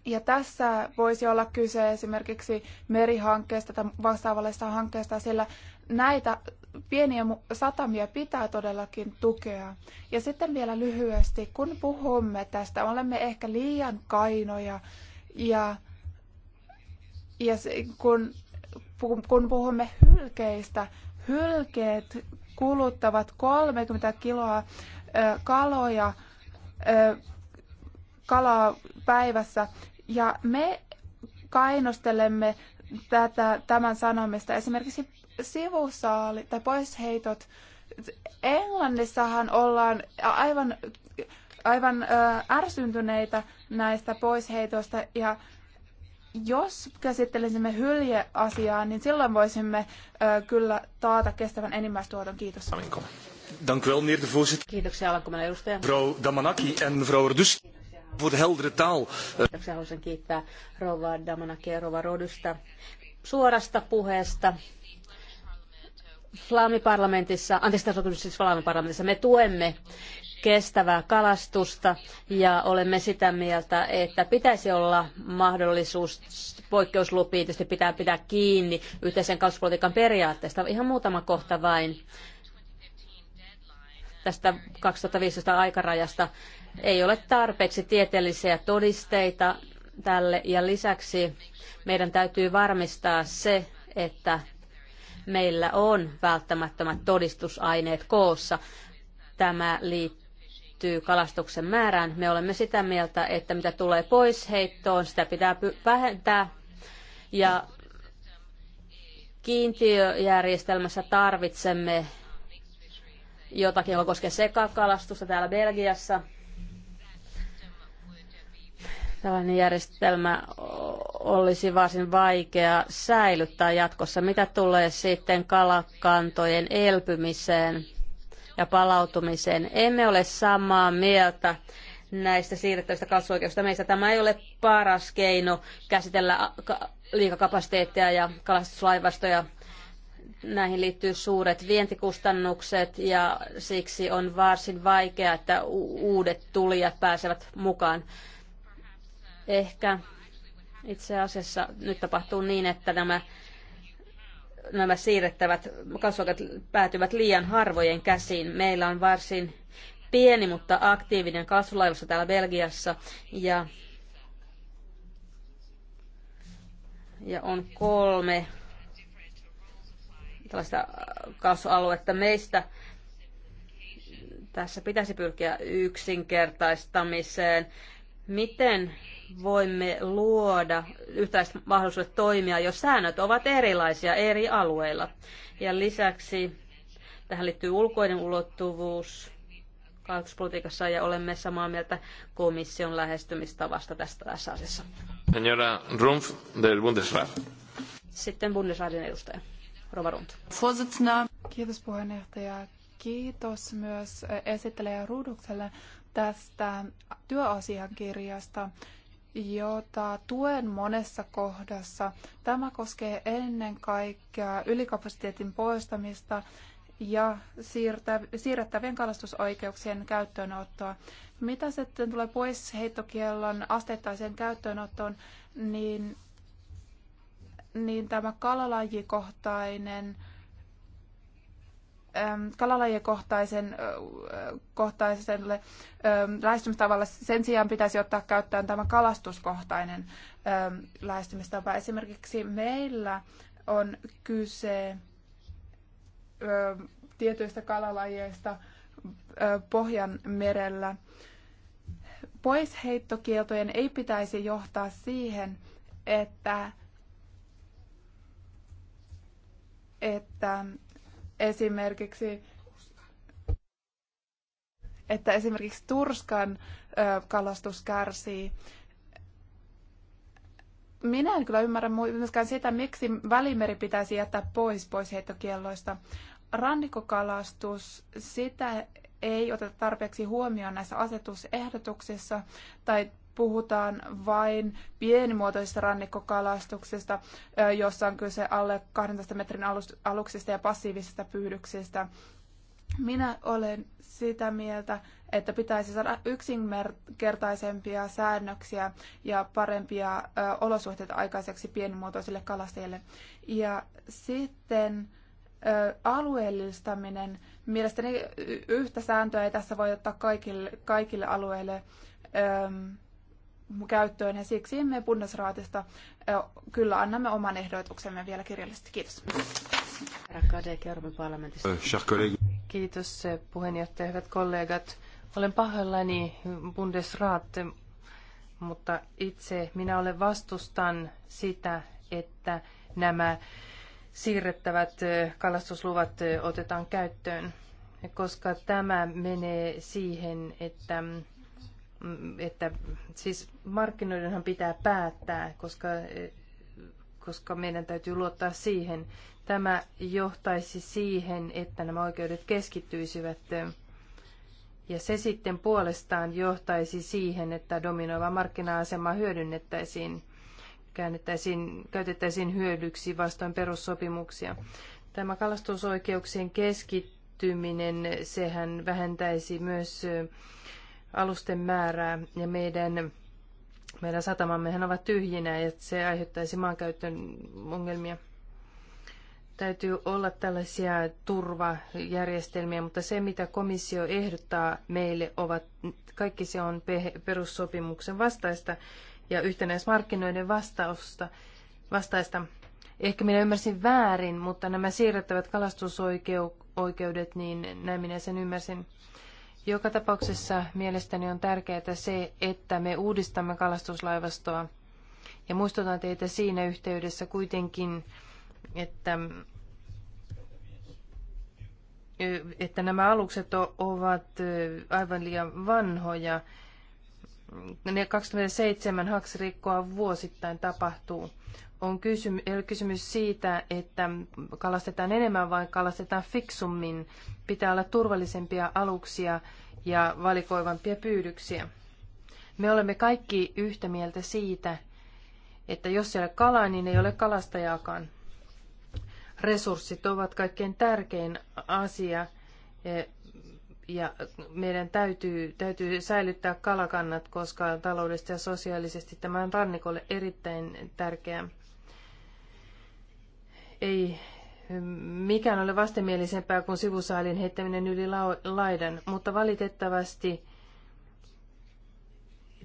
Speaker 4: Ja tässä voisi olla kyse esimerkiksi merihankkeesta tai vastaavallisesta hankkeesta, sillä näitä pieniä satamia pitää todellakin tukea. Ja sitten vielä lyhyesti, kun puhumme tästä, olemme ehkä liian kainoja ja, ja se, kun, kun puhumme hylkeistä, hylkeet kuluttavat 30 kiloa ö, kaloja ö, kalaa päivässä ja me kainostelemme tätä, tämän sanomista. Esimerkiksi sivusaali tai poisheitot. Englannissahan ollaan aivan, aivan ää, ärsyntyneitä näistä poisheitoista ja jos käsittelisimme hyljeasiaa, niin silloin voisimme ää, kyllä taata kestävän enimmäistuoton. Kiitos.
Speaker 3: Dank wel, meneer de voorzitter.
Speaker 4: Kiitoksia, Alankomainen edustaja.
Speaker 3: Mevrouw Damanaki en mevrouw Rodus voor de heldere taal. Kiitoksia,
Speaker 2: haluaisin kiittää rouva Damanaki ja rouva Rodusta suorasta puheesta Flaamiparlamentissa, anteeksi, tässä on siis Flaamiparlamentissa, me tuemme kestävää kalastusta ja olemme sitä mieltä, että pitäisi olla mahdollisuus poikkeuslupiin, tietysti pitää pitää kiinni yhteisen kalastuspolitiikan periaatteesta. Ihan muutama kohta vain tästä 2015 aikarajasta. Ei ole tarpeeksi tieteellisiä todisteita tälle ja lisäksi meidän täytyy varmistaa se, että meillä on välttämättömät todistusaineet koossa. Tämä liittyy kalastuksen määrään. Me olemme sitä mieltä, että mitä tulee pois heittoon, sitä pitää vähentää. Ja kiintiöjärjestelmässä tarvitsemme jotakin, joka koskee sekakalastusta täällä Belgiassa – Tällainen järjestelmä olisi varsin vaikea säilyttää jatkossa. Mitä tulee sitten kalakantojen elpymiseen ja palautumiseen? Emme ole samaa mieltä näistä siirrettävistä kalastusoikeuksista. Meistä tämä ei ole paras keino käsitellä liikakapasiteettia ja kalastuslaivastoja. Näihin liittyy suuret vientikustannukset ja siksi on varsin vaikeaa, että uudet tulijat pääsevät mukaan Ehkä itse asiassa nyt tapahtuu niin, että nämä, nämä siirrettävät kasvokat päätyvät liian harvojen käsiin. Meillä on varsin pieni, mutta aktiivinen kasvulaivassa täällä Belgiassa ja, ja on kolme tällaista kasvualuetta meistä. Tässä pitäisi pyrkiä yksinkertaistamiseen. Miten voimme luoda yhtäiset mahdollisuudet toimia, jos säännöt ovat erilaisia eri alueilla. Ja lisäksi tähän liittyy ulkoinen ulottuvuus kalastuspolitiikassa ja olemme samaa mieltä komission lähestymistavasta tästä tässä asiassa.
Speaker 1: Senora Rumpf del Bundesrat.
Speaker 2: Sitten Bundesratin edustaja, Rova Rumpf.
Speaker 4: Kiitos puheenjohtaja. Kiitos myös esittelijä Ruudukselle tästä työasiakirjasta, jota tuen monessa kohdassa. Tämä koskee ennen kaikkea ylikapasiteetin poistamista ja siirrettävien kalastusoikeuksien käyttöönottoa. Mitä sitten tulee pois heittokiellon asteittaiseen käyttöönottoon, niin, niin tämä kalalajikohtainen Ähm, kohtaisen kohtaiselle lähestymistavalle sen sijaan pitäisi ottaa käyttöön tämä kalastuskohtainen lähestymistapa. Esimerkiksi meillä on kyse tietyistä kalalajeista Pohjanmerellä. Poisheittokieltojen ei pitäisi johtaa siihen, että että esimerkiksi että esimerkiksi turskan kalastus kärsii. Minä en kyllä ymmärrä myöskään sitä, miksi välimeri pitäisi jättää pois pois heittokielloista. Rannikkokalastus, sitä ei oteta tarpeeksi huomioon näissä asetusehdotuksissa tai puhutaan vain pienimuotoisesta rannikkokalastuksesta, jossa on kyse alle 12 metrin aluksista ja passiivisista pyydyksistä. Minä olen sitä mieltä, että pitäisi saada yksinkertaisempia säännöksiä ja parempia olosuhteita aikaiseksi pienimuotoisille kalastajille. Ja sitten alueellistaminen. Mielestäni yhtä sääntöä ei tässä voi ottaa kaikille, kaikille alueille. Öm, käyttöön ja siksi me Bundesraatista kyllä annamme oman ehdotuksemme vielä kirjallisesti. Kiitos. Kiitos puheenjohtaja, hyvät kollegat. Olen pahoillani
Speaker 3: Bundesraat, mutta itse minä olen vastustan sitä, että nämä siirrettävät kalastusluvat otetaan käyttöön, koska tämä menee siihen, että että siis markkinoidenhan pitää päättää, koska, koska meidän täytyy luottaa siihen. Tämä johtaisi siihen, että nämä oikeudet keskittyisivät ja se sitten puolestaan johtaisi siihen, että dominoiva markkina-asema hyödynnettäisiin, käännettäisiin, käytettäisiin hyödyksi vastoin perussopimuksia. Tämä kalastusoikeuksien keskittyminen, sehän vähentäisi myös alusten määrää ja meidän, meidän satamammehan ovat tyhjinä ja se aiheuttaisi maankäytön ongelmia. Täytyy olla tällaisia turvajärjestelmiä, mutta se mitä komissio ehdottaa meille ovat, kaikki se on perussopimuksen vastaista ja yhtenäismarkkinoiden vastausta, vastaista. Ehkä minä ymmärsin väärin, mutta nämä siirrettävät kalastusoikeudet, niin näin minä sen ymmärsin. Joka tapauksessa mielestäni on tärkeää se, että me uudistamme kalastuslaivastoa. Ja muistutan teitä siinä yhteydessä kuitenkin, että, että nämä alukset ovat aivan liian vanhoja 27 haksirikkoa vuosittain tapahtuu. On kysymys, siitä, että kalastetaan enemmän, vai kalastetaan fiksummin. Pitää olla turvallisempia aluksia ja valikoivampia pyydyksiä. Me olemme kaikki yhtä mieltä siitä, että jos ei ole kalaa, niin ei ole kalastajaakaan. Resurssit ovat kaikkein tärkein asia eh, ja meidän täytyy, täytyy säilyttää kalakannat, koska taloudellisesti ja sosiaalisesti tämä on rannikolle erittäin tärkeää. Ei mikään ole vastenmielisempää kuin sivusaalin heittäminen yli laidan, mutta valitettavasti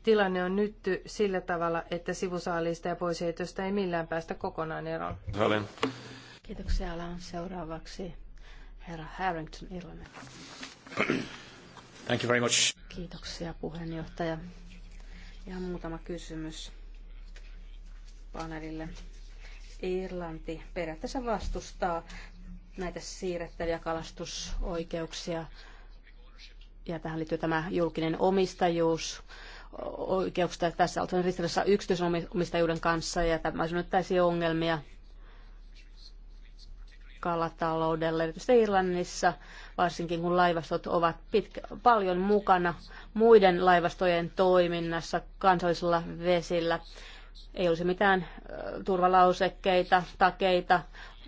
Speaker 3: tilanne on nyt sillä tavalla, että sivusaalista ja poisheitosta ei millään päästä kokonaan eroon. Kiitoksia Alan. Seuraavaksi herra Harrington
Speaker 4: Thank you very much.
Speaker 3: Kiitoksia
Speaker 2: puheenjohtaja. Ihan muutama kysymys paneelille. Irlanti periaatteessa vastustaa näitä siirrettäviä kalastusoikeuksia. Ja tähän liittyy tämä julkinen omistajuus oikeuksista Tässä on ristiriidassa yksityisomistajuuden kanssa ja tämä synnyttäisi ongelmia kalataloudelle, erityisesti Irlannissa, varsinkin kun laivastot ovat pitkä, paljon mukana muiden laivastojen toiminnassa kansallisilla vesillä. Ei olisi mitään turvalausekkeita, takeita,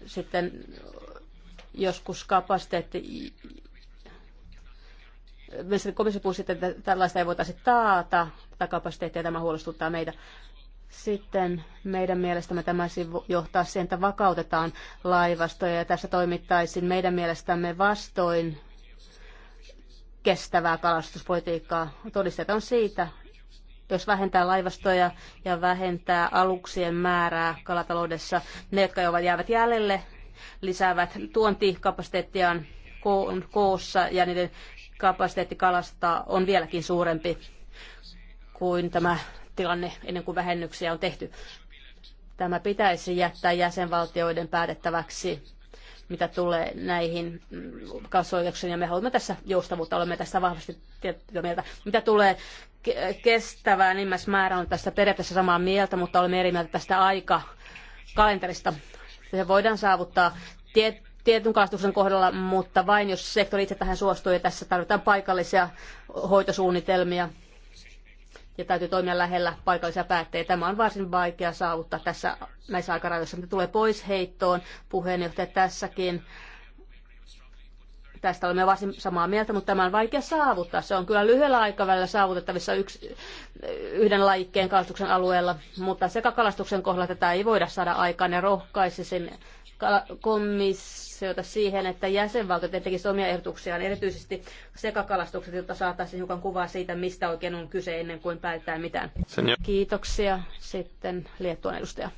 Speaker 2: sitten joskus kapasiteetti Mielestäni komissio puhuu sitten, että tällaista ei voitaisiin taata, tai kapasiteettia, tämä huolestuttaa meitä. Sitten meidän mielestämme tämä johtaa siihen, että vakautetaan laivastoja ja tässä toimittaisiin meidän mielestämme vastoin kestävää kalastuspolitiikkaa. Todisteet on siitä, jos vähentää laivastoja ja vähentää aluksien määrää kalataloudessa, ne, jotka ovat jäävät jäljelle, lisäävät tuontikapasiteettiaan koossa ja niiden kapasiteetti kalastaa on vieläkin suurempi kuin tämä tilanne ennen kuin vähennyksiä on tehty. Tämä pitäisi jättää jäsenvaltioiden päätettäväksi, mitä tulee näihin kasvoituksiin, ja me haluamme tässä joustavuutta, olemme tästä vahvasti tiettyä mieltä. Mitä tulee kestävää niin määrä on tästä periaatteessa samaa mieltä, mutta olemme eri mieltä tästä aika kalenterista. Se voidaan saavuttaa tiet, tietyn kasvatuksen kohdalla, mutta vain jos sektori itse tähän suostuu ja tässä tarvitaan paikallisia hoitosuunnitelmia ja täytyy toimia lähellä paikallisia päättäjiä. Tämä on varsin vaikea saavuttaa tässä näissä aikarajoissa, mitä tulee pois heittoon. Puheenjohtaja tässäkin tästä olemme varsin samaa mieltä, mutta tämä on vaikea saavuttaa. Se on kyllä lyhyellä aikavälillä saavutettavissa yksi, yhden lajikkeen kalastuksen alueella, mutta sekakalastuksen kohdalla tätä ei voida saada aikaan ja rohkaisisin komissiota siihen, että jäsenvaltiot tekisivät omia ehdotuksiaan, erityisesti sekakalastukset, jotta saataisiin hiukan kuvaa siitä, mistä oikein on kyse ennen kuin päätetään mitään. Senior. Kiitoksia. Sitten Liettuan edustaja,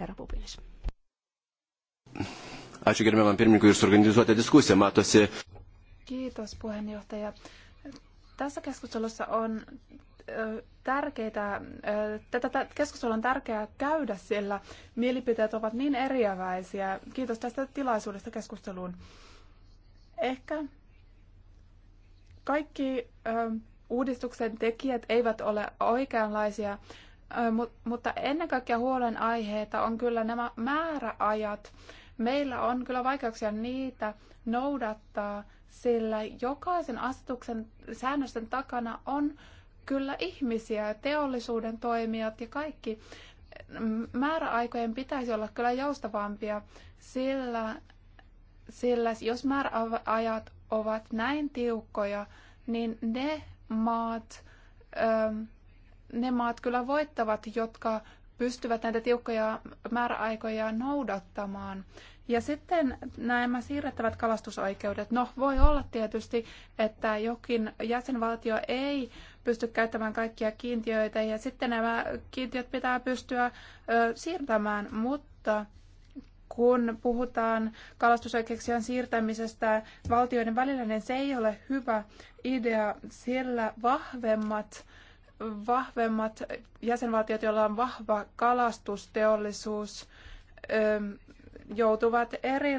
Speaker 4: herra Pupinis. Kiitos puheenjohtaja. Tässä keskustelussa on tärkeitä, tätä keskustelua on tärkeää käydä, sillä mielipiteet ovat niin eriäväisiä. Kiitos tästä tilaisuudesta keskusteluun. Ehkä kaikki uudistuksen tekijät eivät ole oikeanlaisia, mutta ennen kaikkea huolenaiheita on kyllä nämä määräajat. Meillä on kyllä vaikeuksia niitä noudattaa, sillä jokaisen asetuksen säännösten takana on kyllä ihmisiä, teollisuuden toimijat ja kaikki. Määräaikojen pitäisi olla kyllä joustavampia, sillä, sillä jos määräajat ovat näin tiukkoja, niin ne maat, ähm, ne maat kyllä voittavat, jotka pystyvät näitä tiukkoja määräaikoja noudattamaan. Ja sitten nämä siirrettävät kalastusoikeudet. No, voi olla tietysti, että jokin jäsenvaltio ei pysty käyttämään kaikkia kiintiöitä ja sitten nämä kiintiöt pitää pystyä siirtämään, mutta kun puhutaan kalastusoikeuksien siirtämisestä valtioiden välillä, niin se ei ole hyvä idea, sillä vahvemmat, vahvemmat jäsenvaltiot, joilla on vahva kalastusteollisuus, joutuvat eri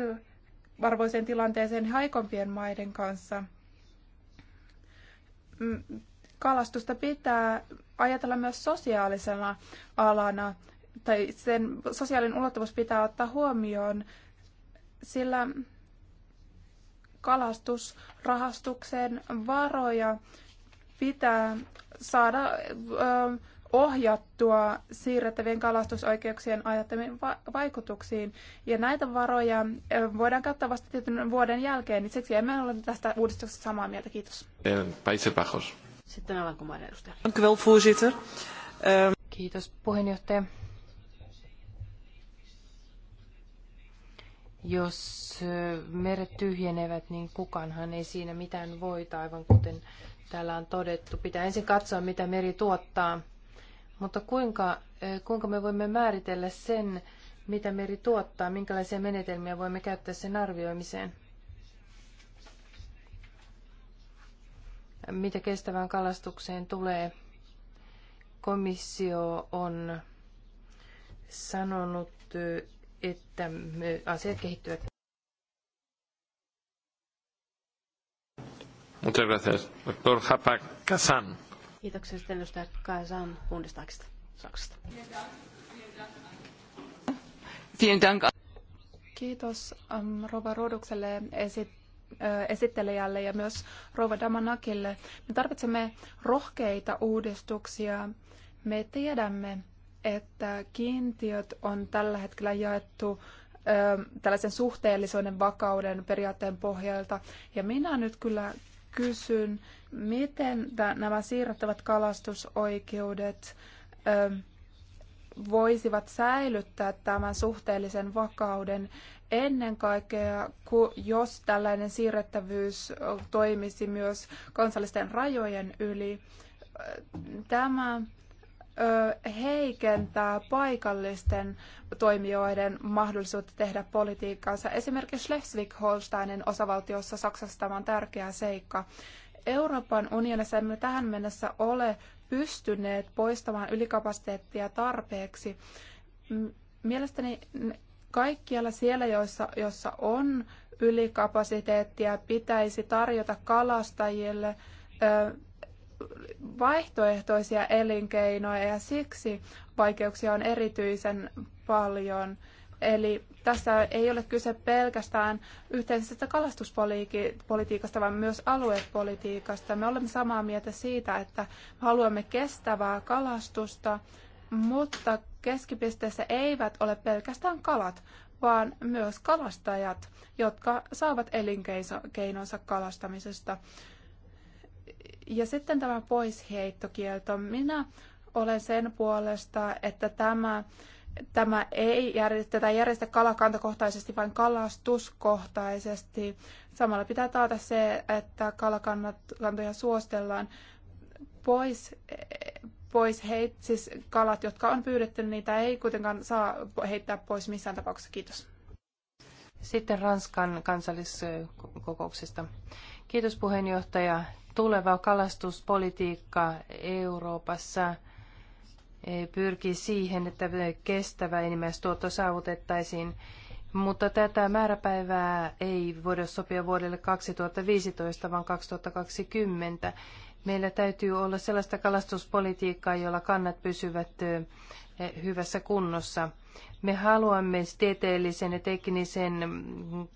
Speaker 4: varvoiseen tilanteeseen haikompien maiden kanssa kalastusta pitää ajatella myös sosiaalisena alana, tai sen sosiaalinen ulottuvuus pitää ottaa huomioon, sillä kalastusrahastuksen varoja pitää saada ohjattua siirrettävien kalastusoikeuksien aiheuttamiin vaikutuksiin. Ja näitä varoja voidaan katsoa vasta tietyn vuoden jälkeen, niin siksi emme ole tästä uudistuksesta samaa mieltä. Kiitos.
Speaker 1: Eh, Países
Speaker 4: sitten Alankomaiden edustaja.
Speaker 3: Ehm, Kiitos puheenjohtaja. Jos meret tyhjenevät, niin kukaanhan ei siinä mitään voita, aivan kuten täällä on todettu. Pitää ensin katsoa, mitä meri tuottaa. Mutta kuinka, kuinka me voimme määritellä sen, mitä meri tuottaa, minkälaisia menetelmiä voimme käyttää sen arvioimiseen? Mitä kestävään kalastukseen tulee, komissio on sanonut, että asiat kehittyvät.
Speaker 1: Muchas gracias. Doctor Hapak Kazan.
Speaker 4: Kiitoksia sitten edustaja Kazan Bundestagista Saksasta. Vielen Dank. Kiitos ähm, Rova Rodukselle esittelystä esittelijälle ja myös Rova Damanakille. Me tarvitsemme rohkeita uudistuksia. Me tiedämme, että kiintiöt on tällä hetkellä jaettu tällaisen suhteellisuuden vakauden periaatteen pohjalta. Ja minä nyt kyllä kysyn, miten nämä siirrettävät kalastusoikeudet voisivat säilyttää tämän suhteellisen vakauden Ennen kaikkea, jos tällainen siirrettävyys toimisi myös kansallisten rajojen yli, tämä heikentää paikallisten toimijoiden mahdollisuutta tehdä politiikkaansa. Esimerkiksi Schleswig-Holsteinin osavaltiossa Saksassa tämä on tärkeä seikka. Euroopan unionissa emme tähän mennessä ole pystyneet poistamaan ylikapasiteettia tarpeeksi. Mielestäni Kaikkialla siellä, joissa, jossa on ylikapasiteettia, pitäisi tarjota kalastajille vaihtoehtoisia elinkeinoja ja siksi vaikeuksia on erityisen paljon. Eli tässä ei ole kyse pelkästään yhteisestä kalastuspolitiikasta, vaan myös aluepolitiikasta. Me olemme samaa mieltä siitä, että haluamme kestävää kalastusta mutta keskipisteessä eivät ole pelkästään kalat, vaan myös kalastajat, jotka saavat elinkeinonsa kalastamisesta. Ja sitten tämä poisheittokielto. Minä olen sen puolesta, että tämä, tämä ei järjestä, tätä järjestä kalakantakohtaisesti, vaan kalastuskohtaisesti. Samalla pitää taata se, että kalakantoja suostellaan pois pois heit, siis kalat, jotka on pyydetty, niin niitä ei kuitenkaan saa heittää pois missään tapauksessa. Kiitos.
Speaker 3: Sitten Ranskan kansalliskokouksesta. Kiitos puheenjohtaja. Tuleva kalastuspolitiikka Euroopassa e, pyrkii siihen, että kestävä enimmäistuotto saavutettaisiin, mutta tätä määräpäivää ei voida sopia vuodelle 2015, vaan 2020. Meillä täytyy olla sellaista kalastuspolitiikkaa, jolla kannat pysyvät eh, hyvässä kunnossa. Me haluamme tieteellisen ja teknisen mm,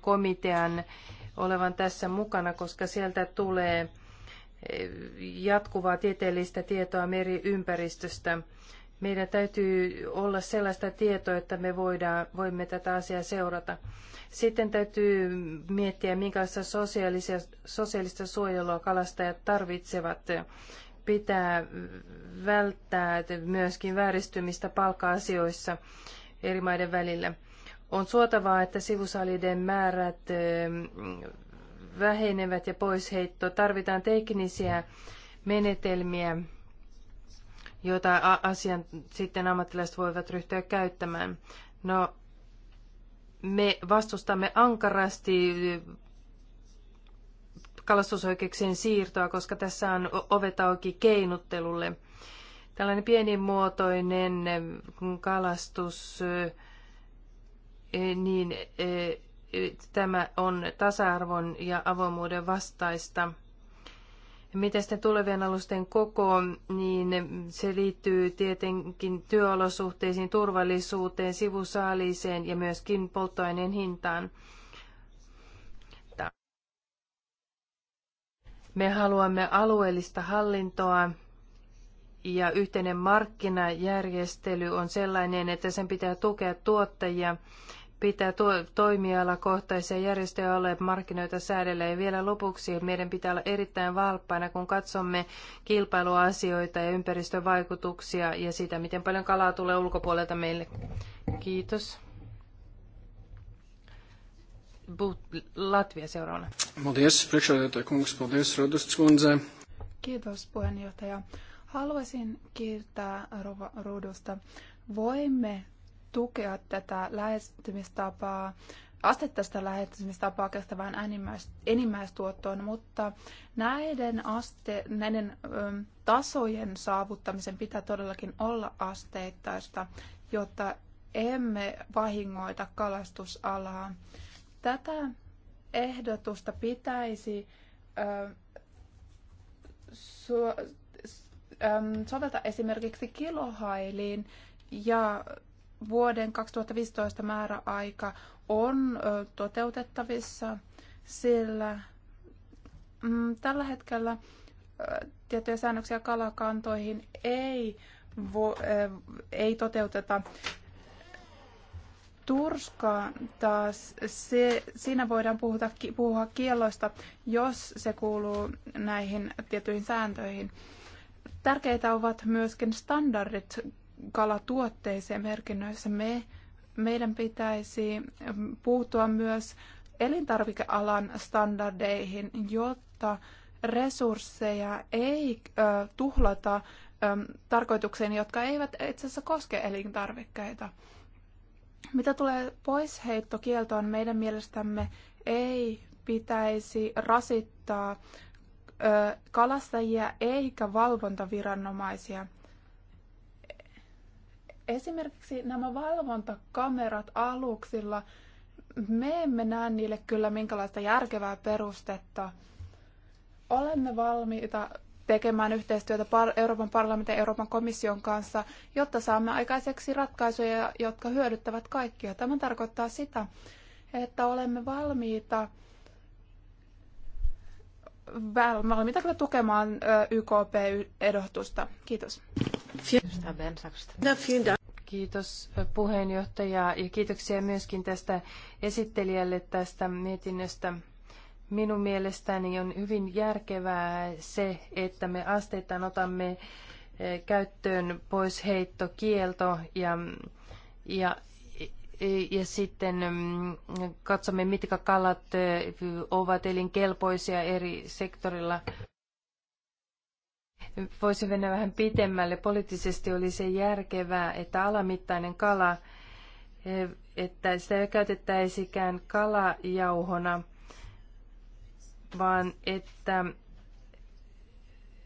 Speaker 3: komitean olevan tässä mukana, koska sieltä tulee eh, jatkuvaa tieteellistä tietoa meriympäristöstä meidän täytyy olla sellaista tietoa, että me voidaan, voimme tätä asiaa seurata. Sitten täytyy miettiä, minkälaista sosiaalista suojelua kalastajat tarvitsevat. Pitää välttää myöskin vääristymistä palkka-asioissa eri maiden välillä. On suotavaa, että sivusaliden määrät vähenevät ja poisheitto. Tarvitaan teknisiä menetelmiä jota asian sitten ammattilaiset voivat ryhtyä käyttämään. No, me vastustamme ankarasti kalastusoikeuksien siirtoa, koska tässä on ovet auki keinuttelulle. Tällainen pienimuotoinen eh, kalastus, eh, eh, niin tämä on tasa-arvon ja avoimuuden vastaista. Mitä sitten tulevien alusten koko, niin se liittyy tietenkin työolosuhteisiin, turvallisuuteen, sivusaaliseen ja myöskin polttoaineen hintaan. Me haluamme alueellista hallintoa ja yhteinen markkinajärjestely on sellainen, että sen pitää tukea tuottajia pitää to- toimialakohtaisia järjestöjä ole markkinoita säädellä. Ja vielä lopuksi meidän pitää olla erittäin valppaina, kun katsomme kilpailuasioita ja ympäristövaikutuksia ja sitä, miten paljon kalaa tulee ulkopuolelta meille. Kiitos. But- Latvia
Speaker 4: seuraavana. Kiitos puheenjohtaja. Haluaisin kiittää Ruudusta. Voimme tukea tätä lähestymistapaa, astettaista lähestymistapaa kestävään enimmäistuottoon, mutta näiden, aste, näiden ö, tasojen saavuttamisen pitää todellakin olla asteittaista, jotta emme vahingoita kalastusalaa. Tätä ehdotusta pitäisi ö, su, ö, soveltaa esimerkiksi kilohailiin ja vuoden 2015 määräaika on toteutettavissa, sillä mm, tällä hetkellä tiettyjä säännöksiä kalakantoihin ei, vo, ei toteuteta. Turska taas, se, siinä voidaan puhuta, puhua kielloista, jos se kuuluu näihin tiettyihin sääntöihin. Tärkeitä ovat myöskin standardit kalatuotteisiin merkinnöissä. Me, meidän pitäisi puuttua myös elintarvikealan standardeihin, jotta resursseja ei ö, tuhlata ö, tarkoitukseen, jotka eivät itse asiassa koske elintarvikkeita. Mitä tulee poisheittokieltoon, meidän mielestämme ei pitäisi rasittaa ö, kalastajia eikä valvontaviranomaisia – Esimerkiksi nämä valvontakamerat aluksilla, me emme näe niille kyllä minkälaista järkevää perustetta. Olemme valmiita tekemään yhteistyötä Euroopan parlamentin ja Euroopan komission kanssa, jotta saamme aikaiseksi ratkaisuja, jotka hyödyttävät kaikkia. Tämä tarkoittaa sitä, että olemme valmiita valmiita kyllä tukemaan YKP-ehdotusta. Kiitos. Kiitos
Speaker 3: puheenjohtaja ja kiitoksia myöskin tästä esittelijälle tästä mietinnöstä. Minun mielestäni on hyvin järkevää se, että me asteittain otamme käyttöön pois heittokielto ja, ja, ja sitten katsomme, mitkä kalat ovat elinkelpoisia eri sektorilla voisi mennä vähän pitemmälle. Poliittisesti oli se järkevää, että alamittainen kala, e, että sitä ei käytettäisikään kalajauhona, vaan että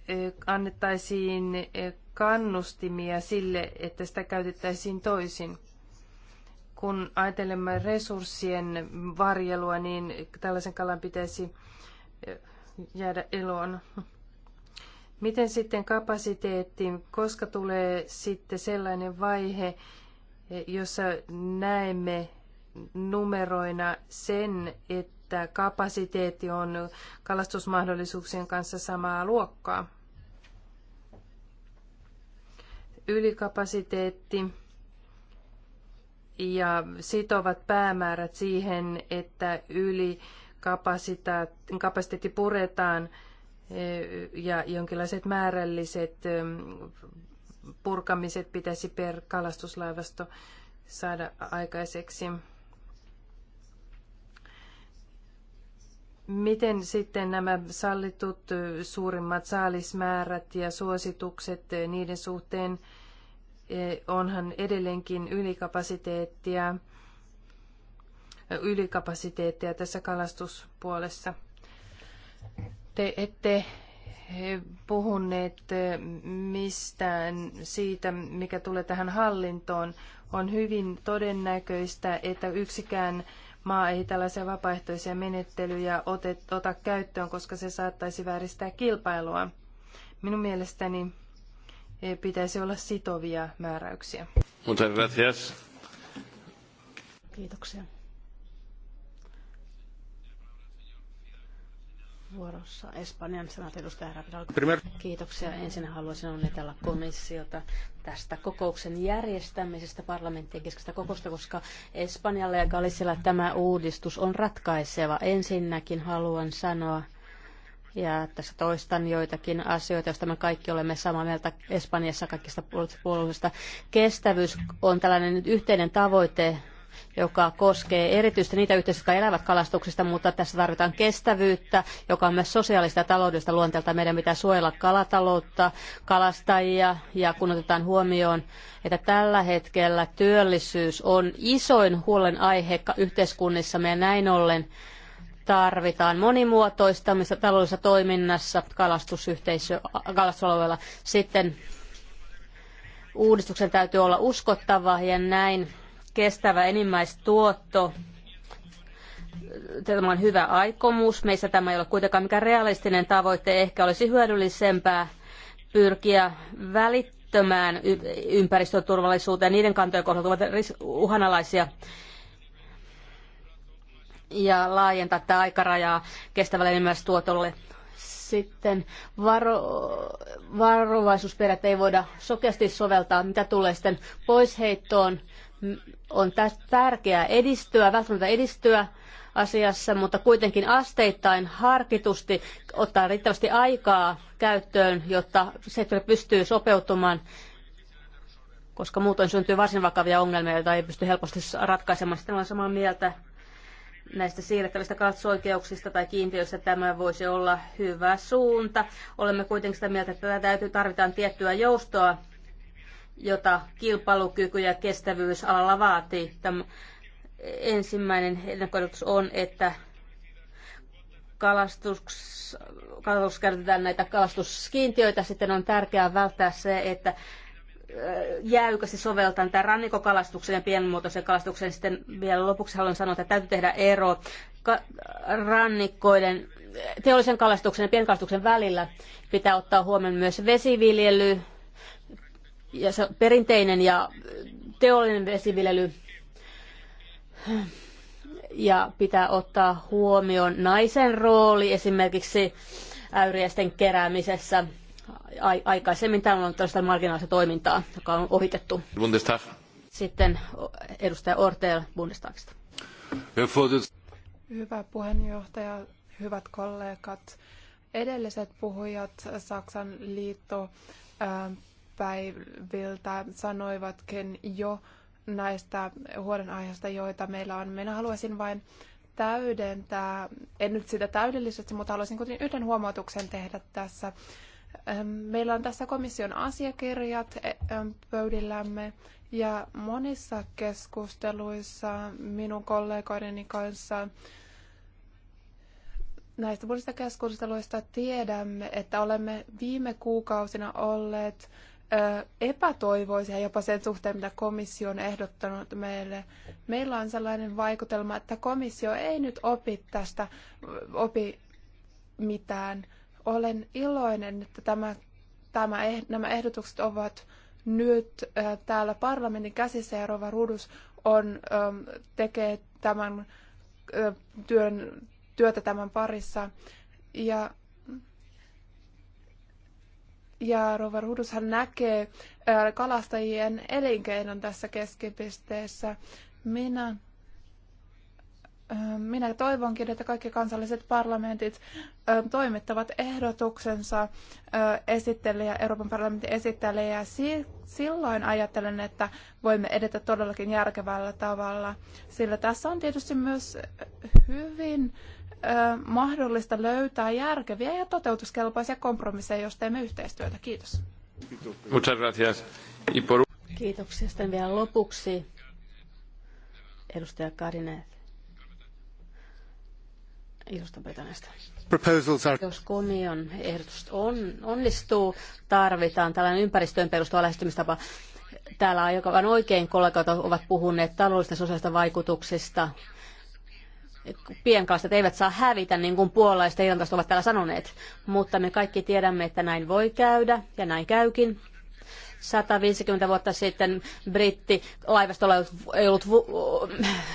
Speaker 3: e, annettaisiin e, kannustimia sille, että sitä käytettäisiin toisin. Kun ajatelemme resurssien varjelua, niin tällaisen kalan pitäisi jäädä eloon. Miten sitten kapasiteetti, koska tulee sitten sellainen vaihe, jossa näemme numeroina sen, että kapasiteetti on kalastusmahdollisuuksien kanssa samaa luokkaa? Ylikapasiteetti ja sitovat päämäärät siihen, että ylikapasiteetti puretaan – Eh, ja jonkinlaiset määrälliset purkamiset pitäisi per kalastuslaivasto saada aikaiseksi. Miten sitten nämä sallitut suurimmat saalismäärät ja suositukset niiden suhteen onhan edelleenkin ylikapasiteettia, ylikapasiteettia tässä kalastuspuolessa? Te ette eh, puhuneet eh, mistään siitä, mikä tulee tähän hallintoon. On hyvin todennäköistä, että yksikään maa ei tällaisia vapaaehtoisia menettelyjä otet, ota käyttöön, koska se saattaisi vääristää kilpailua. Minun mielestäni eh, pitäisi olla sitovia määräyksiä. Kiitoksia.
Speaker 2: Vuorossa Espanjan senaatin edustaja Kiitoksia. Ensin haluaisin onnitella komissiota tästä kokouksen järjestämisestä parlamenttien keskeistä kokousta, koska Espanjalle ja Galicialla tämä uudistus on ratkaiseva. Ensinnäkin haluan sanoa, ja tässä toistan joitakin asioita, joista me kaikki olemme samaa mieltä Espanjassa kaikista puolueista. Kestävyys on tällainen yhteinen tavoite, joka koskee erityisesti niitä yhteisöjä, jotka elävät kalastuksesta, mutta tässä tarvitaan kestävyyttä, joka on myös sosiaalista ja taloudellista luonteelta. Meidän pitää suojella kalataloutta, kalastajia ja kun otetaan huomioon, että tällä hetkellä työllisyys on isoin huolenaihe yhteiskunnissamme ja näin ollen tarvitaan monimuotoistamista taloudellisessa toiminnassa kalastusyhteisö, kalastusalueella. Sitten uudistuksen täytyy olla uskottava ja näin kestävä enimmäistuotto. Tämä on hyvä aikomus. Meissä tämä ei ole kuitenkaan mikään realistinen tavoite. Ehkä olisi hyödyllisempää pyrkiä välittömään ympäristöturvallisuuteen. Niiden kantojen kohdalla ovat uhanalaisia ja laajentaa tämä aikarajaa kestävälle enimmäistuotolle. Sitten varo, varovaisuusperiaatteita ei voida sokeasti soveltaa, mitä tulee sitten poisheittoon on tärkeää edistyä, välttämättä edistyä asiassa, mutta kuitenkin asteittain harkitusti ottaa riittävästi aikaa käyttöön, jotta sektori pystyy sopeutumaan, koska muutoin syntyy varsin vakavia ongelmia, joita ei pysty helposti ratkaisemaan. Sitten olen samaa mieltä näistä siirrettävistä katsoikeuksista tai kiintiöistä tämä voisi olla hyvä suunta. Olemme kuitenkin sitä mieltä, että täytyy tarvitaan tiettyä joustoa jota kilpailukyky ja kestävyys alalla vaatii. Tämä ensimmäinen ennakkoidotus on, että kalastus, kalastus käytetään näitä kalastuskiintiöitä. Sitten on tärkeää välttää se, että jäykästi soveltaan tämä rannikokalastuksen ja pienmuotoisen kalastuksen. Sitten vielä lopuksi haluan sanoa, että täytyy tehdä ero rannikkoiden teollisen kalastuksen ja pienkalastuksen välillä. Pitää ottaa huomioon myös vesiviljely, ja se perinteinen ja teollinen vesiviljely ja pitää ottaa huomioon naisen rooli esimerkiksi äyriäisten keräämisessä. Aikaisemmin täällä on tällaista marginaalista toimintaa, joka on ohitettu. Bundestag. Sitten edustaja Ortel Bundestagista.
Speaker 4: Hyvä puheenjohtaja, hyvät kollegat. Edelliset puhujat Saksan liitto päiviltä sanoivatkin jo näistä huolenaiheista, joita meillä on. Minä haluaisin vain täydentää, en nyt sitä täydellisesti, mutta haluaisin kuitenkin yhden huomautuksen tehdä tässä. Ehm, meillä on tässä komission asiakirjat e, ehm, pöydillämme ja monissa keskusteluissa minun kollegoideni kanssa näistä monista keskusteluista tiedämme, että olemme viime kuukausina olleet epätoivoisia jopa sen suhteen, mitä komissio on ehdottanut meille. Meillä on sellainen vaikutelma, että komissio ei nyt opi tästä, opi mitään. Olen iloinen, että tämä, tämä, eh, nämä ehdotukset ovat nyt täällä parlamentin käsissä ja Rova Rudus on, tekee tämän työn, työtä tämän parissa. Ja ja Hudus hän näkee kalastajien elinkeinon tässä keskipisteessä. Minä, minä toivonkin, että kaikki kansalliset parlamentit toimittavat ehdotuksensa esittelijä, Euroopan parlamentin esittelijä. Silloin ajattelen, että voimme edetä todellakin järkevällä tavalla, sillä tässä on tietysti myös hyvin mahdollista löytää järkeviä ja toteutuskelpoisia kompromisseja, jos teemme yhteistyötä. Kiitos. Muchas Kiitoksia. Sitten vielä lopuksi
Speaker 2: edustaja Karineet.
Speaker 1: Are...
Speaker 2: Jos komion ehdotus on, onnistuu, tarvitaan tällainen ympäristöön perustuva lähestymistapa. Täällä aivan oikein kollegat ovat puhuneet taloudellisista sosiaalista vaikutuksista pienkalastajat eivät saa hävitä, niin kuin puolalaiset eilantaset ovat täällä sanoneet. Mutta me kaikki tiedämme, että näin voi käydä, ja näin käykin. 150 vuotta sitten britti laivastolla ei ollut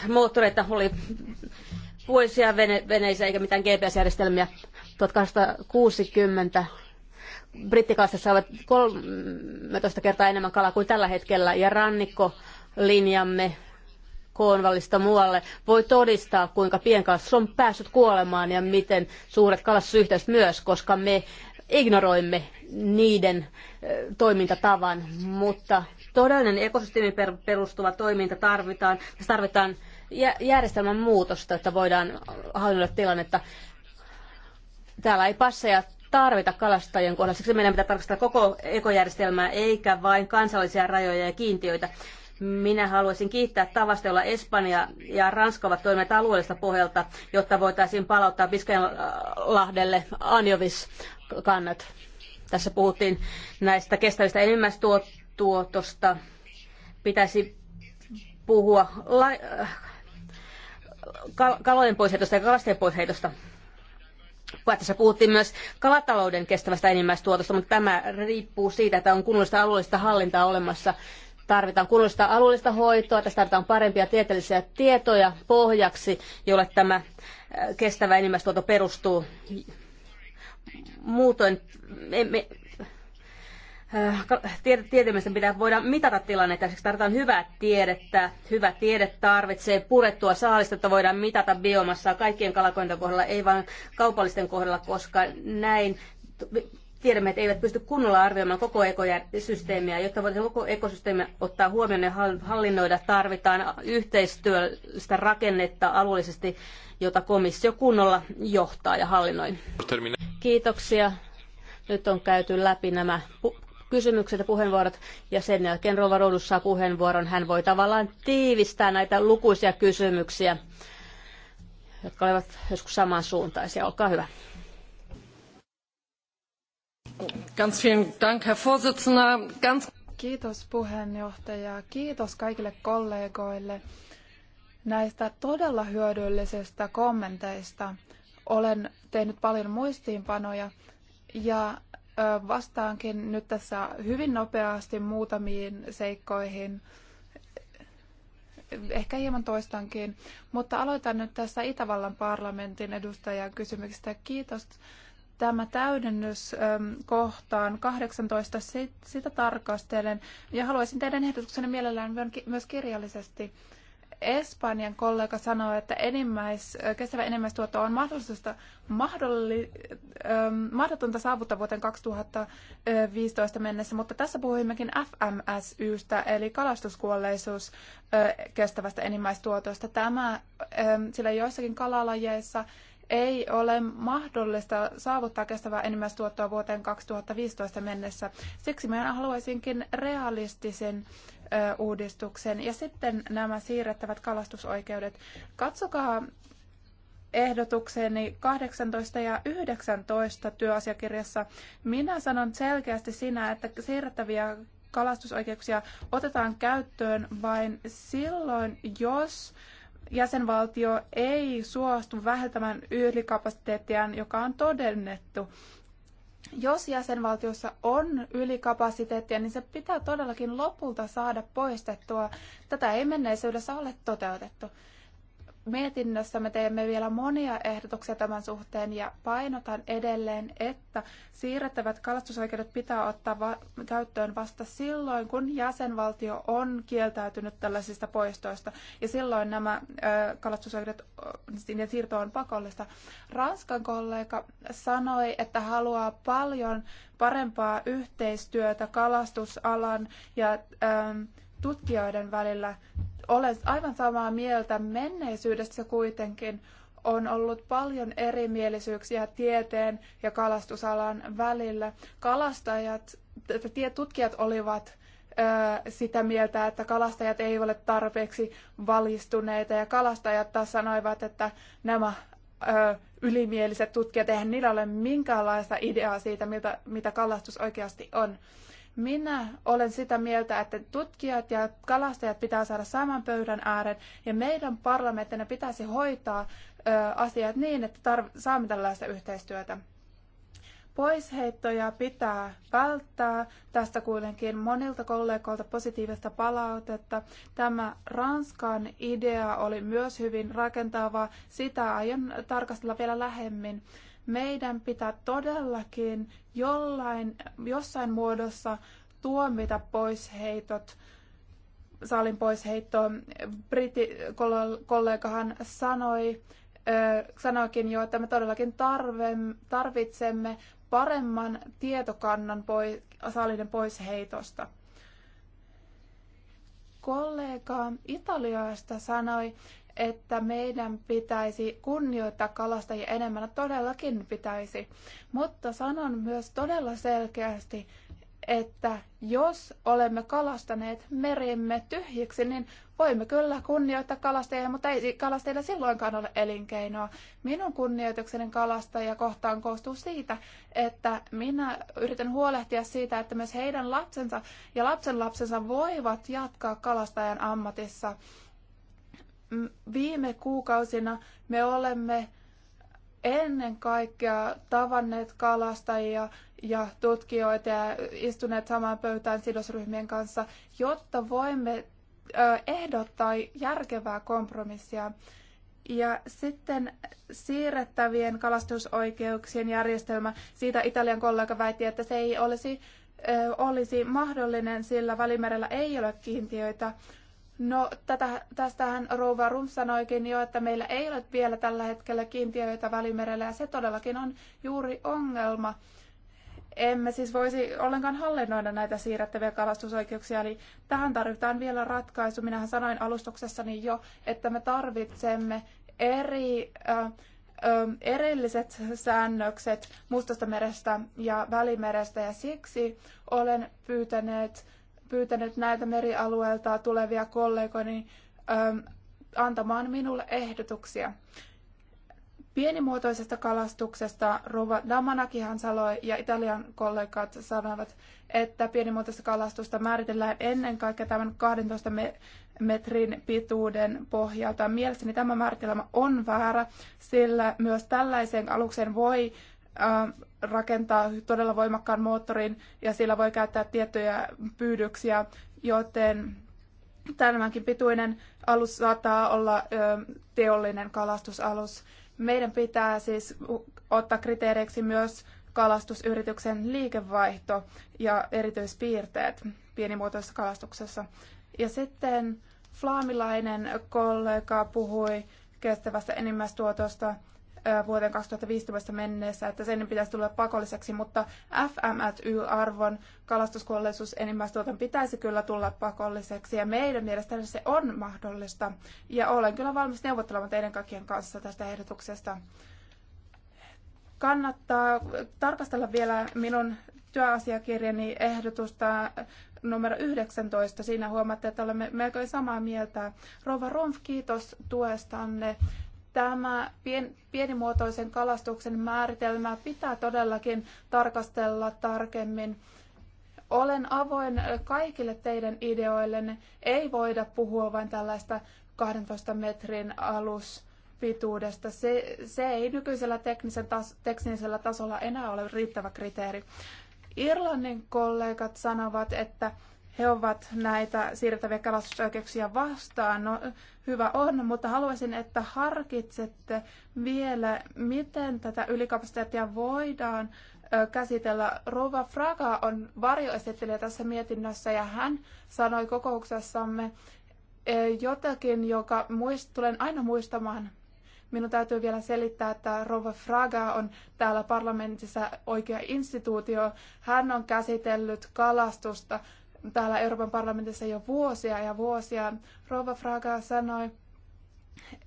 Speaker 2: moottoreita, oli vuosia vene- veneissä eikä mitään GPS-järjestelmiä. 1860 brittikalastaja saavat 13 kertaa enemmän kalaa kuin tällä hetkellä ja Rannikko linjamme koonvallista muualle, voi todistaa, kuinka pienkalastus on päässyt kuolemaan ja miten suuret kalastusyhteisöt myös, koska me ignoroimme niiden toimintatavan, mutta todellinen ekosysteemi perustuva toiminta tarvitaan. Tässä tarvitaan järjestelmän muutosta, että voidaan hallinnoida tilannetta. Täällä ei passeja tarvita kalastajien kohdalla. Siksi meidän pitää tarkastella koko ekojärjestelmää, eikä vain kansallisia rajoja ja kiintiöitä. Minä haluaisin kiittää tavasta, jolla Espanja ja Ranska ovat toimineet alueellista pohjalta, jotta voitaisiin palauttaa Biscayanlahdelle Anjovis-kannat. Tässä puhuttiin näistä kestävistä enimmäistuotosta. Pitäisi puhua la- kalojen poisheitosta ja kalastajien poisheitosta. Tässä puhuttiin myös kalatalouden kestävästä enimmäistuotosta, mutta tämä riippuu siitä, että on kunnollista alueellista hallintaa olemassa tarvitaan kunnollista alueellista hoitoa, tässä tarvitaan parempia tieteellisiä tietoja pohjaksi, jolle tämä äh, kestävä enimmäistuoto perustuu. Muutoin emme, äh, tieteellisten pitää voida mitata tilannetta, siksi tarvitaan hyvää tiedettä. Hyvä tiede tarvitsee purettua saalista, että voidaan mitata biomassaa kaikkien kalakointien kohdalla, ei vain kaupallisten kohdalla, koska näin tiedämme, että eivät pysty kunnolla arvioimaan koko ekosysteemiä. Jotta voidaan koko ekosysteemi ottaa huomioon ja hallinnoida, tarvitaan yhteistyöstä rakennetta alueellisesti, jota komissio kunnolla johtaa ja hallinnoi. Kiitoksia. Nyt on käyty läpi nämä kysymykset ja puheenvuorot, ja sen jälkeen Rova Roudus saa puheenvuoron. Hän voi tavallaan tiivistää näitä lukuisia kysymyksiä, jotka olivat joskus samansuuntaisia.
Speaker 3: Olkaa hyvä. Ganz vielen Dank, Herr
Speaker 4: Vorsitzender. Ganz... Kiitos puheenjohtaja. Kiitos kaikille kollegoille näistä todella hyödyllisistä kommenteista. Olen tehnyt paljon muistiinpanoja ja vastaankin nyt tässä hyvin nopeasti muutamiin seikkoihin. Ehkä hieman toistankin, mutta aloitan nyt tässä Itävallan parlamentin edustajan kysymyksestä. Kiitos tämä täydennys ähm, kohtaan 18, sitä tarkastelen. Ja haluaisin teidän ehdotuksenne mielellään myös kirjallisesti. Espanjan kollega sanoi, että enimmäis, äh, kestävä enimmäistuotto on mahdollisesta, mahdolli, ähm, mahdotonta saavuttaa vuoteen 2015 mennessä, mutta tässä puhuimmekin FMSYstä, eli kalastuskuolleisuus äh, kestävästä enimmäistuotosta. Tämä, ähm, sillä joissakin kalalajeissa ei ole mahdollista saavuttaa kestävää enimmäistuottoa vuoteen 2015 mennessä. Siksi minä haluaisinkin realistisen ö, uudistuksen ja sitten nämä siirrettävät kalastusoikeudet. Katsokaa ehdotukseni 18 ja 19 työasiakirjassa. Minä sanon selkeästi sinä, että siirrettäviä kalastusoikeuksia otetaan käyttöön vain silloin, jos jäsenvaltio ei suostu vähentämään ylikapasiteettiaan, joka on todennettu. Jos jäsenvaltiossa on ylikapasiteettia, niin se pitää todellakin lopulta saada poistettua. Tätä ei menneisyydessä ole toteutettu mietinnössä me teemme vielä monia ehdotuksia tämän suhteen ja painotan edelleen, että siirrettävät kalastusoikeudet pitää ottaa va- käyttöön vasta silloin, kun jäsenvaltio on kieltäytynyt tällaisista poistoista ja silloin nämä ö, kalastusoikeudet, niiden siirto on pakollista. Ranskan kollega sanoi, että haluaa paljon parempaa yhteistyötä kalastusalan ja ö, tutkijoiden välillä olen aivan samaa mieltä. Menneisyydessä kuitenkin on ollut paljon erimielisyyksiä tieteen ja kalastusalan välillä. Kalastajat, tutkijat olivat sitä mieltä, että kalastajat ei ole tarpeeksi valistuneita ja kalastajat taas sanoivat, että nämä ylimieliset tutkijat, eihän niillä ole minkäänlaista ideaa siitä, mitä kalastus oikeasti on. Minä olen sitä mieltä, että tutkijat ja kalastajat pitää saada saman pöydän ääreen ja meidän parlamenttina pitäisi hoitaa ö, asiat niin, että tar- saamme tällaista yhteistyötä. Poisheittoja pitää välttää. Tästä kuitenkin monilta kollegoilta positiivista palautetta. Tämä Ranskan idea oli myös hyvin rakentava. Sitä aion tarkastella vielä lähemmin meidän pitää todellakin jollain, jossain muodossa tuomita poisheitot, salin poisheitto. kollegahan sanoi, sanoikin jo, että me todellakin tarvitsemme paremman tietokannan pois, salinen poisheitosta. Kollega Italiasta sanoi, että meidän pitäisi kunnioittaa kalastajia enemmän. Todellakin pitäisi. Mutta sanon myös todella selkeästi, että jos olemme kalastaneet merimme tyhjiksi, niin voimme kyllä kunnioittaa kalastajia, mutta ei kalastajilla silloinkaan ole elinkeinoa. Minun kunnioitukseni kalastajia kohtaan koostuu siitä, että minä yritän huolehtia siitä, että myös heidän lapsensa ja lapsenlapsensa voivat jatkaa kalastajan ammatissa viime kuukausina me olemme ennen kaikkea tavanneet kalastajia ja tutkijoita ja istuneet samaan pöytään sidosryhmien kanssa, jotta voimme ehdottaa järkevää kompromissia. Ja sitten siirrettävien kalastusoikeuksien järjestelmä, siitä Italian kollega väitti, että se ei olisi, olisi mahdollinen, sillä Välimerellä ei ole kiintiöitä. No, tätä, tästähän Rouva Rum sanoikin jo, että meillä ei ole vielä tällä hetkellä kiintiöitä välimerellä, ja se todellakin on juuri ongelma. Emme siis voisi ollenkaan hallinnoida näitä siirrettäviä kalastusoikeuksia, eli tähän tarvitaan vielä ratkaisu. Minähän sanoin alustuksessani jo, että me tarvitsemme eri, äh, äh, erilliset säännökset Mustasta merestä ja Välimerestä, ja siksi olen pyytänyt. äh, pyytänyt näiltä merialueilta tulevia kollegoini ähm, antamaan minulle ehdotuksia. Pienimuotoisesta kalastuksesta Rova Damanakihan sanoi ja Italian kollegat sanoivat, että pienimuotoista kalastusta määritellään ennen kaikkea tämän 12 metrin pituuden pohjalta. Mielestäni tämä määritelmä on väärä, sillä myös tällaiseen alukseen voi rakentaa todella voimakkaan moottorin ja sillä voi käyttää tiettyjä pyydyksiä, joten tämänkin pituinen alus saattaa olla teollinen kalastusalus. Meidän pitää siis ottaa kriteereiksi myös kalastusyrityksen liikevaihto ja erityispiirteet pienimuotoisessa kalastuksessa. Ja sitten flaamilainen kollega puhui kestävästä enimmäistuotosta Äh, vuoteen 2015 mennessä, että sen pitäisi tulla pakolliseksi, mutta fmty arvon kalastuskuolleisuus enimmäistuoton pitäisi kyllä tulla pakolliseksi, ja meidän mielestämme se on mahdollista, ja olen kyllä valmis neuvottelemaan teidän kaikkien kanssa tästä ehdotuksesta. Kannattaa tarkastella vielä minun työasiakirjani ehdotusta numero 19. Siinä huomaatte, että olemme melko samaa mieltä. Rova Rumpf, kiitos tuestanne tämä pien, pienimuotoisen kalastuksen määritelmää pitää todellakin tarkastella tarkemmin. Olen avoin kaikille teidän ideoillenne. Ei voida puhua vain tällaista 12 metrin aluspituudesta. Se, se ei nykyisellä tas, teknisellä tasolla enää ole riittävä kriteeri. Irlannin kollegat sanovat, että he ovat näitä siirrettäviä kalastusoikeuksia vastaan. No, hyvä on, mutta haluaisin, että harkitsette vielä, miten tätä ylikapasiteettia voidaan käsitellä. Rova Fraga on varjoesittelijä tässä mietinnössä ja hän sanoi kokouksessamme jotakin, joka muist, tulen aina muistamaan. Minun täytyy vielä selittää, että Rova Fraga on täällä parlamentissa oikea instituutio. Hän on käsitellyt kalastusta täällä Euroopan parlamentissa jo vuosia ja vuosia. Rova Fraga sanoi,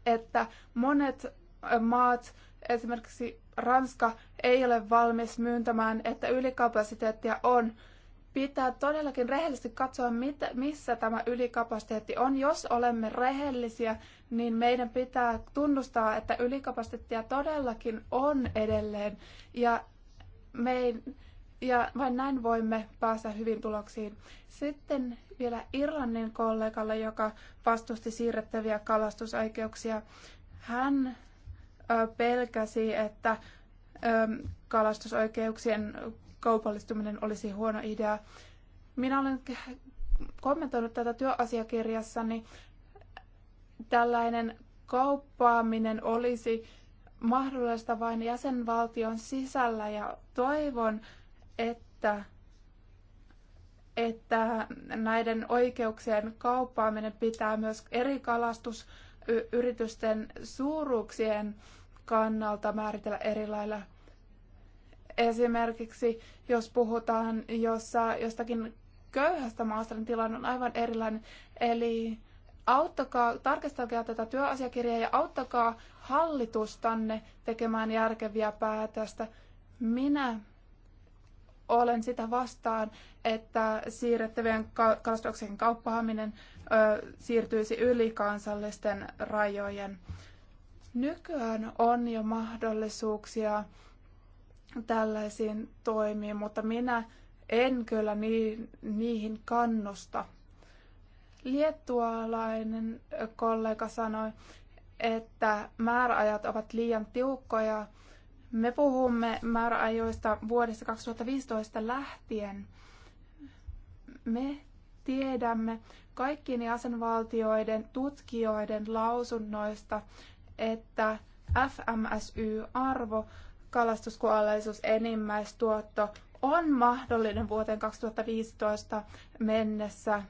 Speaker 4: että monet äh, maat, esimerkiksi Ranska, ei ole valmis myyntämään, että ylikapasiteettia on. Pitää todellakin rehellisesti katsoa, missä tämä ylikapasiteetti on. Jos olemme rehellisiä, niin meidän pitää tunnustaa, että ylikapasiteettia todellakin on edelleen. Ja me ja vain näin voimme päästä hyvin tuloksiin. Sitten vielä Irlannin kollegalle, joka vastusti siirrettäviä kalastusoikeuksia. Hän pelkäsi, että kalastusoikeuksien kaupallistuminen olisi huono idea. Minä olen kommentoinut tätä työasiakirjassani. Tällainen kauppaaminen olisi mahdollista vain jäsenvaltion sisällä ja toivon, että, että näiden oikeuksien kauppaaminen pitää myös eri kalastusyritysten suuruuksien kannalta määritellä eri lailla. Esimerkiksi jos puhutaan jossa, jostakin köyhästä maasta, niin tilanne on aivan erilainen. Eli auttakaa, tarkistakaa tätä työasiakirjaa ja auttakaa hallitustanne tekemään järkeviä päätöstä. Minä olen sitä vastaan, että siirrettävien kalastuksen kauppaaminen ö, siirtyisi yli kansallisten rajojen. Nykyään on jo mahdollisuuksia tällaisiin toimiin, mutta minä en kyllä niihin kannusta. Liettualainen kollega sanoi, että määräajat ovat liian tiukkoja me puhumme määräajoista vuodesta 2015 lähtien. Me tiedämme kaikkien jäsenvaltioiden tutkijoiden lausunnoista, että FMSY-arvo, kalastuskuolleisuus enimmäistuotto, on mahdollinen vuoteen 2015 mennessä.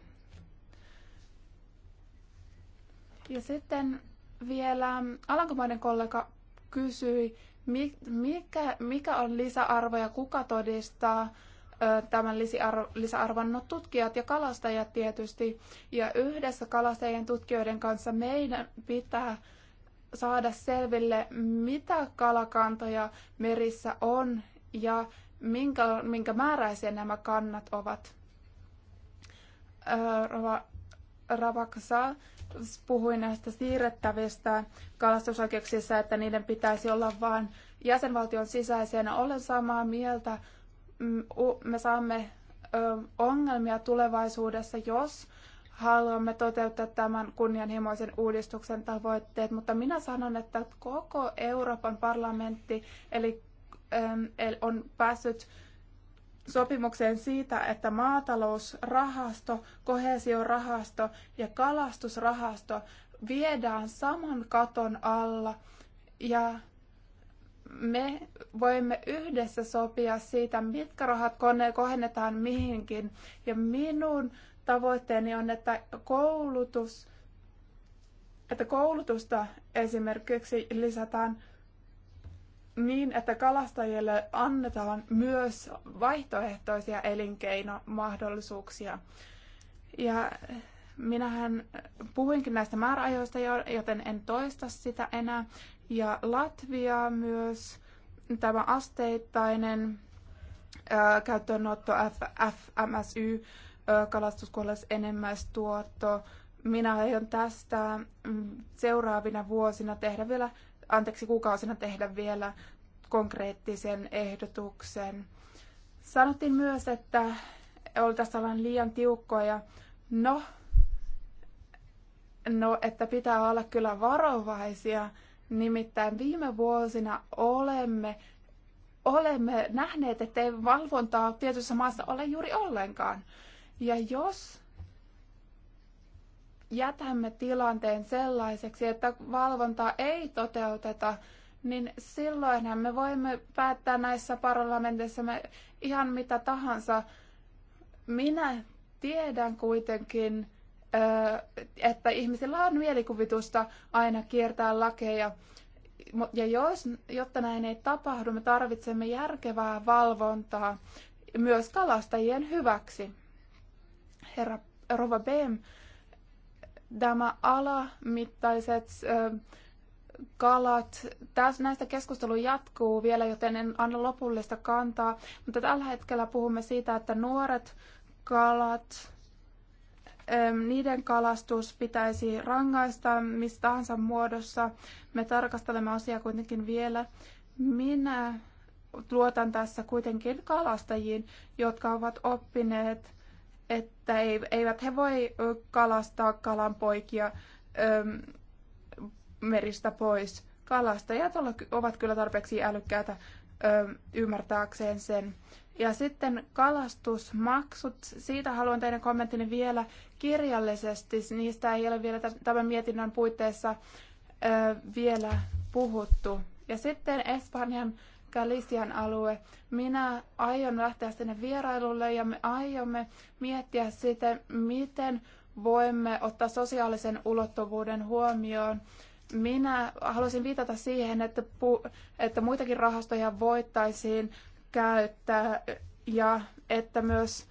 Speaker 4: Ja sitten vielä Alankomainen kollega kysyi, mikä, mikä on lisäarvo ja kuka todistaa tämän lisäarvon? No tutkijat ja kalastajat tietysti. Ja yhdessä kalastajien tutkijoiden kanssa meidän pitää saada selville, mitä kalakantoja merissä on ja minkä, minkä määräisiä nämä kannat ovat. Ravaksa puhui näistä siirrettävistä kalastusoikeuksissa, että niiden pitäisi olla vain jäsenvaltion sisäisenä. No, olen samaa mieltä. Mm, me saamme ongelmia tulevaisuudessa, jos haluamme toteuttaa tämän kunnianhimoisen uudistuksen tavoitteet, mutta minä sanon, että koko Euroopan parlamentti eli, on päässyt sopimukseen siitä, että maatalousrahasto, kohesiorahasto ja kalastusrahasto viedään saman katon alla ja me voimme yhdessä sopia siitä, mitkä rahat kohennetaan mihinkin. Ja minun tavoitteeni on, että koulutus, että koulutusta esimerkiksi lisätään niin, että kalastajille annetaan myös vaihtoehtoisia elinkeinomahdollisuuksia. Ja minähän puhuinkin näistä määräajoista, joten en toista sitä enää. Ja Latvia myös tämä asteittainen ää, käyttöönotto FMSY, kalastuskuolleis enemmäistuotto. Minä aion tästä mm, seuraavina vuosina tehdä vielä anteeksi, kuukausina tehdä vielä konkreettisen ehdotuksen. Sanottiin myös, että oltaisiin ollaan liian tiukkoja. No, no, että pitää olla kyllä varovaisia. Nimittäin viime vuosina olemme, olemme nähneet, ettei valvontaa tietyssä maassa ole juuri ollenkaan. Ja jos jätämme tilanteen sellaiseksi, että valvontaa ei toteuteta, niin silloinhan me voimme päättää näissä parlamenteissa ihan mitä tahansa. Minä tiedän kuitenkin, että ihmisillä on mielikuvitusta aina kiertää lakeja. Ja jos, jotta näin ei tapahdu, me tarvitsemme järkevää valvontaa myös kalastajien hyväksi. Herra Rova Bem Tämä alamittaiset kalat. Tässä näistä keskustelu jatkuu vielä, joten en anna lopullista kantaa, mutta tällä hetkellä puhumme siitä, että nuoret kalat, niiden kalastus pitäisi rangaista mistä tahansa muodossa. Me tarkastelemme asiaa kuitenkin vielä. Minä luotan tässä kuitenkin kalastajiin, jotka ovat oppineet että eivät he voi kalastaa kalanpoikia meristä pois. Kalastajat ovat kyllä tarpeeksi älykkäitä ymmärtääkseen sen. Ja sitten kalastusmaksut, siitä haluan teidän kommenttini vielä kirjallisesti. Niistä ei ole vielä tämän mietinnön puitteissa vielä puhuttu. Ja sitten Espanjan Galician alue. Minä aion lähteä sinne vierailulle ja me aiomme miettiä sitä, miten voimme ottaa sosiaalisen ulottuvuuden huomioon. Minä haluaisin viitata siihen, että, pu- että muitakin rahastoja voittaisiin käyttää ja että myös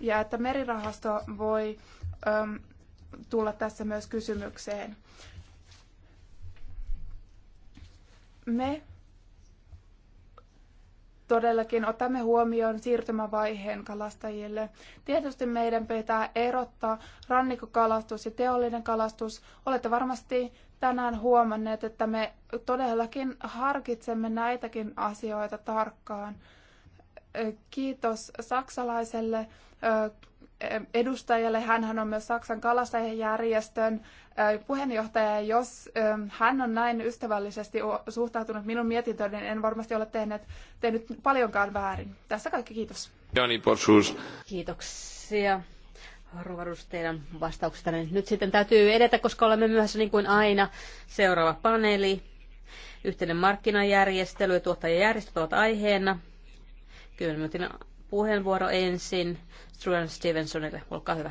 Speaker 4: ja että merirahasto voi äm, tulla tässä myös kysymykseen. Me todellakin otamme huomioon siirtymävaiheen kalastajille. Tietysti meidän pitää erottaa rannikkokalastus ja teollinen kalastus. Olette varmasti tänään huomanneet, että me todellakin harkitsemme näitäkin asioita tarkkaan. Kiitos saksalaiselle edustajalle. hän on myös Saksan kalastajajärjestön puheenjohtaja. Jos hän on näin ystävällisesti suhtautunut minun mietintöön, niin en varmasti ole tehnyt, tehnyt paljonkaan väärin. Tässä kaikki, kiitos.
Speaker 1: Jani Potsuus.
Speaker 4: Kiitoksia.
Speaker 2: Ruvarus teidän vastauksestanne. Nyt sitten täytyy edetä, koska olemme myöhässä niin kuin aina. Seuraava paneeli. Yhteinen markkinajärjestely ja tuottajajärjestöt ovat aiheena. 10 minuutin puheenvuoro ensin Struan Stevensonille. Olkaa hyvä.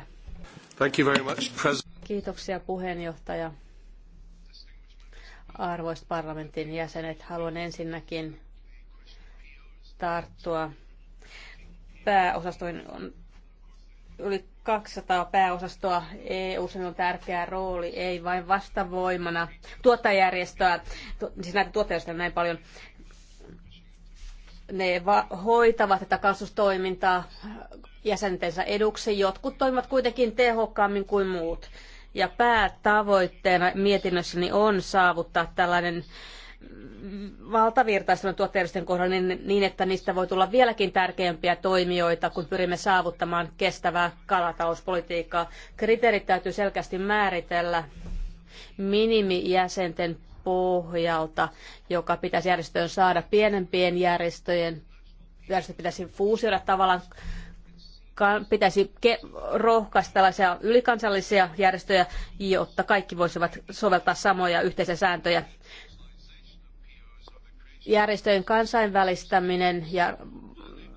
Speaker 1: Thank you very much,
Speaker 2: Kiitoksia puheenjohtaja. Arvoisat parlamentin jäsenet, haluan ensinnäkin tarttua pääosastoin on yli 200 pääosastoa EU, on tärkeä rooli, ei vain vastavoimana tuottajärjestöä, siis näitä tuottajärjestöjä näin paljon ne hoitavat tätä kalastustoimintaa jäsentensä eduksi. Jotkut toimivat kuitenkin tehokkaammin kuin muut. Ja päätavoitteena mietinnössäni on saavuttaa tällainen valtavirtaistunut tuotteiden kohdalla niin, niin, että niistä voi tulla vieläkin tärkeämpiä toimijoita, kun pyrimme saavuttamaan kestävää kalatalouspolitiikkaa. Kriteerit täytyy selkeästi määritellä minimijäsenten pohjalta, joka pitäisi järjestöön saada pienempien järjestöjen. Järjestöt pitäisi fuusioida tavallaan, pitäisi rohkaista tällaisia ylikansallisia järjestöjä, jotta kaikki voisivat soveltaa samoja yhteisiä sääntöjä. Järjestöjen kansainvälistäminen ja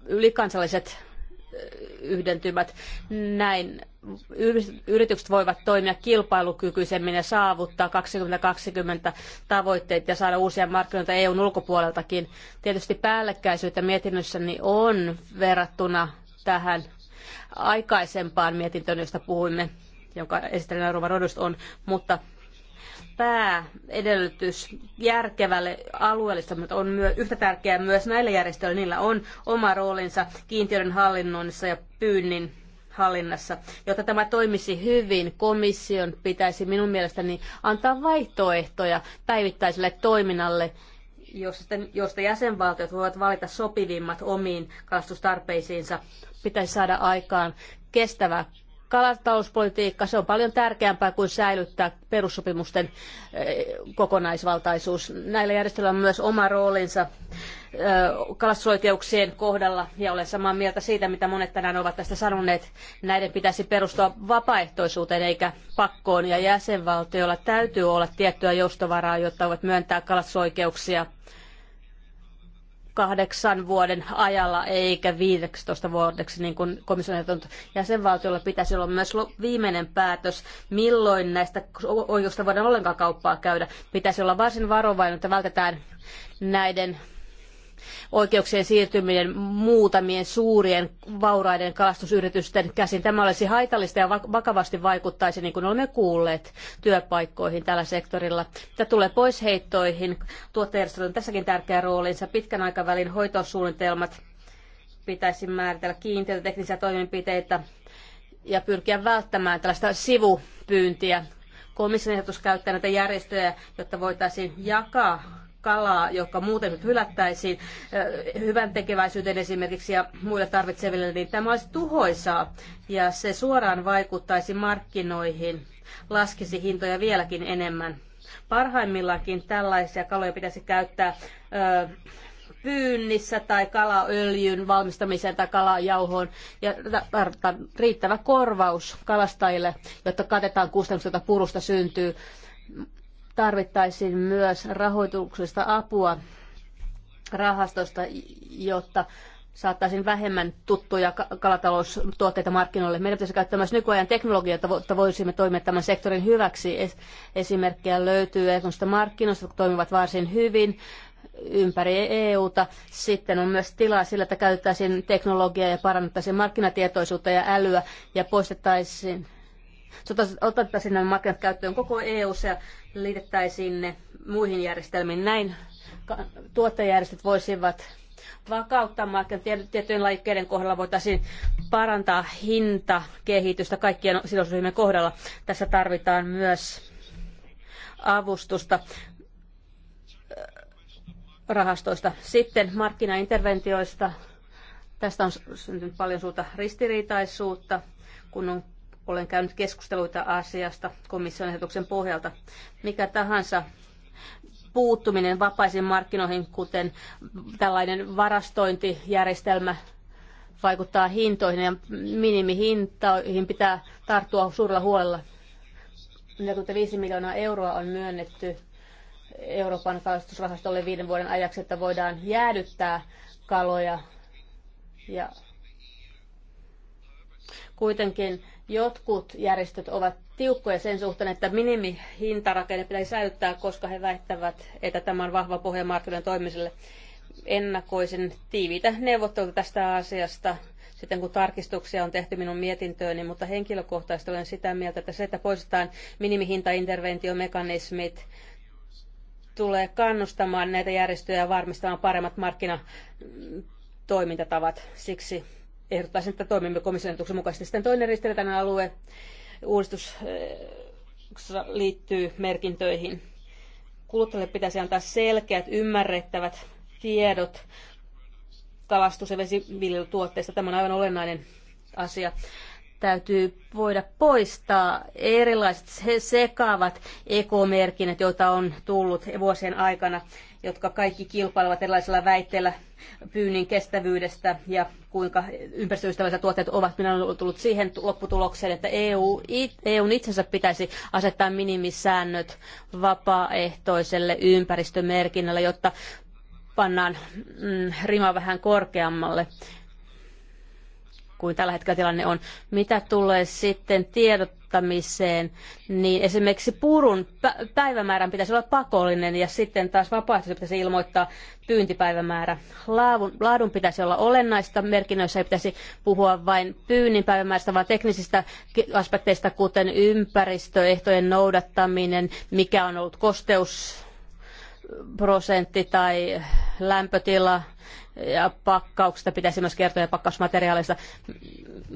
Speaker 2: ylikansalliset yhdentymät, näin yritykset voivat toimia kilpailukykyisemmin ja saavuttaa 2020 tavoitteet ja saada uusia markkinoita EUn ulkopuoleltakin. Tietysti päällekkäisyyttä mietinnössäni on verrattuna tähän aikaisempaan mietintöön, josta puhuimme, jonka esittelijänä Euroopan Rodust on, mutta pääedellytys järkevälle alueellistamiselle on myö, yhtä tärkeää myös näille järjestöille. Niillä on oma roolinsa kiintiöiden hallinnoinnissa ja pyynnin hallinnassa. Jotta tämä toimisi hyvin, komission pitäisi minun mielestäni antaa vaihtoehtoja päivittäiselle toiminnalle, josta jäsenvaltiot voivat valita sopivimmat omiin kalastustarpeisiinsa. Pitäisi saada aikaan kestävä kalatalouspolitiikka, se on paljon tärkeämpää kuin säilyttää perussopimusten eh, kokonaisvaltaisuus. Näillä järjestöillä on myös oma roolinsa eh, kalastusoikeuksien kohdalla ja olen samaa mieltä siitä, mitä monet tänään ovat tästä sanoneet. Näiden pitäisi perustua vapaaehtoisuuteen eikä pakkoon ja jäsenvaltioilla täytyy olla tiettyä joustovaraa, jotta voivat myöntää kalastusoikeuksia kahdeksan vuoden ajalla eikä 15 vuodeksi, niin kuin komission jäsenvaltiolla pitäisi olla myös viimeinen päätös, milloin näistä oikeuksista voidaan ollenkaan kauppaa käydä. Pitäisi olla varsin varovainen, että vältetään näiden oikeuksien siirtyminen muutamien suurien vauraiden kalastusyritysten käsin. Tämä olisi haitallista ja vakavasti vaikuttaisi, niin kuin olemme kuulleet, työpaikkoihin tällä sektorilla. Tämä tulee pois heittoihin. Tuottajärjestelmä on tässäkin tärkeä roolinsa. Pitkän aikavälin hoitosuunnitelmat pitäisi määritellä kiinteitä teknisiä toimenpiteitä ja pyrkiä välttämään tällaista sivupyyntiä. Komission ehdotus käyttää näitä järjestöjä, jotta voitaisiin jakaa kalaa, joka muuten nyt hylättäisiin eh, hyvän tekeväisyyteen esimerkiksi ja muille tarvitseville, niin tämä olisi tuhoisaa ja se suoraan vaikuttaisi markkinoihin, laskisi hintoja vieläkin enemmän. Parhaimmillakin tällaisia kaloja pitäisi käyttää ö, eh, pyynnissä tai kalaöljyn valmistamiseen tai kalajauhoon ja tarvitaan riittävä korvaus kalastajille, jotta katetaan kustannukset, joita purusta syntyy tarvittaisiin myös rahoituksesta apua rahastosta, jotta saattaisiin vähemmän tuttuja kalataloustuotteita markkinoille. Meidän pitäisi käyttää myös nykyajan teknologiaa, jotta voisimme toimia tämän sektorin hyväksi. Esimerkkejä löytyy esimerkiksi markkinoista, jotka toimivat varsin hyvin ympäri EUta. Sitten on myös tilaa sillä, että käyttäisiin teknologiaa ja parannettaisiin markkinatietoisuutta ja älyä ja poistettaisiin otettaisiin nämä markkinat käyttöön koko eu ja liitettäisiin ne muihin järjestelmiin. Näin tuottajajärjestöt voisivat vakauttaa markkinat. Tiettyjen lajikkeiden kohdalla voitaisiin parantaa hintakehitystä kaikkien sidosryhmien kohdalla. Tässä tarvitaan myös avustusta äh, rahastoista. Sitten markkinainterventioista. Tästä on syntynyt paljon suurta ristiriitaisuutta, kun on olen käynyt keskusteluita asiasta komission ehdotuksen pohjalta. Mikä tahansa puuttuminen vapaisiin markkinoihin, kuten tällainen varastointijärjestelmä vaikuttaa hintoihin ja minimihintoihin pitää tarttua suurella huolella. 45 miljoonaa euroa on myönnetty Euroopan kalastusrahastolle viiden vuoden ajaksi, että voidaan jäädyttää kaloja. Ja kuitenkin Jotkut järjestöt ovat tiukkoja sen suhteen, että minimihintarakenne pitäisi säilyttää, koska he väittävät, että tämä on vahva pohja markkinoiden toimiselle. Ennakoisin tiiviitä neuvotteluita tästä asiasta sitten kun tarkistuksia on tehty minun mietintööni, mutta henkilökohtaisesti olen sitä mieltä, että se, että poistetaan minimihintainterventiomekanismit, tulee kannustamaan näitä järjestöjä varmistamaan paremmat markkinatoimintatavat. Siksi ehdottaisin, että toimimme komission mukaisesti. Sitten toinen ristiriitainen alue, uudistus äh, liittyy merkintöihin. Kuluttajille pitäisi antaa selkeät, ymmärrettävät tiedot kalastus- ja vesiviljelytuotteista. Tämä on aivan olennainen asia. Täytyy voida poistaa erilaiset sekaavat ekomerkinnät, joita on tullut vuosien aikana jotka kaikki kilpailevat erilaisilla väitteillä pyynnin kestävyydestä ja kuinka ympäristöystävälliset tuotteet ovat. Minä olen tullut siihen lopputulokseen, että EU, EUn itsensä pitäisi asettaa minimisäännöt vapaaehtoiselle ympäristömerkinnälle, jotta pannaan mm, rima vähän korkeammalle kuin tällä hetkellä tilanne on. Mitä tulee sitten tiedottamiseen, niin esimerkiksi purun päivämäärän pitäisi olla pakollinen ja sitten taas vapaaehtoisesti pitäisi ilmoittaa pyyntipäivämäärä. Laavun, laadun pitäisi olla olennaista, merkinnöissä ei pitäisi puhua vain pyynnin päivämäärästä, vaan teknisistä aspekteista, kuten ympäristöehtojen noudattaminen, mikä on ollut kosteus prosentti tai lämpötila, ja pakkauksista pitäisi myös kertoa ja pakkausmateriaaleista.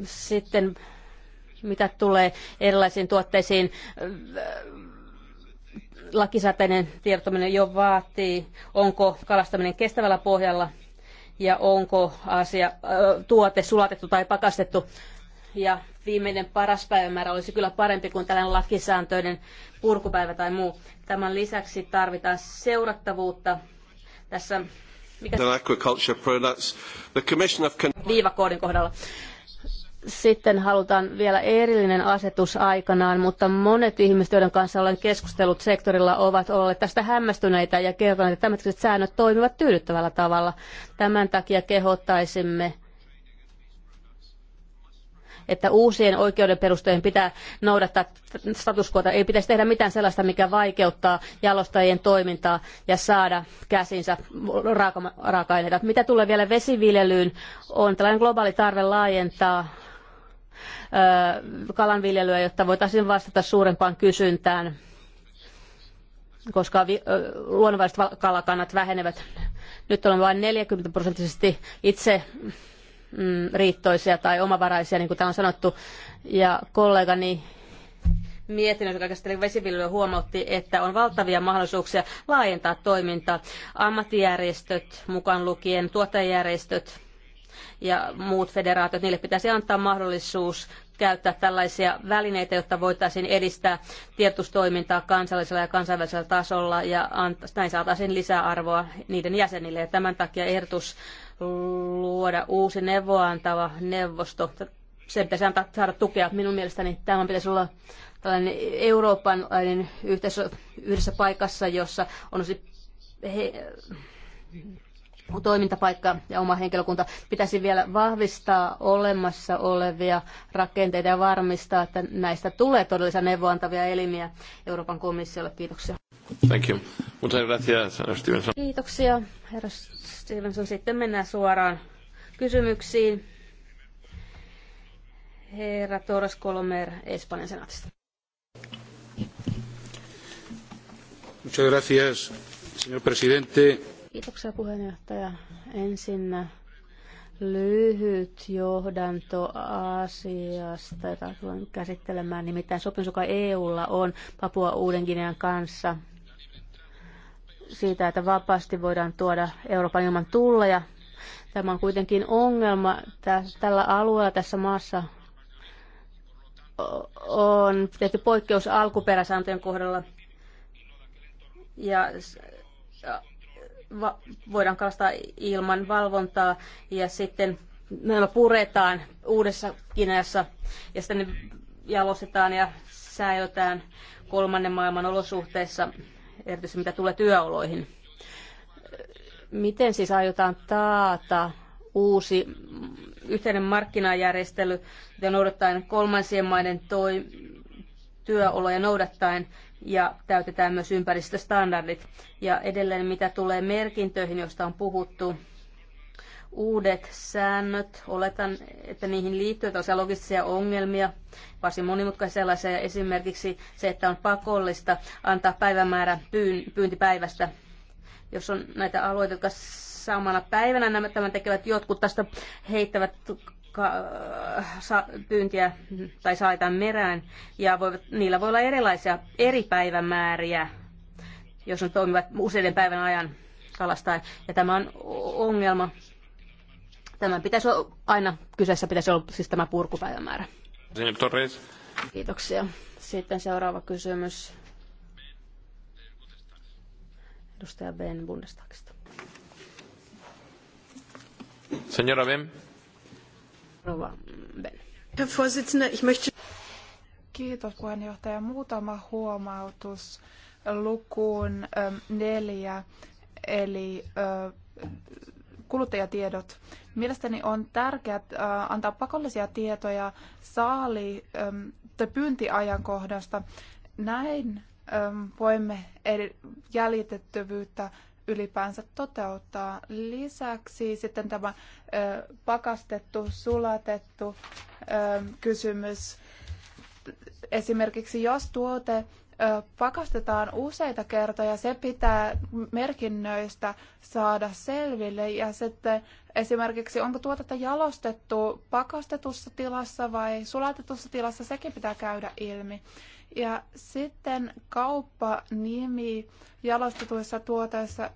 Speaker 2: Sitten mitä tulee erilaisiin tuotteisiin, lakisääteinen tiedottaminen jo vaatii, onko kalastaminen kestävällä pohjalla ja onko asia, tuote sulatettu tai pakastettu. Ja viimeinen paras päivämäärä olisi kyllä parempi kuin tällainen lakisääntöinen purkupäivä tai muu. Tämän lisäksi tarvitaan seurattavuutta tässä mikä viivakoodin kohdalla. Sitten halutaan vielä erillinen asetus aikanaan, mutta monet ihmiset, joiden kanssa olen keskustellut sektorilla, ovat olleet tästä hämmästyneitä ja kertoneet, että tämänhetkiset säännöt toimivat tyydyttävällä tavalla. Tämän takia kehottaisimme että uusien oikeuden perustojen pitää noudattaa quota. Ei pitäisi tehdä mitään sellaista, mikä vaikeuttaa jalostajien toimintaa ja saada käsinsä raaka-aineita. Mitä tulee vielä vesiviljelyyn, on tällainen globaali tarve laajentaa kalanviljelyä, jotta voitaisiin vastata suurempaan kysyntään, koska luonnonvaraiset kalakannat vähenevät. Nyt olemme vain 40 prosenttisesti itse mm, riittoisia tai omavaraisia, niin kuin täällä on sanottu. Ja kollegani mietinnön, joka käsitteli vesiviljelyä, huomautti, että on valtavia mahdollisuuksia laajentaa toimintaa. Ammattijärjestöt, mukaan lukien tuottajajärjestöt ja muut federaatiot, niille pitäisi antaa mahdollisuus käyttää tällaisia välineitä, jotta voitaisiin edistää tietustoimintaa kansallisella ja kansainvälisellä tasolla ja näin saataisiin lisäarvoa niiden jäsenille. Ja tämän takia ehdotus luoda uusi neuvoantava neuvosto. Se pitäisi antaa, saada tukea. Minun mielestäni tämä pitäisi olla tällainen Euroopan yhteisö yhdessä paikassa, jossa on se he, toimintapaikka ja oma henkilökunta pitäisi vielä vahvistaa olemassa olevia rakenteita ja varmistaa, että näistä tulee todellisia neuvoantavia elimiä Euroopan komissiolle. Kiitoksia.
Speaker 1: Thank you. Stevenson.
Speaker 2: Kiitoksia, herra Stevenson. Sitten mennään suoraan kysymyksiin. Herra Torres Colomer, Espanjan senaatista.
Speaker 1: Muchas gracias, señor presidente.
Speaker 2: Kiitoksia puheenjohtaja. Ensin lyhyt johdanto asiasta, jota tulen käsittelemään, nimittäin sopimus, joka EUlla on Papua Uuden kanssa – siitä, että vapaasti voidaan tuoda Euroopan ilman tulleja. Tämä on kuitenkin ongelma tällä alueella tässä maassa on tehty poikkeus alkuperäsääntöjen kohdalla. Ja va- voidaan kalastaa ilman valvontaa ja sitten näillä puretaan uudessa Kiinassa ja sitten ne jalostetaan ja säilytään kolmannen maailman olosuhteissa erityisesti mitä tulee työoloihin. Miten siis aiotaan taata uusi yhteinen markkinajärjestely, jota noudattaen kolmansien maiden toi, työoloja noudattaen ja täytetään myös ympäristöstandardit. Ja edelleen mitä tulee merkintöihin, joista on puhuttu, uudet säännöt. Oletan, että niihin liittyy tällaisia logistisia ongelmia, varsin monimutkaisia sellaisia. Esimerkiksi se, että on pakollista antaa päivämäärä pyyntipäivästä. Jos on näitä alueita, jotka samana päivänä nämä tämän tekevät jotkut tästä heittävät pyyntiä tai saitaan merään, ja voivat, niillä voi olla erilaisia eri päivämääriä, jos ne toimivat useiden päivän ajan kalastaen. Ja tämä on ongelma, Tämän pitäisi olla, aina kyseessä pitäisi olla siis tämä purkupäivämäärä. Torres. Kiitoksia. Sitten seuraava kysymys. Edustaja Ben Bundestagista.
Speaker 1: Señora Ben.
Speaker 4: Rova Ben. ich möchte... Kiitos puheenjohtaja. Muutama huomautus lukuun neljä, eli kuluttajatiedot. Mielestäni on tärkeää äh, antaa pakollisia tietoja saali- ähm, tai pyyntiajankohdasta. Näin ähm, voimme jäljitettävyyttä ylipäänsä toteuttaa. Lisäksi sitten tämä äh, pakastettu, sulatettu ähm, kysymys. Esimerkiksi jos tuote pakastetaan useita kertoja, se pitää merkinnöistä saada selville. Ja sitten esimerkiksi, onko tuotetta jalostettu pakastetussa tilassa vai sulatetussa tilassa, sekin pitää käydä ilmi. Ja sitten kauppanimi jalostetuissa tuotteissa,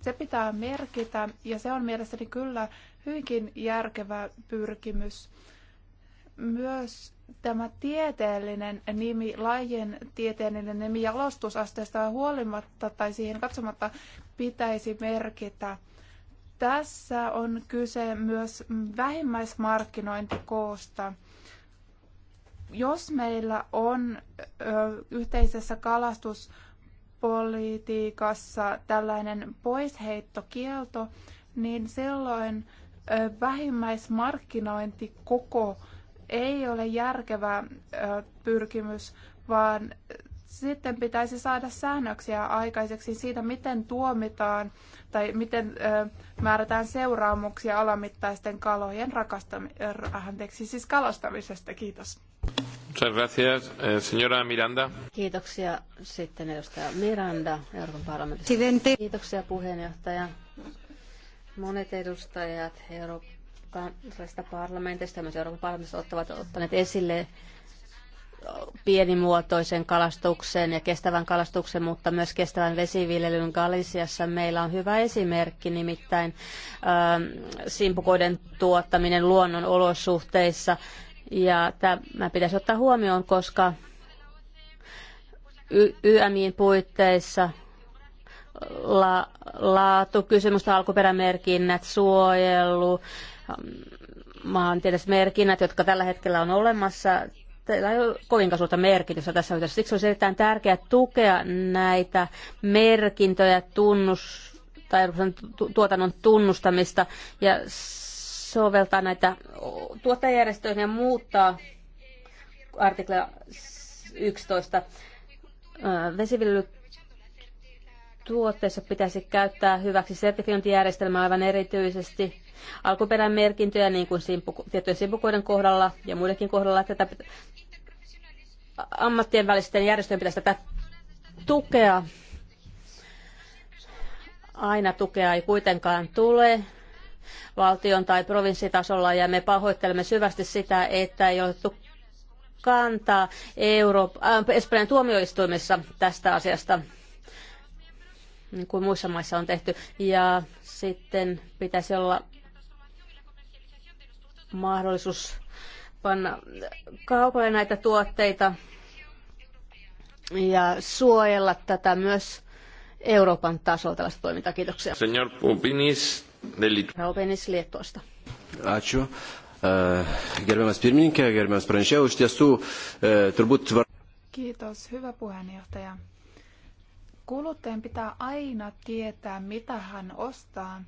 Speaker 4: se pitää merkitä, ja se on mielestäni kyllä hyvinkin järkevä pyrkimys myös tämä tieteellinen nimi, lajien tieteellinen nimi jalostusasteesta huolimatta tai siihen katsomatta pitäisi merkitä. Tässä on kyse myös vähimmäismarkkinointikoosta. Jos meillä on ö, yhteisessä kalastuspolitiikassa tällainen poisheittokielto, niin silloin ö, vähimmäismarkkinointikoko koko ei ole järkevä pyrkimys, vaan sitten pitäisi saada säännöksiä aikaiseksi siitä, miten tuomitaan tai miten ö, määrätään seuraamuksia alamittaisten kalojen rakastami- anteeksi, siis kalastamisesta. Kiitos.
Speaker 1: Gracias, eh, señora Miranda.
Speaker 2: Kiitoksia sitten edustaja Miranda Euroopan parlamentista. Kiitoksia puheenjohtaja. Monet edustajat Euroopan kansallisesta parlamentista ja myös Euroopan parlamentista ottavat ottaneet esille pienimuotoisen kalastuksen ja kestävän kalastuksen, mutta myös kestävän vesiviljelyn Galisiassa. Meillä on hyvä esimerkki, nimittäin äh, simpukoiden tuottaminen luonnon olosuhteissa. Ja tämä pitäisi ottaa huomioon, koska YMIin puitteissa la- kysymystä alkuperämerkinnät, suojelu, maantiedesmerkinnät, jotka tällä hetkellä on olemassa, teillä ei ole kovinkaan suurta merkitystä tässä yhteydessä. Siksi olisi erittäin tärkeää tukea näitä merkintöjä, tunnus, tai tuotannon tunnustamista ja soveltaa näitä tuottajajärjestöjä ja muuttaa artikla 11 tuotteessa pitäisi käyttää hyväksi sertifiointijärjestelmää aivan erityisesti alkuperämerkintöjä merkintöjä, niin kuin simpu, tiettyjen simpukoiden kohdalla ja muidenkin kohdalla. Tätä ammattien välisten järjestöjen pitäisi tätä tukea. Aina tukea ei kuitenkaan tule valtion tai provinssitasolla ja me pahoittelemme syvästi sitä, että ei ole kantaa Euroop- äh, Espanjan tuomioistuimessa tästä asiasta niin kuin muissa maissa on tehty. Ja sitten pitäisi olla mahdollisuus panna kaupalle näitä tuotteita ja suojella tätä myös Euroopan tasolla tällaista toimintaa. Kiitoksia.
Speaker 1: Senor Pupinis,
Speaker 2: Pupinis Liettuosta. Ačiū. Eh, gerbiamas pirmininkė, gerbiamas pranešėjau, iš tiesų eh, turbūt...
Speaker 4: Kiitos, hyvä puheenjohtaja. Kuluttajan pitää aina tietää, mitä hän ostaa.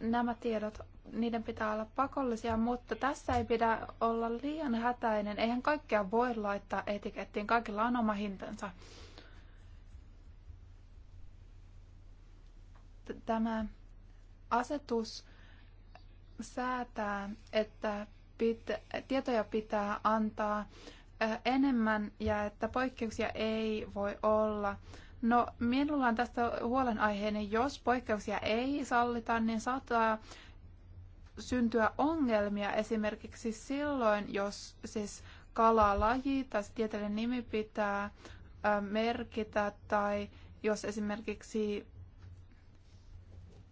Speaker 4: Nämä tiedot niiden pitää olla pakollisia, mutta tässä ei pidä olla liian hätäinen. Eihän kaikkea voi laittaa etikettiin, kaikilla on oma hintansa. Tämä asetus säätää, että pit- tietoja pitää antaa enemmän ja että poikkeuksia ei voi olla. No, minulla on tästä huolenaiheeni, jos poikkeuksia ei sallita, niin saattaa syntyä ongelmia esimerkiksi silloin, jos siis kalalaji tai tieteellinen nimi pitää merkitä tai jos esimerkiksi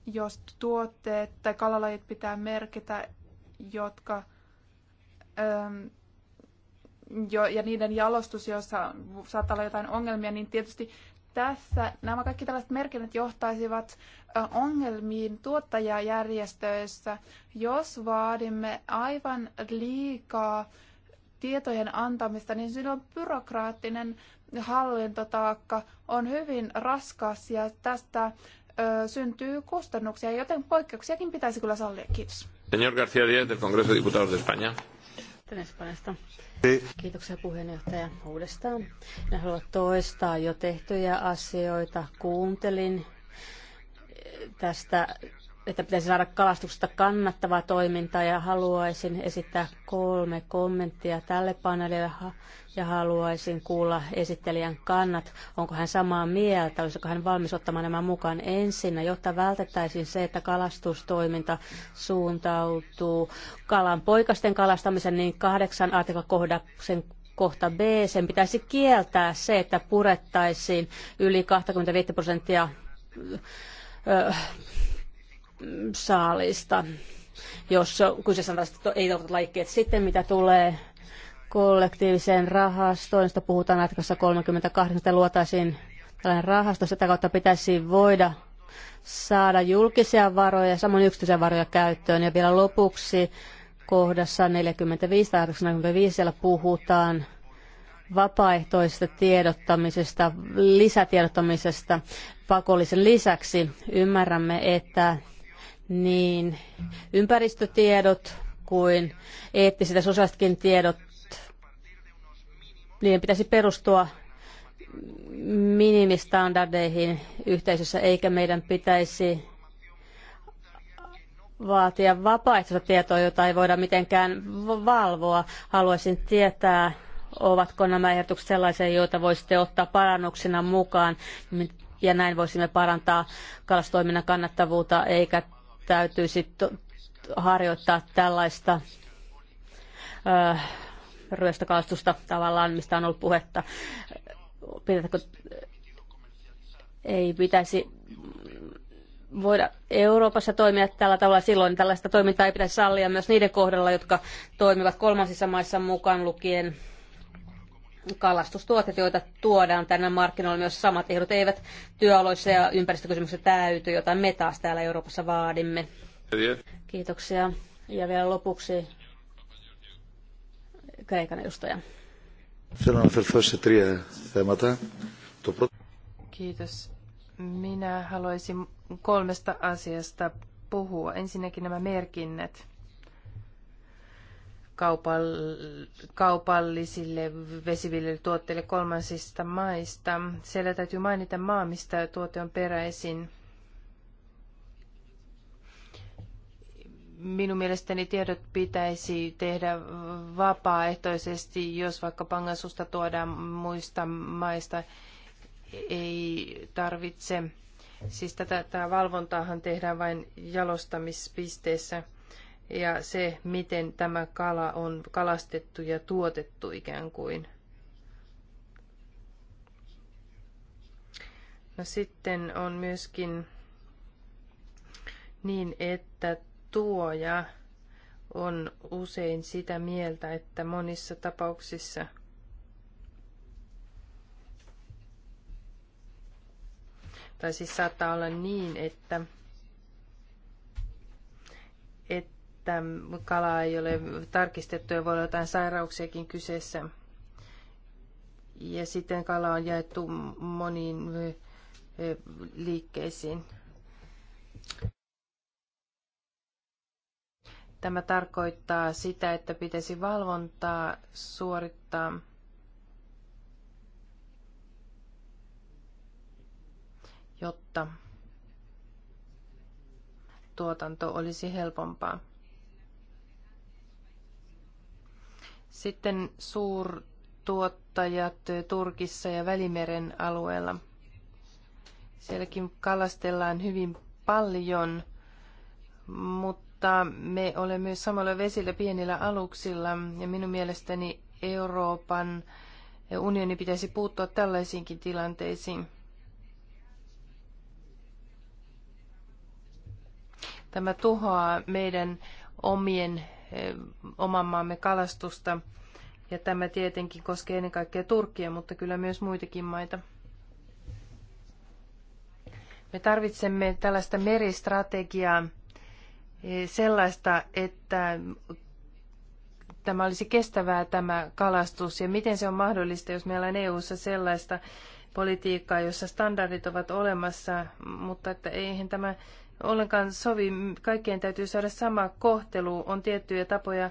Speaker 4: jos tuotteet tai kalalajit pitää merkitä, jotka äm, jo, ja niiden jalostus, jossa saattaa olla jotain ongelmia, niin tietysti tässä nämä kaikki tällaiset merkinnät johtaisivat ongelmiin tuottajajärjestöissä, jos vaadimme aivan liikaa tietojen antamista, niin silloin byrokraattinen hallintotaakka on hyvin raskas ja tästä ö, syntyy kustannuksia, joten poikkeuksiakin pitäisi kyllä sallia. Kiitos.
Speaker 1: Señor García Díaz, del Congreso de Diputados de España.
Speaker 4: Sitten Espanjasta. Kiitoksia puheenjohtaja uudestaan.
Speaker 2: En halua toistaa jo tehtyjä asioita. Kuuntelin tästä että pitäisi saada kalastuksesta kannattavaa toimintaa ja haluaisin esittää kolme kommenttia tälle paneelille ja haluaisin kuulla esittelijän kannat. Onko hän samaa mieltä, olisiko hän valmis ottamaan nämä mukaan ensin, no, jotta vältettäisiin se, että kalastustoiminta suuntautuu kalan poikasten kalastamisen, niin kahdeksan artikla sen kohta B, sen pitäisi kieltää se, että purettaisiin yli 25 prosenttia saalista, jos kyseessä on ei toivotut lajikkeet. Sitten mitä tulee kollektiiviseen rahastoon, josta puhutaan jatkossa 38, että luotaisiin tällainen rahasto, sitä kautta pitäisi voida saada julkisia varoja ja samoin yksityisiä varoja käyttöön. Ja vielä lopuksi kohdassa 45 tai 85 siellä puhutaan vapaaehtoisesta tiedottamisesta, lisätiedottamisesta pakollisen lisäksi. Ymmärrämme, että niin ympäristötiedot kuin eettiset ja sosiaalisetkin tiedot, niiden pitäisi perustua minimistandardeihin yhteisössä, eikä meidän pitäisi vaatia vapaaehtoista tietoa, jota ei voida mitenkään valvoa. Haluaisin tietää, ovatko nämä ehdotukset sellaisia, joita voisitte ottaa parannuksena mukaan, ja näin voisimme parantaa kalastoiminnan kannattavuutta, eikä täytyisi harjoittaa tällaista äh, ryöstökalastusta tavallaan, mistä on ollut puhetta. Pitääkö, ei pitäisi voida Euroopassa toimia tällä tavalla silloin. Tällaista toimintaa ei pitäisi sallia myös niiden kohdalla, jotka toimivat kolmansissa maissa mukaan lukien kalastustuotteet, joita tuodaan tänne markkinoille, myös samat ehdot eivät työoloissa ja ympäristökysymyksissä täyty, jota me taas täällä Euroopassa vaadimme. Kiitoksia. Ja vielä lopuksi
Speaker 3: Kreikan edustaja. Kiitos. Minä haluaisin kolmesta asiasta puhua. Ensinnäkin nämä merkinnät kaupallisille vesiviljelytuotteille kolmansista maista. Siellä täytyy mainita maa, mistä tuote on peräisin. Minun mielestäni tiedot pitäisi tehdä vapaaehtoisesti, jos vaikka pangasusta tuodaan muista maista. Ei tarvitse. Siis tätä, valvontaahan tehdään vain jalostamispisteessä ja se, miten tämä kala on kalastettu ja tuotettu ikään kuin. No sitten on myöskin niin, että tuoja on usein sitä mieltä, että monissa tapauksissa tai siis saattaa olla niin, että että kalaa ei ole tarkistettu ja voi olla jotain sairauksiakin kyseessä. Ja sitten kala on jaettu moniin liikkeisiin. Tämä tarkoittaa sitä, että pitäisi valvontaa suorittaa. jotta tuotanto olisi helpompaa. Sitten suurtuottajat Turkissa ja Välimeren alueella. Sielläkin kalastellaan hyvin paljon, mutta me olemme myös samalla vesillä pienillä aluksilla ja minun mielestäni Euroopan unioni pitäisi puuttua tällaisiinkin tilanteisiin. Tämä tuhoaa meidän omien Eh, oman maamme kalastusta. Ja tämä tietenkin koskee ennen kaikkea Turkkia, mutta kyllä myös muitakin maita. Me tarvitsemme tällaista meristrategiaa, eh, sellaista, että tämä olisi kestävää tämä kalastus ja miten se on mahdollista, jos meillä on EU-ssa sellaista politiikkaa, jossa standardit ovat olemassa, mutta että eihän tämä ollenkaan sovi. Kaikkien täytyy saada sama kohtelu. On tiettyjä tapoja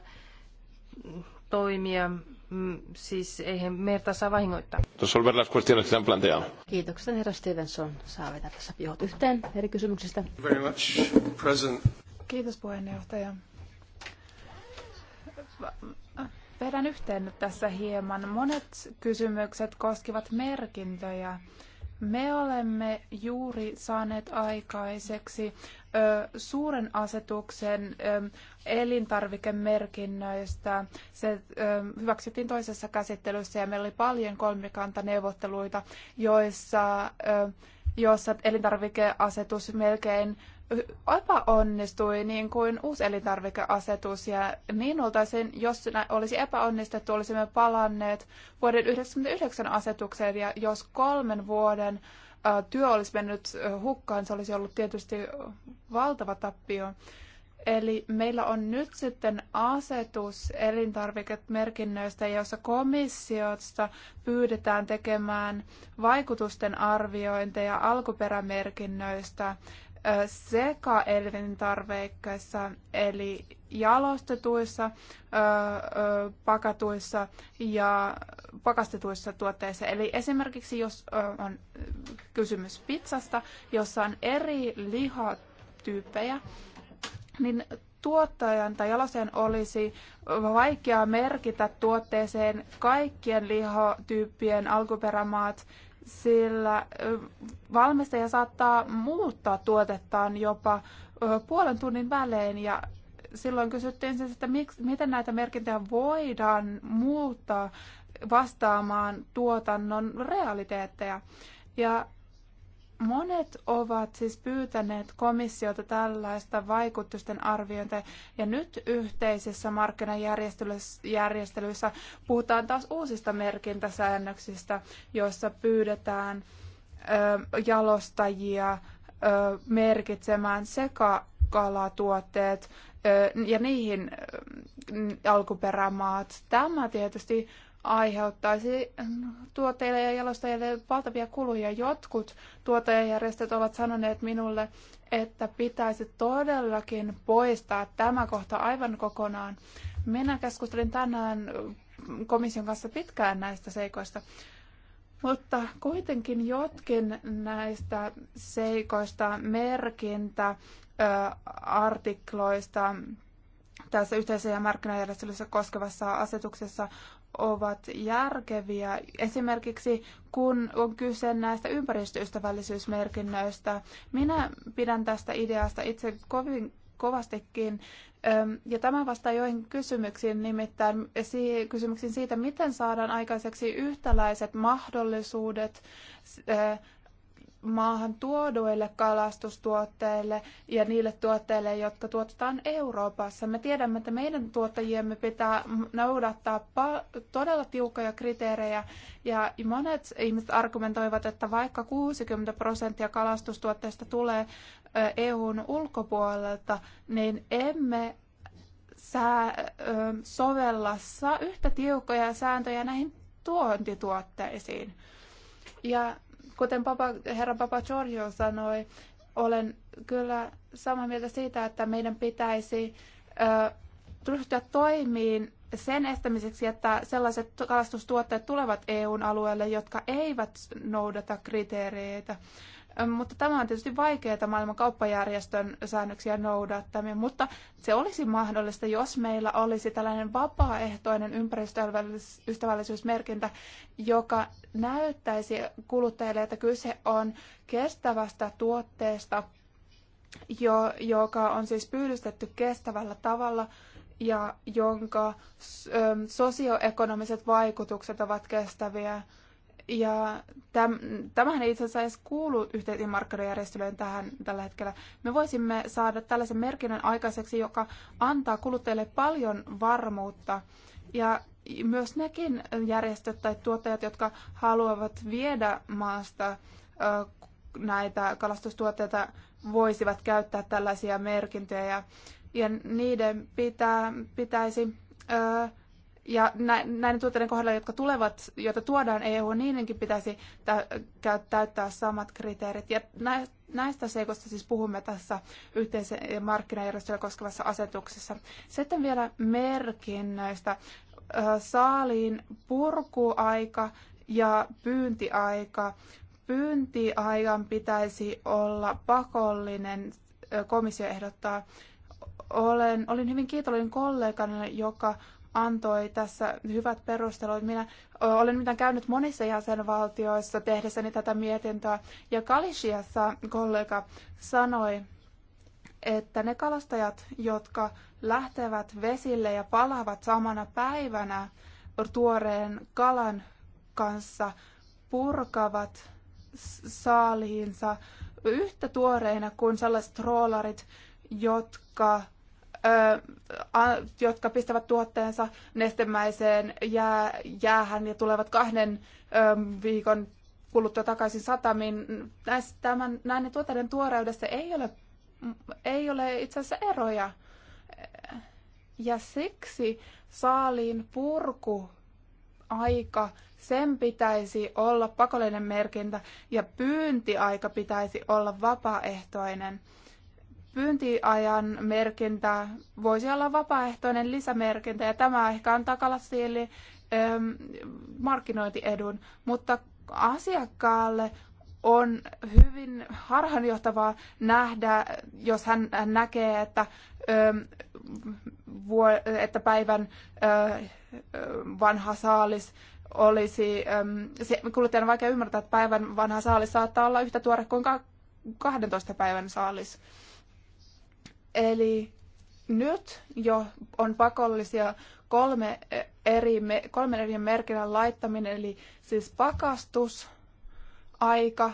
Speaker 3: toimia. Mm, siis eihän merta saa vahingoittaa. Resolver herra Stevenson. Saa vetää tässä pihot yhteen eri kysymyksistä.
Speaker 1: Very much
Speaker 4: Kiitos puheenjohtaja. Vedän yhteen tässä hieman. Monet kysymykset koskivat merkintöjä me olemme juuri saaneet aikaiseksi ö, suuren asetuksen ö, elintarvikemerkinnöistä. Se ö, hyväksyttiin toisessa käsittelyssä ja meillä oli paljon kolmikantaneuvotteluita, joissa, ö, joissa elintarvikeasetus melkein epäonnistui niin kuin uusi elintarvikeasetus ja niin oltaisiin, jos olisi epäonnistettu, olisimme palanneet vuoden 1999 asetukseen ja jos kolmen vuoden työ olisi mennyt hukkaan, se olisi ollut tietysti valtava tappio. Eli meillä on nyt sitten asetus elintarvikemerkinnöistä, jossa komissiosta pyydetään tekemään vaikutusten arviointeja alkuperämerkinnöistä sekaelintarvikkeissa, eli jalostetuissa, pakatuissa ja pakastetuissa tuotteissa. Eli esimerkiksi jos on kysymys pizzasta, jossa on eri lihatyyppejä, niin tuottajan tai jalosen olisi vaikea merkitä tuotteeseen kaikkien lihatyyppien alkuperämaat sillä valmistaja saattaa muuttaa tuotettaan jopa puolen tunnin välein ja silloin kysyttiin siis, että miksi, miten näitä merkintöjä voidaan muuttaa vastaamaan tuotannon realiteetteja. Ja Monet ovat siis pyytäneet komissiota tällaista vaikutusten arviointia, ja nyt yhteisissä markkinajärjestelyissä puhutaan taas uusista merkintäsäännöksistä, joissa pyydetään ö, jalostajia ö, merkitsemään sekakalatuotteet ö, ja niihin ö, alkuperämaat. Tämä tietysti aiheuttaisi tuotteille ja jalostajille valtavia kuluja. Jotkut tuottajajärjestöt ovat sanoneet minulle, että pitäisi todellakin poistaa tämä kohta aivan kokonaan. Minä keskustelin tänään komission kanssa pitkään näistä seikoista, mutta kuitenkin jotkin näistä seikoista, merkintä, artikloista, tässä ja markkinajärjestelyssä koskevassa asetuksessa ovat järkeviä. Esimerkiksi kun on kyse näistä ympäristöystävällisyysmerkinnöistä, minä pidän tästä ideasta itse kovin kovastikin. Ähm, ja tämä vastaa joihin kysymyksiin, nimittäin kysymyksiin siitä, miten saadaan aikaiseksi yhtäläiset mahdollisuudet äh, maahan tuoduille kalastustuotteille ja niille tuotteille, jotka tuotetaan Euroopassa. Me tiedämme, että meidän tuottajiemme pitää noudattaa todella tiukkoja kriteerejä ja monet ihmiset argumentoivat, että vaikka 60 prosenttia kalastustuotteista tulee EUn ulkopuolelta, niin emme sää, sovella yhtä tiukkoja sääntöjä näihin tuontituotteisiin. Ja Kuten Papa, herra Papa Giorgio sanoi, olen kyllä samaa mieltä siitä, että meidän pitäisi ö, ryhtyä toimiin sen estämiseksi, että sellaiset kalastustuotteet tulevat EUn alueelle, jotka eivät noudata kriteereitä. Mutta tämä on tietysti vaikeaa maailman kauppajärjestön säännöksiä noudattaminen, mutta se olisi mahdollista, jos meillä olisi tällainen vapaaehtoinen ympäristöystävällisyysmerkintä, joka näyttäisi kuluttajille, että kyse on kestävästä tuotteesta, jo, joka on siis pyydystetty kestävällä tavalla ja jonka sosioekonomiset vaikutukset ovat kestäviä ja täm, tämähän ei itse asiassa edes kuulu yhteisiin markkinajärjestelyyn tähän tällä hetkellä. Me voisimme saada tällaisen merkinnän aikaiseksi, joka antaa kuluttajille paljon varmuutta. Ja myös nekin järjestöt tai tuottajat, jotka haluavat viedä maasta näitä kalastustuotteita, voisivat käyttää tällaisia merkintöjä. Ja, niiden pitää, pitäisi... Ö, ja näiden tuotteiden kohdalla, jotka tulevat, joita tuodaan EU, niidenkin pitäisi täyttää samat kriteerit. Ja näistä seikoista siis puhumme tässä yhteisen markkinajärjestöllä koskevassa asetuksessa. Sitten vielä merkinnöistä. Saaliin purkuaika ja pyyntiaika. Pyyntiaikan pitäisi olla pakollinen, komissio ehdottaa olen, olin hyvin kiitollinen kollegani, joka antoi tässä hyvät perustelut. Minä olen mitä käynyt monissa jäsenvaltioissa tehdessäni tätä mietintöä, ja Kalisiassa kollega sanoi, että ne kalastajat, jotka lähtevät vesille ja palaavat samana päivänä tuoreen kalan kanssa, purkavat saaliinsa yhtä tuoreina kuin sellaiset troolarit, jotka jotka pistävät tuotteensa nestemäiseen jää, jäähän ja tulevat kahden viikon kuluttua takaisin satamiin. tämän, näiden tuotteiden tuoreudessa ei ole, ei ole itse asiassa eroja. Ja siksi saaliin purku aika, sen pitäisi olla pakollinen merkintä ja pyyntiaika pitäisi olla vapaaehtoinen pyyntiajan merkintä voisi olla vapaaehtoinen lisämerkintä ja tämä ehkä antaa kalastajille markkinointiedun, mutta asiakkaalle on hyvin harhanjohtavaa nähdä, jos hän näkee, että, että päivän vanha saalis olisi, se, kuluttajan on vaikea ymmärtää, että päivän vanha saalis saattaa olla yhtä tuore kuin 12 päivän saalis. Eli nyt jo on pakollisia kolme eri, kolmen eri merkinnän laittaminen, eli siis pakastus, aika,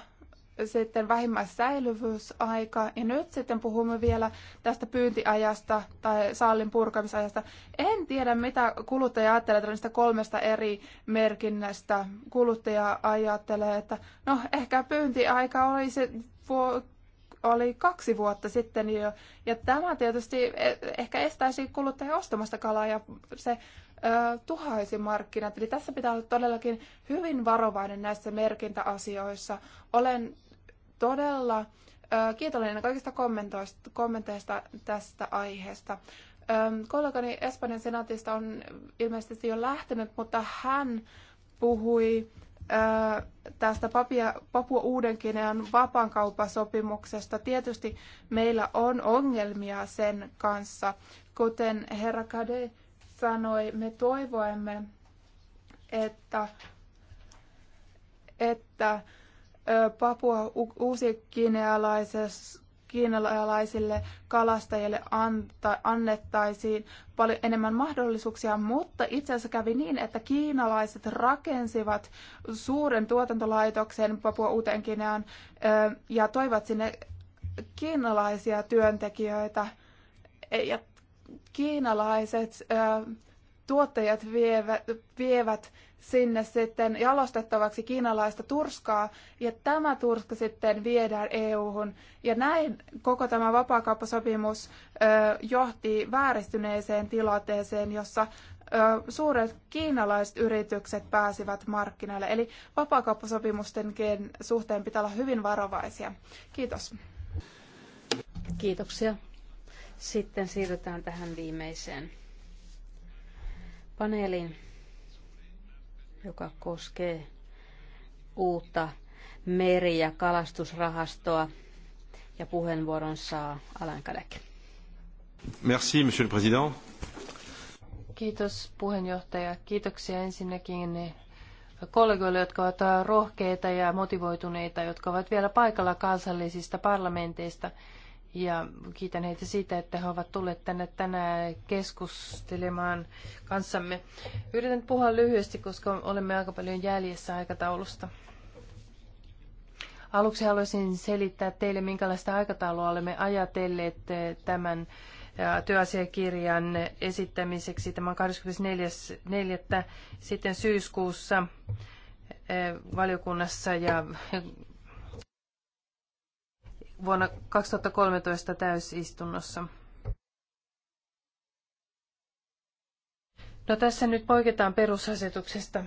Speaker 4: sitten vähimmäissäilyvyysaika ja nyt sitten puhumme vielä tästä pyyntiajasta tai saalin purkamisajasta. En tiedä, mitä kuluttaja ajattelee tästä kolmesta eri merkinnästä. Kuluttaja ajattelee, että no ehkä pyyntiaika olisi oli kaksi vuotta sitten jo. Ja tämä tietysti e- ehkä estäisi kuluttajia ostamasta kalaa ja se tuhaisi markkinat. Eli tässä pitää olla todellakin hyvin varovainen näissä merkintäasioissa. Olen todella ö, kiitollinen kaikista kommenteista tästä aiheesta. Ö, kollegani Espanjan senaatista on ilmeisesti jo lähtenyt, mutta hän puhui tästä Papua, Papua Uudenkinean vapaankauppasopimuksesta. Tietysti meillä on ongelmia sen kanssa. Kuten herra Kade sanoi, me toivoimme, että, että Papua uusikinealaisessa kiinalaisille kalastajille anta, annettaisiin paljon enemmän mahdollisuuksia, mutta itse asiassa kävi niin, että kiinalaiset rakensivat suuren tuotantolaitoksen Papua uuteen ja toivat sinne kiinalaisia työntekijöitä. Ja kiinalaiset tuottajat vievät, vievät sinne sitten jalostettavaksi kiinalaista turskaa, ja tämä turska sitten viedään EU-hun. Ja näin koko tämä vapaakauppasopimus ö, johti vääristyneeseen tilanteeseen, jossa ö, suuret kiinalaiset yritykset pääsivät markkinoille. Eli vapaakauppasopimusten suhteen pitää olla hyvin varovaisia. Kiitos. Kiitoksia. Sitten siirrytään tähän viimeiseen
Speaker 2: Paneelin, joka koskee uutta meri- ja kalastusrahastoa. Ja puheenvuoron saa
Speaker 3: Alan Kadek.
Speaker 1: Merci, monsieur le président.
Speaker 3: Kiitos puheenjohtaja. Kiitoksia ensinnäkin kollegoille, jotka ovat rohkeita ja motivoituneita, jotka ovat vielä paikalla kansallisista parlamenteista ja kiitän heitä siitä, että he ovat tulleet tänne tänään keskustelemaan kanssamme. Yritän puhua lyhyesti, koska olemme aika paljon jäljessä aikataulusta. Aluksi haluaisin selittää teille, minkälaista aikataulua olemme ajatelleet eh, tämän eh, työasiakirjan esittämiseksi. Tämä on 24.4. sitten syyskuussa eh, valiokunnassa ja vuonna 2013 täysistunnossa. No tässä nyt poiketaan perusasetuksesta.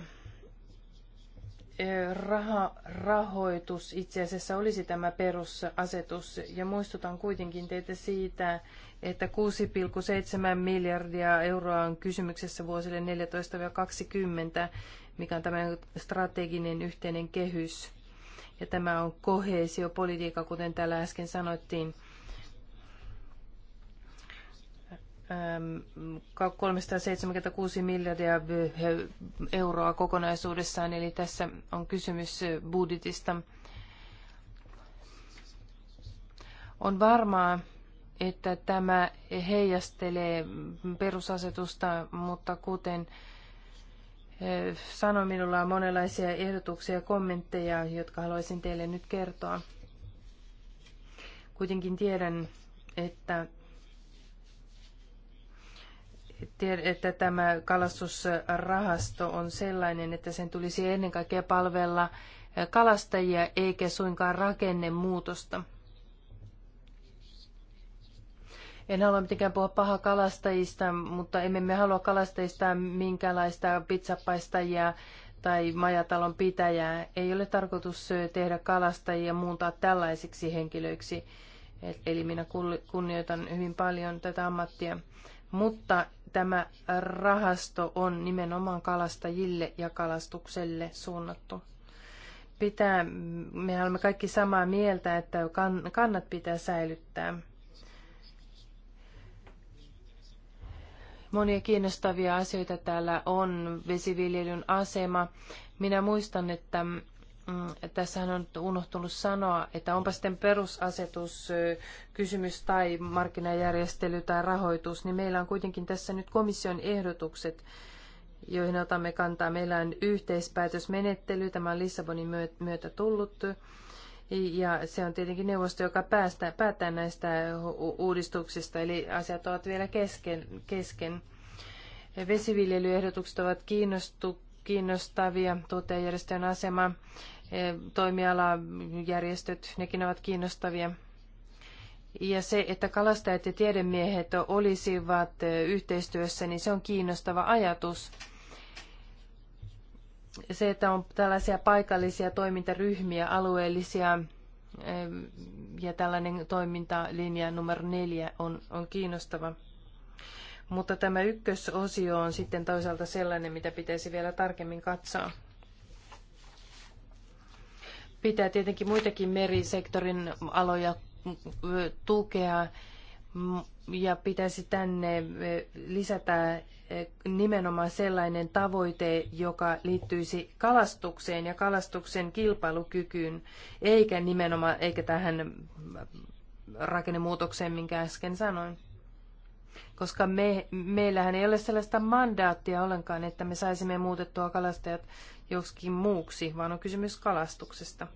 Speaker 3: E, raha, rahoitus itse asiassa olisi tämä perusasetus ja muistutan kuitenkin teitä siitä, että 6,7 miljardia euroa on kysymyksessä vuosille 14-20, mikä on tämä strateginen yhteinen kehys ja tämä on kohesiopolitiikka, kuten täällä äsken sanottiin. 376 miljardia euroa kokonaisuudessaan, eli tässä on kysymys budjetista. On varmaa, että tämä heijastelee perusasetusta, mutta kuten sanoi, minulla on monenlaisia ehdotuksia ja kommentteja, jotka haluaisin teille nyt kertoa. Kuitenkin tiedän, että että tämä kalastusrahasto on sellainen, että sen tulisi ennen kaikkea palvella kalastajia eikä suinkaan rakennemuutosta. muutosta. En halua mitenkään puhua paha kalastajista, mutta emme me halua kalastajista minkälaista pizzapaistajia tai majatalon pitäjää. Ei ole tarkoitus tehdä kalastajia muuntaa tällaisiksi henkilöiksi. Eli minä kunnioitan hyvin paljon tätä ammattia. Mutta tämä rahasto on nimenomaan kalastajille ja kalastukselle suunnattu. Pitää, me olemme kaikki samaa mieltä, että kannat pitää säilyttää. Monia kiinnostavia asioita täällä on. Vesiviljelyn asema. Minä muistan, että mm, Tässähän on unohtunut sanoa, että onpa sitten perusasetus, kysymys tai markkinajärjestely tai rahoitus, niin meillä on kuitenkin tässä nyt komission ehdotukset, joihin otamme kantaa. Meillä on yhteispäätösmenettely, tämä on Lissabonin myötä tullut ja se on tietenkin neuvosto, joka päästää, päättää näistä uudistuksista, eli asiat ovat vielä kesken. kesken. Vesiviljelyehdotukset ovat kiinnostu, kiinnostavia, tuottajajärjestöjen asema, e, toimialajärjestöt, nekin ovat kiinnostavia. Ja se, että kalastajat ja tiedemiehet olisivat e, yhteistyössä, niin se on kiinnostava ajatus se, että on tällaisia paikallisia toimintaryhmiä, alueellisia, ja tällainen toimintalinja numero neljä on, on kiinnostava. Mutta tämä ykkösosio on sitten toisaalta sellainen, mitä pitäisi vielä tarkemmin katsoa. Pitää tietenkin muitakin merisektorin aloja tukea Mm, ja pitäisi tänne eh, lisätä eh, nimenomaan sellainen tavoite, joka liittyisi kalastukseen ja kalastuksen kilpailukykyyn, eikä nimenomaan, eikä tähän rakennemuutokseen, minkä äsken sanoin. Koska me, meillähän ei ole sellaista mandaattia ollenkaan, että me saisimme muutettua kalastajat joskin muuksi, vaan on kysymys kalastuksesta.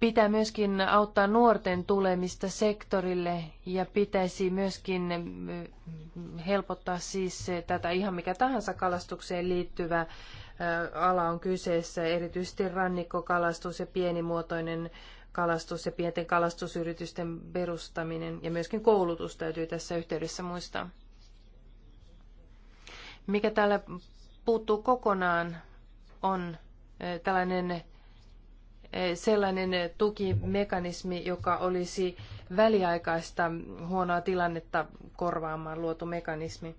Speaker 3: Pitää myöskin auttaa nuorten tulemista sektorille ja pitäisi myöskin eh, helpottaa siis eh, tätä ihan mikä tahansa kalastukseen liittyvä eh, ala on kyseessä, erityisesti rannikkokalastus ja pienimuotoinen kalastus ja pienten kalastusyritysten perustaminen ja myöskin koulutus täytyy tässä yhteydessä muistaa. Mikä täällä puuttuu kokonaan on tällainen sellainen tukimekanismi, joka olisi väliaikaista huonoa tilannetta korvaamaan luotu mekanismi.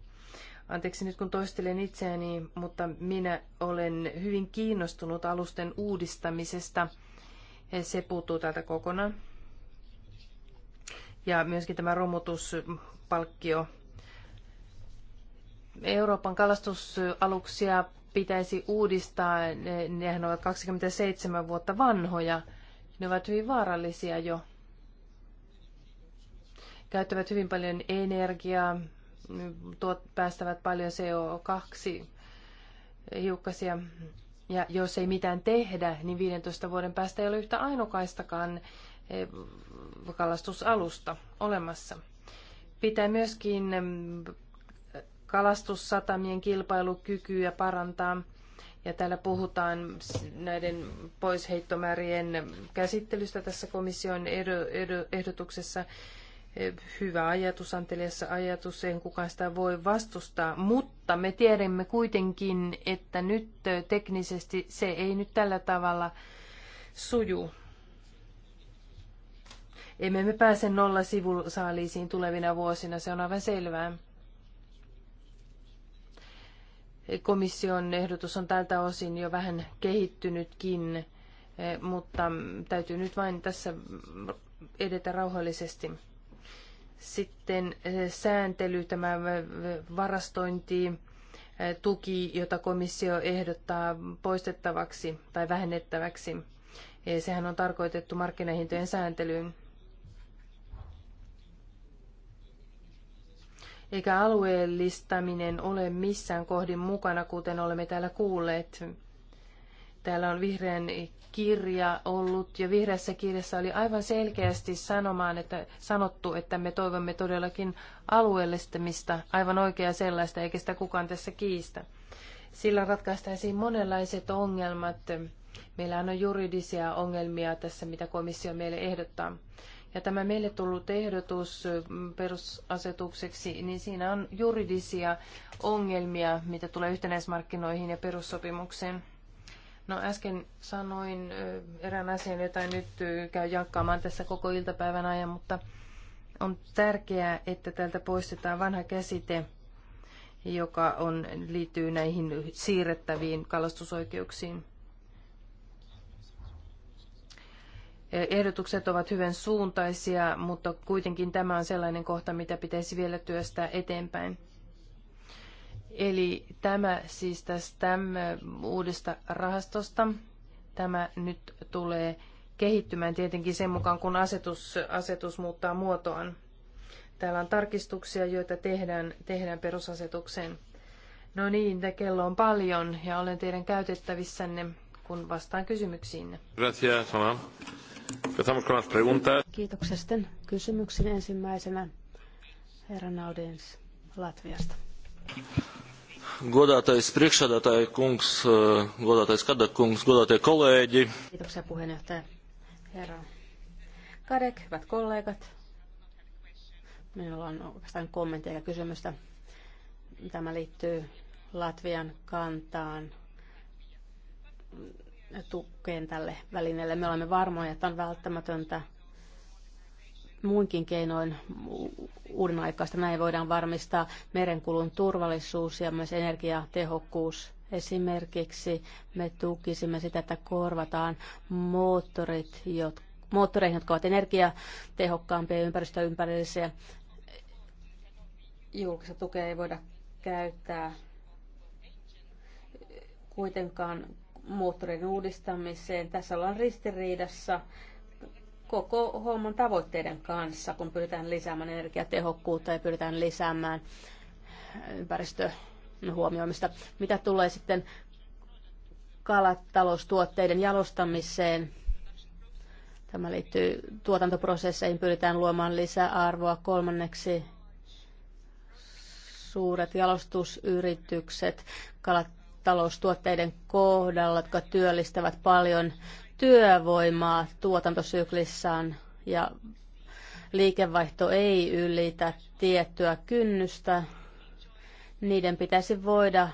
Speaker 3: Anteeksi nyt kun toistelen itseäni, mutta minä olen hyvin kiinnostunut alusten uudistamisesta. Se puuttuu täältä kokonaan. Ja myöskin tämä romutuspalkkio Euroopan kalastusaluksia pitäisi uudistaa, nehän ovat 27 vuotta vanhoja, ne ovat hyvin vaarallisia jo. Käyttävät hyvin paljon energiaa, tuot, päästävät paljon CO2 hiukkasia. Ja jos ei mitään tehdä, niin 15 vuoden päästä ei ole yhtä ainokaistakaan eh, kalastusalusta olemassa. Pitää myöskin kalastussatamien kilpailukykyä parantaa. Ja täällä puhutaan näiden poisheittomäärien käsittelystä tässä komission ehdotuksessa. Hyvä ajatus, anteliassa ajatus, ei kukaan sitä voi vastustaa, mutta me tiedämme kuitenkin, että nyt teknisesti se ei nyt tällä tavalla suju. Emme me pääse nolla sivusaaliisiin tulevina vuosina, se on aivan selvää. Komission ehdotus on tältä osin jo vähän kehittynytkin, eh, mutta täytyy nyt vain tässä edetä rauhallisesti. Sitten eh, sääntely, tämä eh, varastointi, tuki, jota komissio ehdottaa poistettavaksi tai vähennettäväksi. Sehän on tarkoitettu markkinahintojen sääntelyyn. eikä alueellistaminen ole missään kohdin mukana, kuten olemme täällä kuulleet. Täällä on vihreän kirja ollut, ja vihreässä kirjassa oli aivan selkeästi sanomaan, että, sanottu, että me toivomme todellakin alueellistamista, aivan oikea sellaista, eikä sitä kukaan tässä kiistä. Sillä ratkaistaisiin monenlaiset ongelmat. Meillä on juridisia ongelmia tässä, mitä komissio meille ehdottaa. Ja tämä meille tullut ehdotus perusasetukseksi, niin siinä on juridisia ongelmia, mitä tulee yhtenäismarkkinoihin ja perussopimukseen. No äsken sanoin erään asian, jota en nyt käy jakkaamaan tässä koko iltapäivän ajan, mutta on tärkeää, että täältä poistetaan vanha käsite, joka on, liittyy näihin siirrettäviin kalastusoikeuksiin. Ehdotukset ovat hyvän suuntaisia, mutta kuitenkin tämä on sellainen kohta, mitä pitäisi vielä työstää eteenpäin. Eli tämä siis tästä uudesta rahastosta, tämä nyt tulee kehittymään tietenkin sen mukaan, kun asetus, asetus muuttaa muotoaan. Täällä on tarkistuksia, joita tehdään, tehdään perusasetukseen. No niin, te kello on paljon ja olen teidän käytettävissänne, kun vastaan kysymyksiinne. Gracias, Kiitoksia sitten kysymyksen ensimmäisenä herra Naudens
Speaker 2: Latviasta.
Speaker 1: Godātais priekšsēdētāji kungs, eh, godātais Kadek kungs, godātie kolēģi.
Speaker 2: Kiitoksia puheenjohtaja herra Kadek, hyvät kollegat. Minulla on oikeastaan kommentti ja kysymystä. Tämä liittyy Latvian kantaan tukeen tälle välineelle. Me olemme varmoja, että on välttämätöntä muinkin keinoin uuden aikaista. Näin voidaan varmistaa merenkulun turvallisuus ja myös energiatehokkuus. Esimerkiksi me tukisimme sitä, että korvataan moottorit, jotka moottoreihin, jotka ovat energiatehokkaampia ja ympäristöympärillisiä. Julkista tukea ei voida käyttää kuitenkaan moottorin uudistamiseen. Tässä ollaan ristiriidassa koko homman tavoitteiden kanssa, kun pyritään lisäämään energiatehokkuutta ja pyritään lisäämään ympäristön huomioimista. Mitä tulee sitten kalataloustuotteiden jalostamiseen, tämä liittyy tuotantoprosesseihin, pyritään luomaan lisäarvoa. Kolmanneksi suuret jalostusyritykset kalat maataloustuotteiden kohdalla, jotka työllistävät paljon työvoimaa tuotantosyklissään ja liikevaihto ei ylitä tiettyä kynnystä, niiden pitäisi voida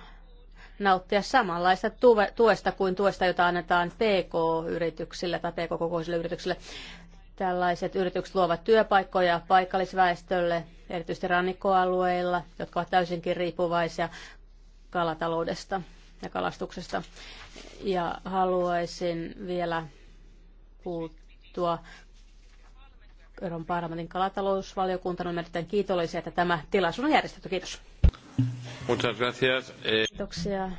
Speaker 2: nauttia samanlaista tuesta kuin tuesta, jota annetaan PK-yrityksille tai PK-kokoisille yrityksille. Tällaiset yritykset luovat työpaikkoja paikallisväestölle, erityisesti rannikkoalueilla, jotka ovat täysinkin riippuvaisia kalataloudesta ja kalastuksesta. Ja haluaisin vielä puuttua Euroopan parlamentin kalatalousvaliokunta Olen erittäin kiitollisia, että tämä tilaisuus on järjestetty. Kiitos.
Speaker 1: Eh,
Speaker 2: Kiitoksia.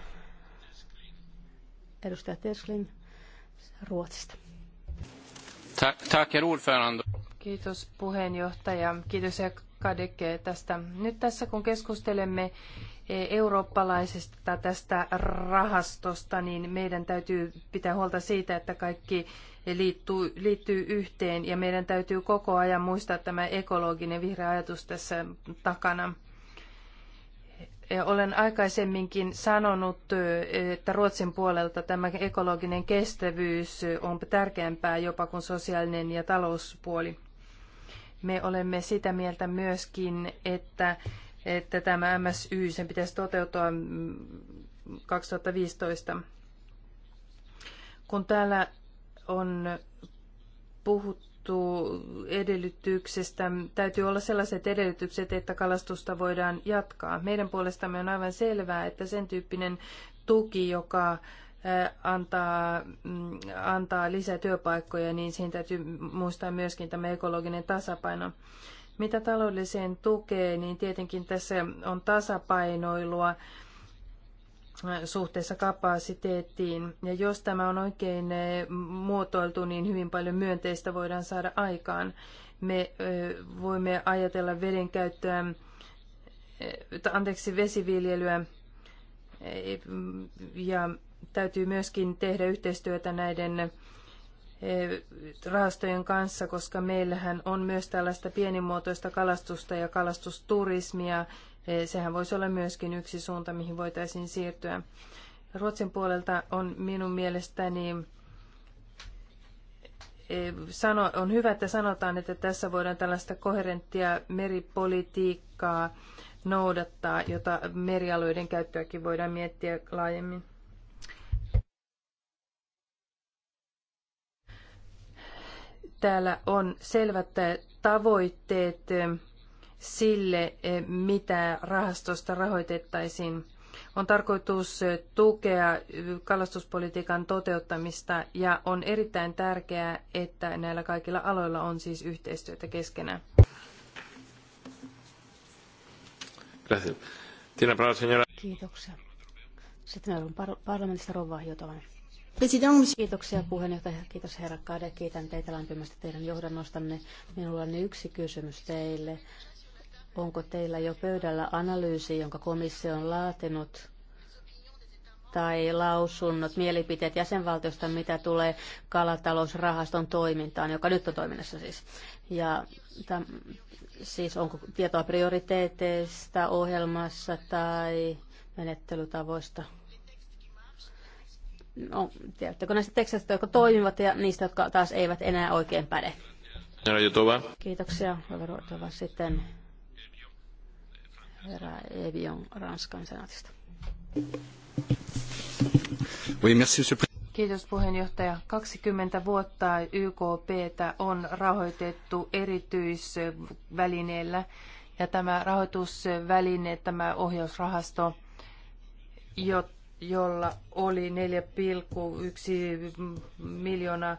Speaker 3: Edustaja Tesling Ruotsista. Kiitos puheenjohtaja. Kiitos ja Kadeke tästä. Nyt tässä kun keskustelemme eurooppalaisesta tästä rahastosta, niin meidän täytyy pitää huolta siitä, että kaikki liittyy, liittyy yhteen ja meidän täytyy koko ajan muistaa tämä ekologinen vihreä ajatus tässä takana. Olen aikaisemminkin sanonut, että Ruotsin puolelta tämä ekologinen kestävyys on tärkeämpää jopa kuin sosiaalinen ja talouspuoli. Me olemme sitä mieltä myöskin, että että tämä MSY, sen pitäisi toteutua 2015. Mm, Kun täällä on puhuttu edellytyksestä, täytyy olla sellaiset edellytykset, että kalastusta voidaan jatkaa. Meidän puolestamme on aivan selvää, että sen tyyppinen tuki, joka antaa, mm, antaa lisää työpaikkoja, niin siinä täytyy muistaa myöskin tämä ekologinen tasapaino. Mitä taloudelliseen tukeen, niin tietenkin tässä on tasapainoilua suhteessa kapasiteettiin. Ja jos tämä on oikein eh, muotoiltu, niin hyvin paljon myönteistä voidaan saada aikaan. Me eh, voimme ajatella veden käyttöä, eh, anteeksi, vesiviljelyä ja täytyy myöskin tehdä yhteistyötä näiden Eh, rahastojen kanssa, koska meillähän on myös tällaista pienimuotoista kalastusta ja kalastusturismia. Eh, sehän voisi olla myöskin yksi suunta, mihin voitaisiin siirtyä. Ruotsin puolelta on minun mielestäni eh, sano, on hyvä, että sanotaan, että tässä voidaan tällaista koherenttia meripolitiikkaa noudattaa, jota merialueiden käyttöäkin voidaan miettiä laajemmin. täällä on selvät tavoitteet eh, sille, eh, mitä rahastosta rahoitettaisiin. On tarkoitus eh, tukea kalastuspolitiikan toteuttamista ja on erittäin tärkeää, että näillä kaikilla aloilla on siis yhteistyötä keskenään. Kiitoksia. Sitten on parlamentista Rova Jotovan.
Speaker 2: Kiitoksia puheenjohtaja. Kiitos herra Kade. Kiitän teitä lämpimästi teidän johdannostanne. Minulla on yksi kysymys teille. Onko teillä jo pöydällä analyysi, jonka komissio on laatinut tai lausunnot, mielipiteet jäsenvaltiosta, mitä tulee kalatalousrahaston toimintaan, joka nyt on toiminnassa siis. Ja täm, siis onko tietoa prioriteeteista ohjelmassa tai menettelytavoista? no, tiedättekö näistä teksteistä, jotka toimivat ja niistä, jotka taas eivät enää oikein päde. Jutova. Kiitoksia, Rojotova. Sitten herra
Speaker 3: Evion Ranskan senaatista. Kiitos puheenjohtaja. 20 vuotta YKPtä on rahoitettu erityisvälineellä ja tämä rahoitusväline, tämä ohjausrahasto, jo, jolla oli 4,1 miljoonaa,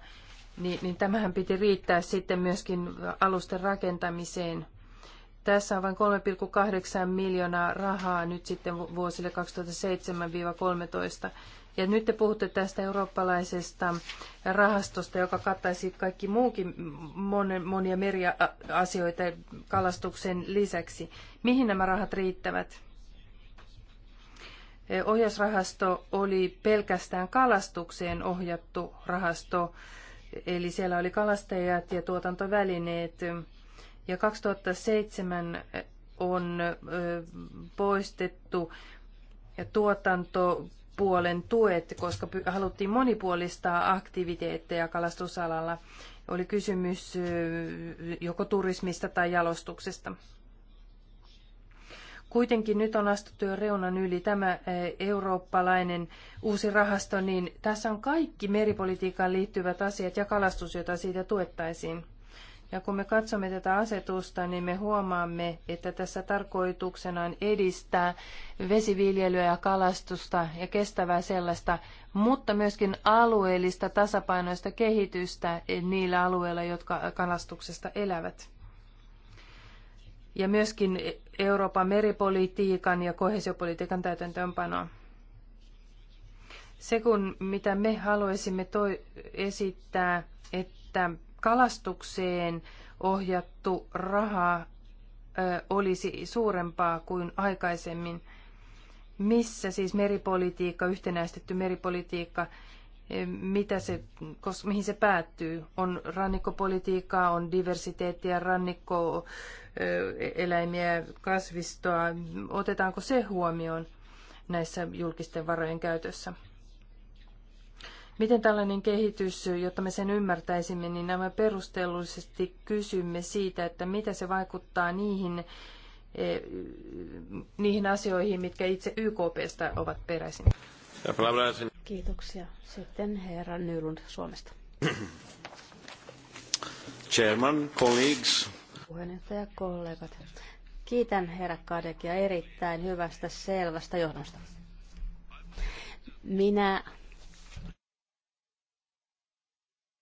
Speaker 3: niin, niin tämähän piti riittää sitten myöskin alusten rakentamiseen. Tässä on vain 3,8 miljoonaa rahaa nyt sitten vuosille 2007-2013. Ja nyt te puhutte tästä eurooppalaisesta rahastosta, joka kattaisi kaikki muukin monia meriasioita kalastuksen lisäksi. Mihin nämä rahat riittävät? Ohjausrahasto oli pelkästään kalastukseen ohjattu rahasto, eli siellä oli kalastajat ja tuotantovälineet. Ja 2007 on poistettu tuotantopuolen tuet, koska haluttiin monipuolistaa aktiviteetteja kalastusalalla. Oli kysymys joko turismista tai jalostuksesta. Kuitenkin nyt on astuttu jo reunan yli tämä eurooppalainen uusi rahasto, niin tässä on kaikki meripolitiikkaan liittyvät asiat ja kalastus, jota siitä tuettaisiin. Ja kun me katsomme tätä asetusta, niin me huomaamme, että tässä tarkoituksena on edistää vesiviljelyä ja kalastusta ja kestävää sellaista, mutta myöskin alueellista tasapainoista kehitystä niillä alueilla, jotka kalastuksesta elävät ja myöskin Euroopan meripolitiikan ja kohesiopolitiikan täytäntöönpanoa. Se, kun mitä me haluaisimme toi, esittää, että kalastukseen ohjattu raha olisi suurempaa kuin aikaisemmin. Missä siis meripolitiikka, yhtenäistetty meripolitiikka, mitä se, mihin se päättyy? On rannikkopolitiikkaa, on diversiteettiä, rannikko eläimiä, kasvistoa, otetaanko se huomioon näissä julkisten varojen käytössä? Miten tällainen kehitys, jotta me sen ymmärtäisimme, niin nämä perustellisesti kysymme siitä, että mitä se vaikuttaa niihin, niihin asioihin, mitkä itse YKPstä ovat peräisin. Kiitoksia. Sitten herra Nylund Suomesta.
Speaker 1: Chairman, colleagues,
Speaker 2: Puheenjohtaja, kollegat. Kiitän herra Kadekia erittäin hyvästä, selvästä johdosta. Minä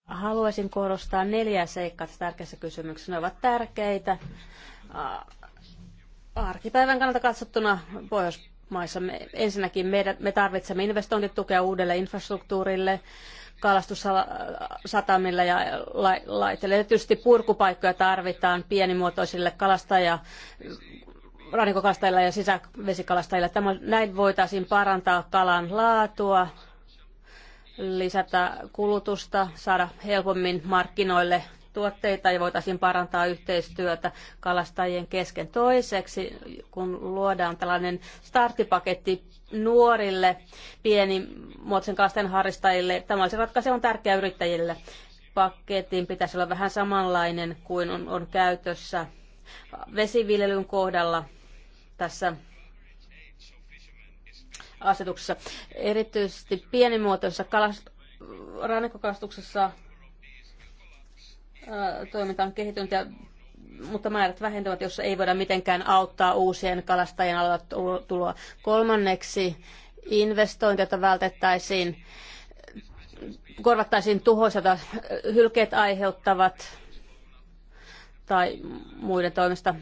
Speaker 2: haluaisin korostaa neljä seikkaa tässä tärkeässä kysymyksessä. Ne ovat tärkeitä arkipäivän kannalta katsottuna Pohjoismaissa. Me, ensinnäkin me, me tarvitsemme investointitukea uudelle infrastruktuurille, kalastussatamille ja laitille. Tietysti purkupaikkoja tarvitaan pienimuotoisille kalastajia, rannikokalastajilla ja sisävesikalastajilla. Tämä, näin voitaisiin parantaa kalan laatua, lisätä kulutusta, saada helpommin markkinoille tuotteita ja voitaisiin parantaa yhteistyötä kalastajien kesken. Toiseksi, kun luodaan tällainen starttipaketti nuorille pienimuotoisen kalastajien harrastajille, tämä olisi ratkaisevan tärkeä yrittäjille. Paketin pitäisi olla vähän samanlainen kuin on, on käytössä vesiviljelyn kohdalla tässä asetuksessa. Erityisesti pienimuotoisessa kalast- rannikkokalastuksessa toiminta on kehittynyt, ja, mutta määrät vähentyvät, jos ei voida mitenkään auttaa uusien kalastajien alueella tuloa. Kolmanneksi investointeita vältettäisiin, korvattaisiin tuhoisilta hylkeet aiheuttavat tai muiden toimesta.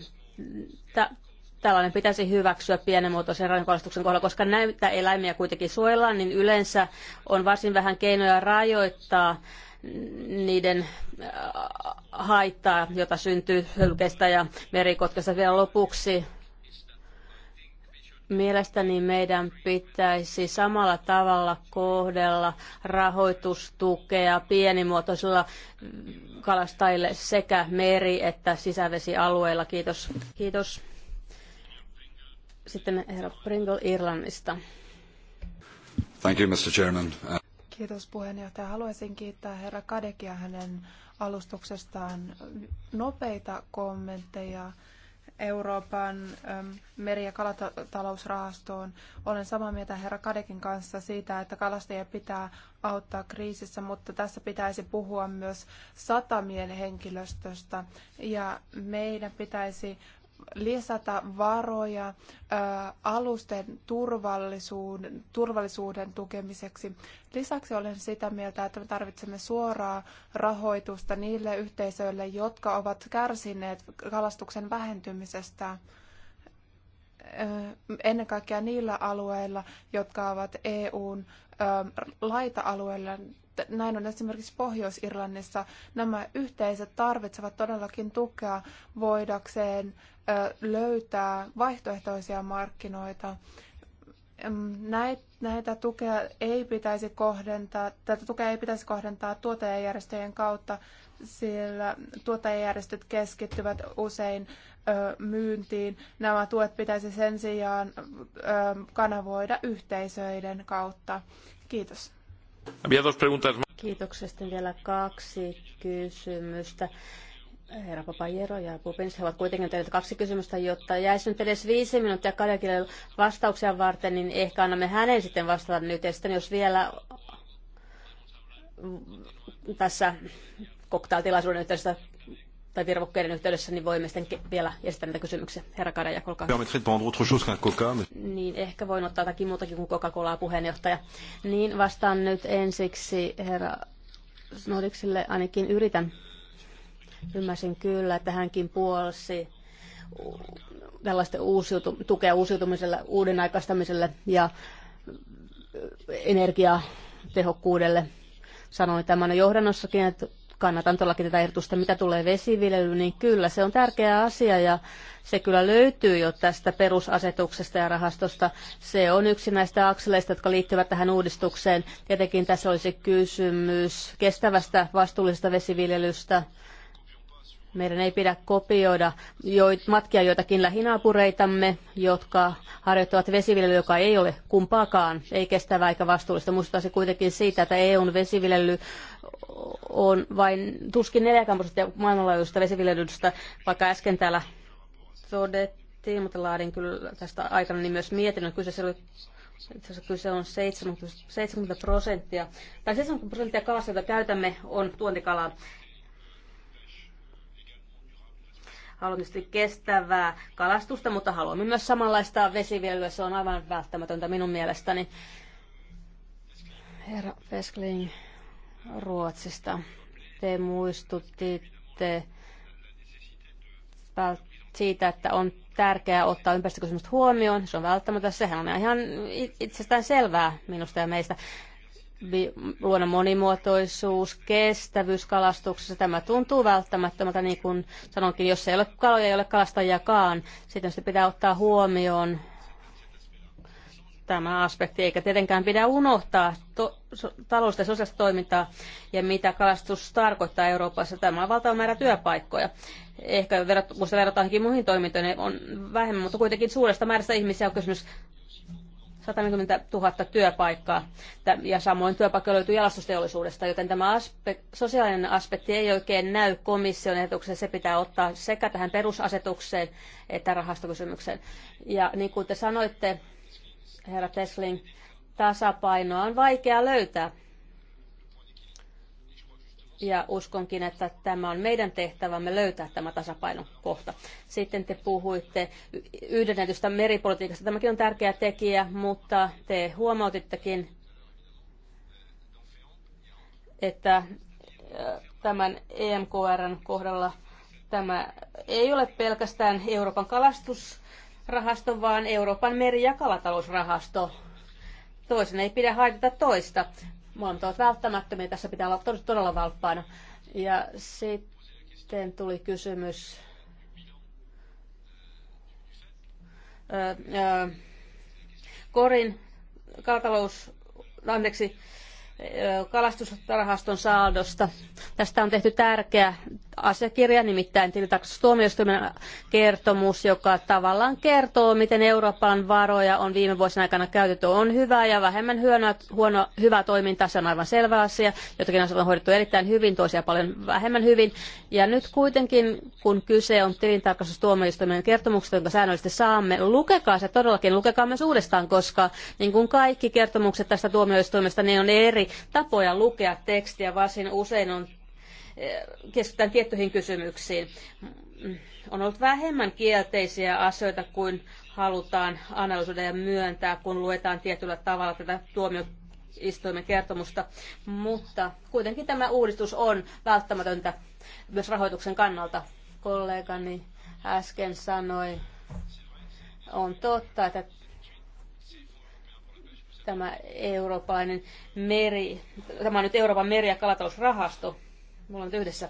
Speaker 2: Tällainen pitäisi hyväksyä pienemuotoisen rannikkoalastuksen kohdalla, koska näitä eläimiä kuitenkin suojellaan, niin yleensä on varsin vähän keinoja rajoittaa niiden äh, haittaa, jota syntyy hylkeistä ja merikotkasta. Vielä lopuksi Mielestäni meidän pitäisi samalla tavalla kohdella rahoitustukea pienimuotoisilla kalastajille sekä meri- että sisävesialueilla. Kiitos. Kiitos.
Speaker 4: Sitten herra Pringle Irlannista.
Speaker 1: Thank you, Mr. Chairman.
Speaker 4: Kiitos puheenjohtaja. Haluaisin kiittää herra Kadekia hänen alustuksestaan nopeita kommentteja Euroopan ähm, meri- ja kalatalousrahastoon. Olen samaa mieltä herra Kadekin kanssa siitä, että kalastajia pitää auttaa kriisissä, mutta tässä pitäisi puhua myös satamien henkilöstöstä. Ja meidän pitäisi lisätä varoja alusten turvallisuuden, turvallisuuden tukemiseksi. Lisäksi olen sitä mieltä, että me tarvitsemme suoraa rahoitusta niille yhteisöille, jotka ovat kärsineet kalastuksen vähentymisestä ennen kaikkea niillä alueilla, jotka ovat EUn laita-alueilla näin on esimerkiksi Pohjois-Irlannissa. Nämä yhteiset tarvitsevat todellakin tukea voidakseen löytää vaihtoehtoisia markkinoita. Näitä tukea ei pitäisi kohdentaa, tätä tukea ei pitäisi kohdentaa tuottajajärjestöjen kautta, sillä tuottajajärjestöt keskittyvät usein myyntiin. Nämä tuet pitäisi sen sijaan kanavoida yhteisöiden kautta. Kiitos. Kiitoksia. Sitten vielä kaksi kysymystä.
Speaker 2: Herra Papajero ja Pupins, he ovat kuitenkin tehneet kaksi kysymystä, jotta jäisi nyt edes viisi minuuttia Kadjakille vastauksia varten, niin ehkä annamme hänen sitten vastata nyt. Ja sitten jos vielä tässä koktailtilaisuuden yhteydessä tai virvokkeiden yhteydessä, niin voimme sitten vielä esittää niitä kysymyksiä. Herra Kareja, olkaa hyvä. Niin, ehkä voin ottaa jotakin muutakin kuin Coca-Colaa puheenjohtaja. Niin, vastaan nyt ensiksi herra Snodiksille ainakin yritän. Ymmärsin kyllä, että hänkin puolsi tällaista uusiutu- tukea uusiutumiselle, uuden aikaistamiselle ja energiatehokkuudelle. Sanoin tämän johdannossakin, että kannatan todellakin tätä ehdotusta, mitä tulee vesiviljelyyn, niin kyllä se on tärkeä asia ja se kyllä löytyy jo tästä perusasetuksesta ja rahastosta. Se on yksi näistä akseleista, jotka liittyvät tähän uudistukseen. Tietenkin tässä olisi kysymys kestävästä vastuullisesta vesiviljelystä meidän ei pidä kopioida matkia joitakin lähinaapureitamme, jotka harjoittavat vesiviljelyä, joka ei ole kumpaakaan, ei kestävää eikä vastuullista. Muistaa se kuitenkin siitä, että EUn vesiviljely on vain tuskin 40 prosenttia maailmanlaajuisesta vesiviljelystä, vaikka äsken täällä todettiin, mutta laadin kyllä tästä aikana niin myös mietinnön. Kyseessä oli itse kyse on 70, 70 prosenttia, tai 70 prosenttia kalasta, jota käytämme, on tuontikalaa. Haluamme kestävää kalastusta, mutta haluamme myös samanlaista vesiviljelyä. Se on aivan välttämätöntä minun mielestäni. Herra Feskling Ruotsista, te muistutitte siitä, että on tärkeää ottaa ympäristökysymykset huomioon. Se on välttämätöntä. sehän on ihan itsestään selvää minusta ja meistä luonnon monimuotoisuus, kestävyys kalastuksessa. Tämä tuntuu välttämättömältä, niin kuin sanonkin, jos ei ole kaloja, ei ole kalastajakaan. Sitten se pitää ottaa huomioon tämä aspekti, eikä tietenkään pidä unohtaa to- so- taloudellista ja sosiaalista toimintaa ja mitä kalastus tarkoittaa Euroopassa. Tämä on valtava määrä työpaikkoja. Ehkä verot- kun se verrataankin muihin toimintoihin, niin on vähemmän, mutta kuitenkin suuresta määrästä ihmisiä on kysymys. 140 000 työpaikkaa ja samoin työpaikka löytyy jalastusteollisuudesta, joten tämä aspe- sosiaalinen aspekti ei oikein näy komission ehdotuksessa. Se pitää ottaa sekä tähän perusasetukseen että rahastokysymykseen. Ja niin kuin te sanoitte, herra Tesling, tasapainoa on vaikea löytää ja uskonkin, että tämä on meidän tehtävämme löytää tämä tasapainon kohta. Sitten te puhuitte yhdennetystä meripolitiikasta. Tämäkin on tärkeä tekijä, mutta te huomautittekin, että tämän EMKRn kohdalla tämä ei ole pelkästään Euroopan kalastusrahasto, vaan Euroopan meri- ja kalatalousrahasto. Toisen ei pidä haitata toista. Molemmat ovat välttämättömiä, tässä pitää olla todella valppaana. Ja sitten tuli kysymys Korin kalkalous, anteeksi, kalastusrahaston saldosta. Tästä on tehty tärkeä asiakirja, nimittäin tilintarkastustuomioistuimen kertomus, joka tavallaan kertoo, miten Euroopan varoja on viime vuosina aikana käytetty. On hyvää ja vähemmän hyönoa, huono, hyvää toimintaa, se on aivan selvä asia. Jotakin asioita on hoidettu erittäin hyvin, toisia paljon vähemmän hyvin. Ja nyt kuitenkin, kun kyse on tilintarkastustuomioistuimen kertomuksesta, jonka säännöllisesti saamme, lukekaa se todellakin, lukekaa myös uudestaan, koska niin kuin kaikki kertomukset tästä tuomioistuimesta, niin on eri tapoja lukea tekstiä, varsin usein on eh, keskitytään tiettyihin kysymyksiin. On ollut vähemmän kielteisiä asioita kuin halutaan analysoida ja myöntää, kun luetaan tietyllä tavalla tätä tuomioistuimen kertomusta. Mutta kuitenkin tämä uudistus on välttämätöntä myös rahoituksen kannalta. Kollegani äsken sanoi, on totta, että tämä eurooppalainen meri, tämä on nyt Euroopan meri- ja kalatalousrahasto, mulla on nyt yhdessä,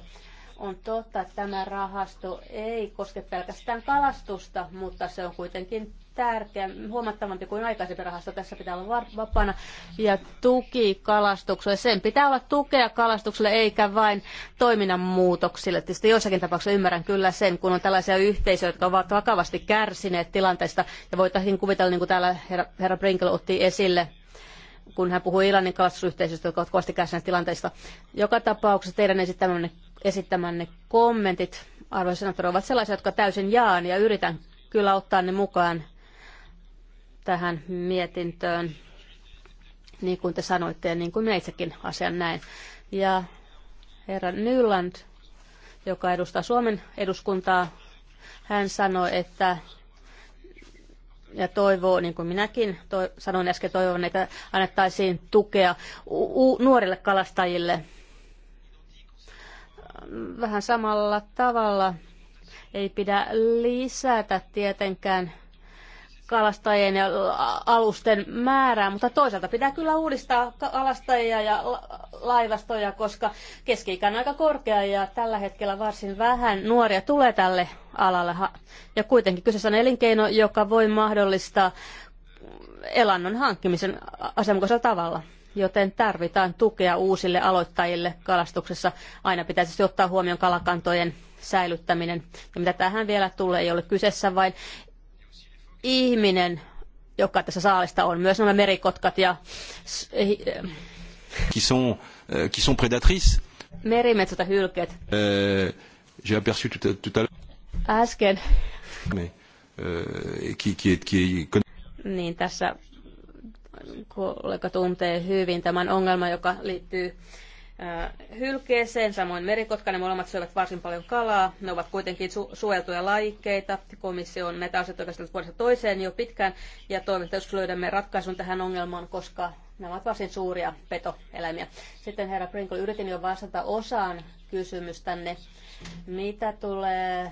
Speaker 2: on totta, että tämä rahasto ei koske pelkästään kalastusta, mutta se on kuitenkin tärkeä, huomattavampi kuin aikaisempi rahasto. Tässä pitää olla vapaana. Ja tuki kalastukselle. Sen pitää olla tukea kalastukselle eikä vain toiminnan muutoksille. Tietysti joissakin tapauksissa ymmärrän kyllä sen, kun on tällaisia yhteisöjä, jotka ovat vakavasti kärsineet tilanteesta. Ja voitaisiin kuvitella, niin kuin täällä herra, herra Brinkel otti esille, kun hän puhui Ilanin kalastusyhteisöstä, jotka ovat kovasti kärsineet tilanteista. Joka tapauksessa teidän esittämänne, esittämänne kommentit, arvoisa senaattori, ovat sellaisia, jotka täysin jaan ja yritän kyllä ottaa ne mukaan tähän mietintöön, niin kuin te sanoitte ja niin kuin minä itsekin asian näin. Ja herra Nyland, joka edustaa Suomen eduskuntaa, hän sanoi, että ja toivoo, niin kuin minäkin toi, sanoin äsken, toivon, että annettaisiin tukea nuorille kalastajille vähän samalla tavalla. Ei pidä lisätä tietenkään kalastajien ja alusten määrää, mutta toisaalta pitää kyllä uudistaa kalastajia ja laivastoja, koska keski on aika korkea ja tällä hetkellä varsin vähän nuoria tulee tälle alalle. Ja kuitenkin kyseessä on elinkeino, joka voi mahdollistaa elannon hankkimisen asianmukaisella tavalla joten tarvitaan tukea uusille aloittajille kalastuksessa. Aina pitäisi siis ottaa huomioon kalakantojen säilyttäminen. Ja mitä tähän vielä tulee, ei ole kyseessä vain ihminen, joka tässä saalista on, myös nämä merikotkat ja...
Speaker 1: Qui sont, euh, qui sont prédatrices.
Speaker 2: Merimetsot ja hylkeet.
Speaker 1: Euh, J'ai aperçu tout, tout à l'heure. Äsken. Mais, euh, qui, qui, qui...
Speaker 2: Niin tässä kollega tuntee hyvin tämän ongelman, joka liittyy Äh, hylkeeseen, samoin merikotka, ne molemmat syövät varsin paljon kalaa. Ne ovat kuitenkin su- suojeltuja lajikkeita. Komissio on näitä asioita käsitellyt vuodesta toiseen jo pitkään ja toivon, että löydämme ratkaisun tähän ongelmaan, koska nämä ovat varsin suuria petoeläimiä. Sitten herra Prinkle, yritin jo vastata osaan kysymystänne. Mitä tulee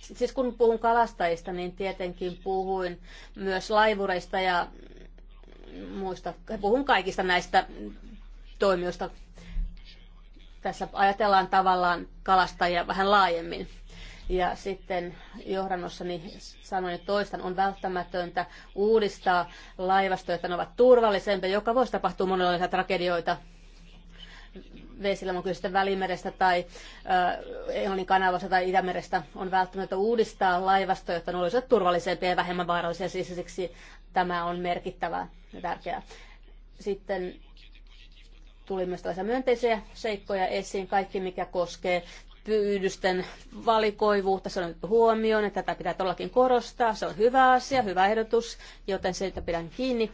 Speaker 2: Siis kun puhun kalastajista, niin tietenkin puhuin myös laivureista ja muista. Puhun kaikista näistä toimijoista tässä ajatellaan tavallaan kalastajia vähän laajemmin. Ja sitten johdannossani sanoin, että toistan, on välttämätöntä uudistaa laivastoja, että ne ovat turvallisempia, joka voisi tapahtua monenlaisia tragedioita vesillä, on sitten Välimerestä tai Englannin kanavassa tai Itämerestä, on välttämättä uudistaa laivastoja, jotta ne olisivat turvallisempia ja vähemmän vaarallisia, siis siksi tämä on merkittävää ja tärkeää. Sitten tuli myös tällaisia myönteisiä seikkoja esiin, kaikki mikä koskee pyydysten valikoivuutta, se on nyt huomioon, että tätä pitää todellakin korostaa, se on hyvä asia, hyvä ehdotus, joten siitä pidän kiinni.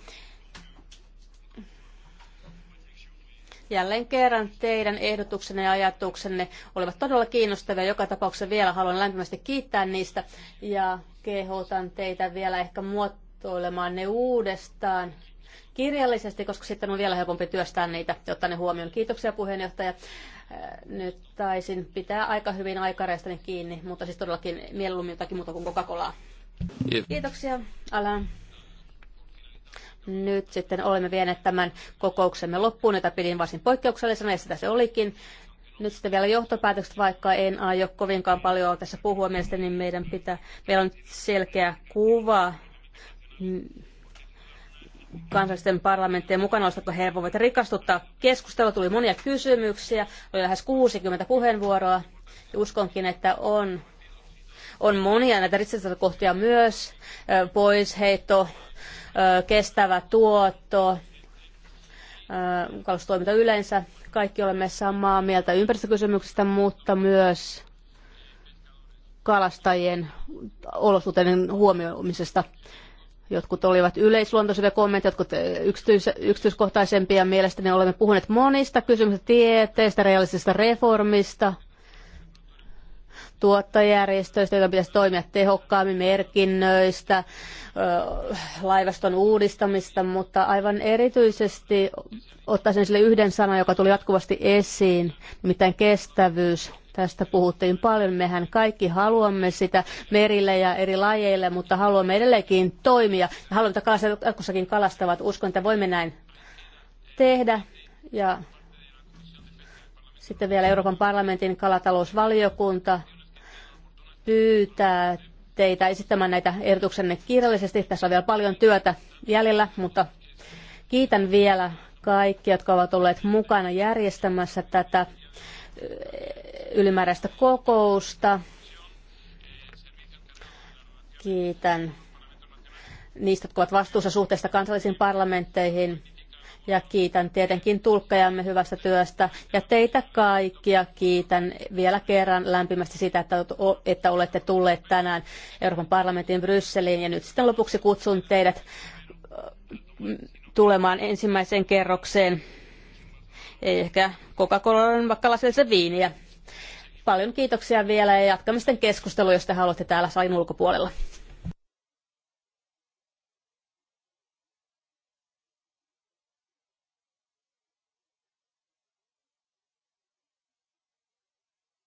Speaker 2: Jälleen kerran teidän ehdotuksenne ja ajatuksenne olivat todella kiinnostavia. Joka tapauksessa vielä haluan lämpimästi kiittää niistä ja kehotan teitä vielä ehkä muotoilemaan ne uudestaan kirjallisesti, koska sitten on vielä helpompi työstää niitä, jotta ne huomioon. Kiitoksia puheenjohtaja. Äh, nyt taisin pitää aika hyvin aikareistani kiinni, mutta siis todellakin mieluummin jotakin muuta kuin Coca-Colaa. Kiitoksia, Alan. Nyt sitten olemme vieneet tämän kokouksemme loppuun, jota pidin varsin poikkeuksellisena, ja sitä se olikin. Nyt sitten vielä johtopäätökset, vaikka en aio kovinkaan paljon tässä puhua mielestäni, niin meidän pitää, meillä on selkeä kuva mm kansallisten parlamenttien mukana olisiko he voivat rikastuttaa keskustelua. Tuli monia kysymyksiä, oli lähes 60 puheenvuoroa. Uskonkin, että on, on monia näitä ristiriitakohtia myös. Poisheitto, kestävä tuotto, kalastustoiminta yleensä. Kaikki olemme samaa mieltä ympäristökysymyksistä, mutta myös kalastajien olosuhteiden huomioimisesta Jotkut olivat yleisluontoisia kommentteja, jotkut eh, yksityis- yksityiskohtaisempia. Mielestäni olemme puhuneet monista kysymyksistä, tieteistä, realistisesta reformista, tuottajärjestöistä, joita pitäisi toimia tehokkaammin, merkinnöistä, laivaston uudistamista, mutta aivan erityisesti ottaisin sille yhden sanan, joka tuli jatkuvasti esiin, nimittäin kestävyys. Tästä puhuttiin paljon. Mehän kaikki haluamme sitä merille ja eri lajeille, mutta haluamme edelleenkin toimia. Ja haluamme, että kalastajat jatkossakin kalastavat. Uskon, että voimme näin tehdä. Ja sitten vielä Euroopan parlamentin kalatalousvaliokunta pyytää teitä esittämään näitä ehdotuksenne kirjallisesti. Tässä on vielä paljon työtä jäljellä, mutta kiitän vielä kaikki, jotka ovat olleet mukana järjestämässä tätä ylimääräistä kokousta. Kiitän niistä, jotka ovat vastuussa suhteesta kansallisiin parlamentteihin. Ja kiitän tietenkin tulkkajamme hyvästä työstä. Ja teitä kaikkia kiitän vielä kerran lämpimästi sitä, että olette tulleet tänään Euroopan parlamentin Brysseliin. Ja nyt sitten lopuksi kutsun teidät tulemaan ensimmäiseen kerrokseen ei ehkä Coca-Colan vaikka lasillisen viiniä. Paljon kiitoksia vielä ja jatkamme sitten keskustelua, jos te haluatte täällä sain ulkopuolella.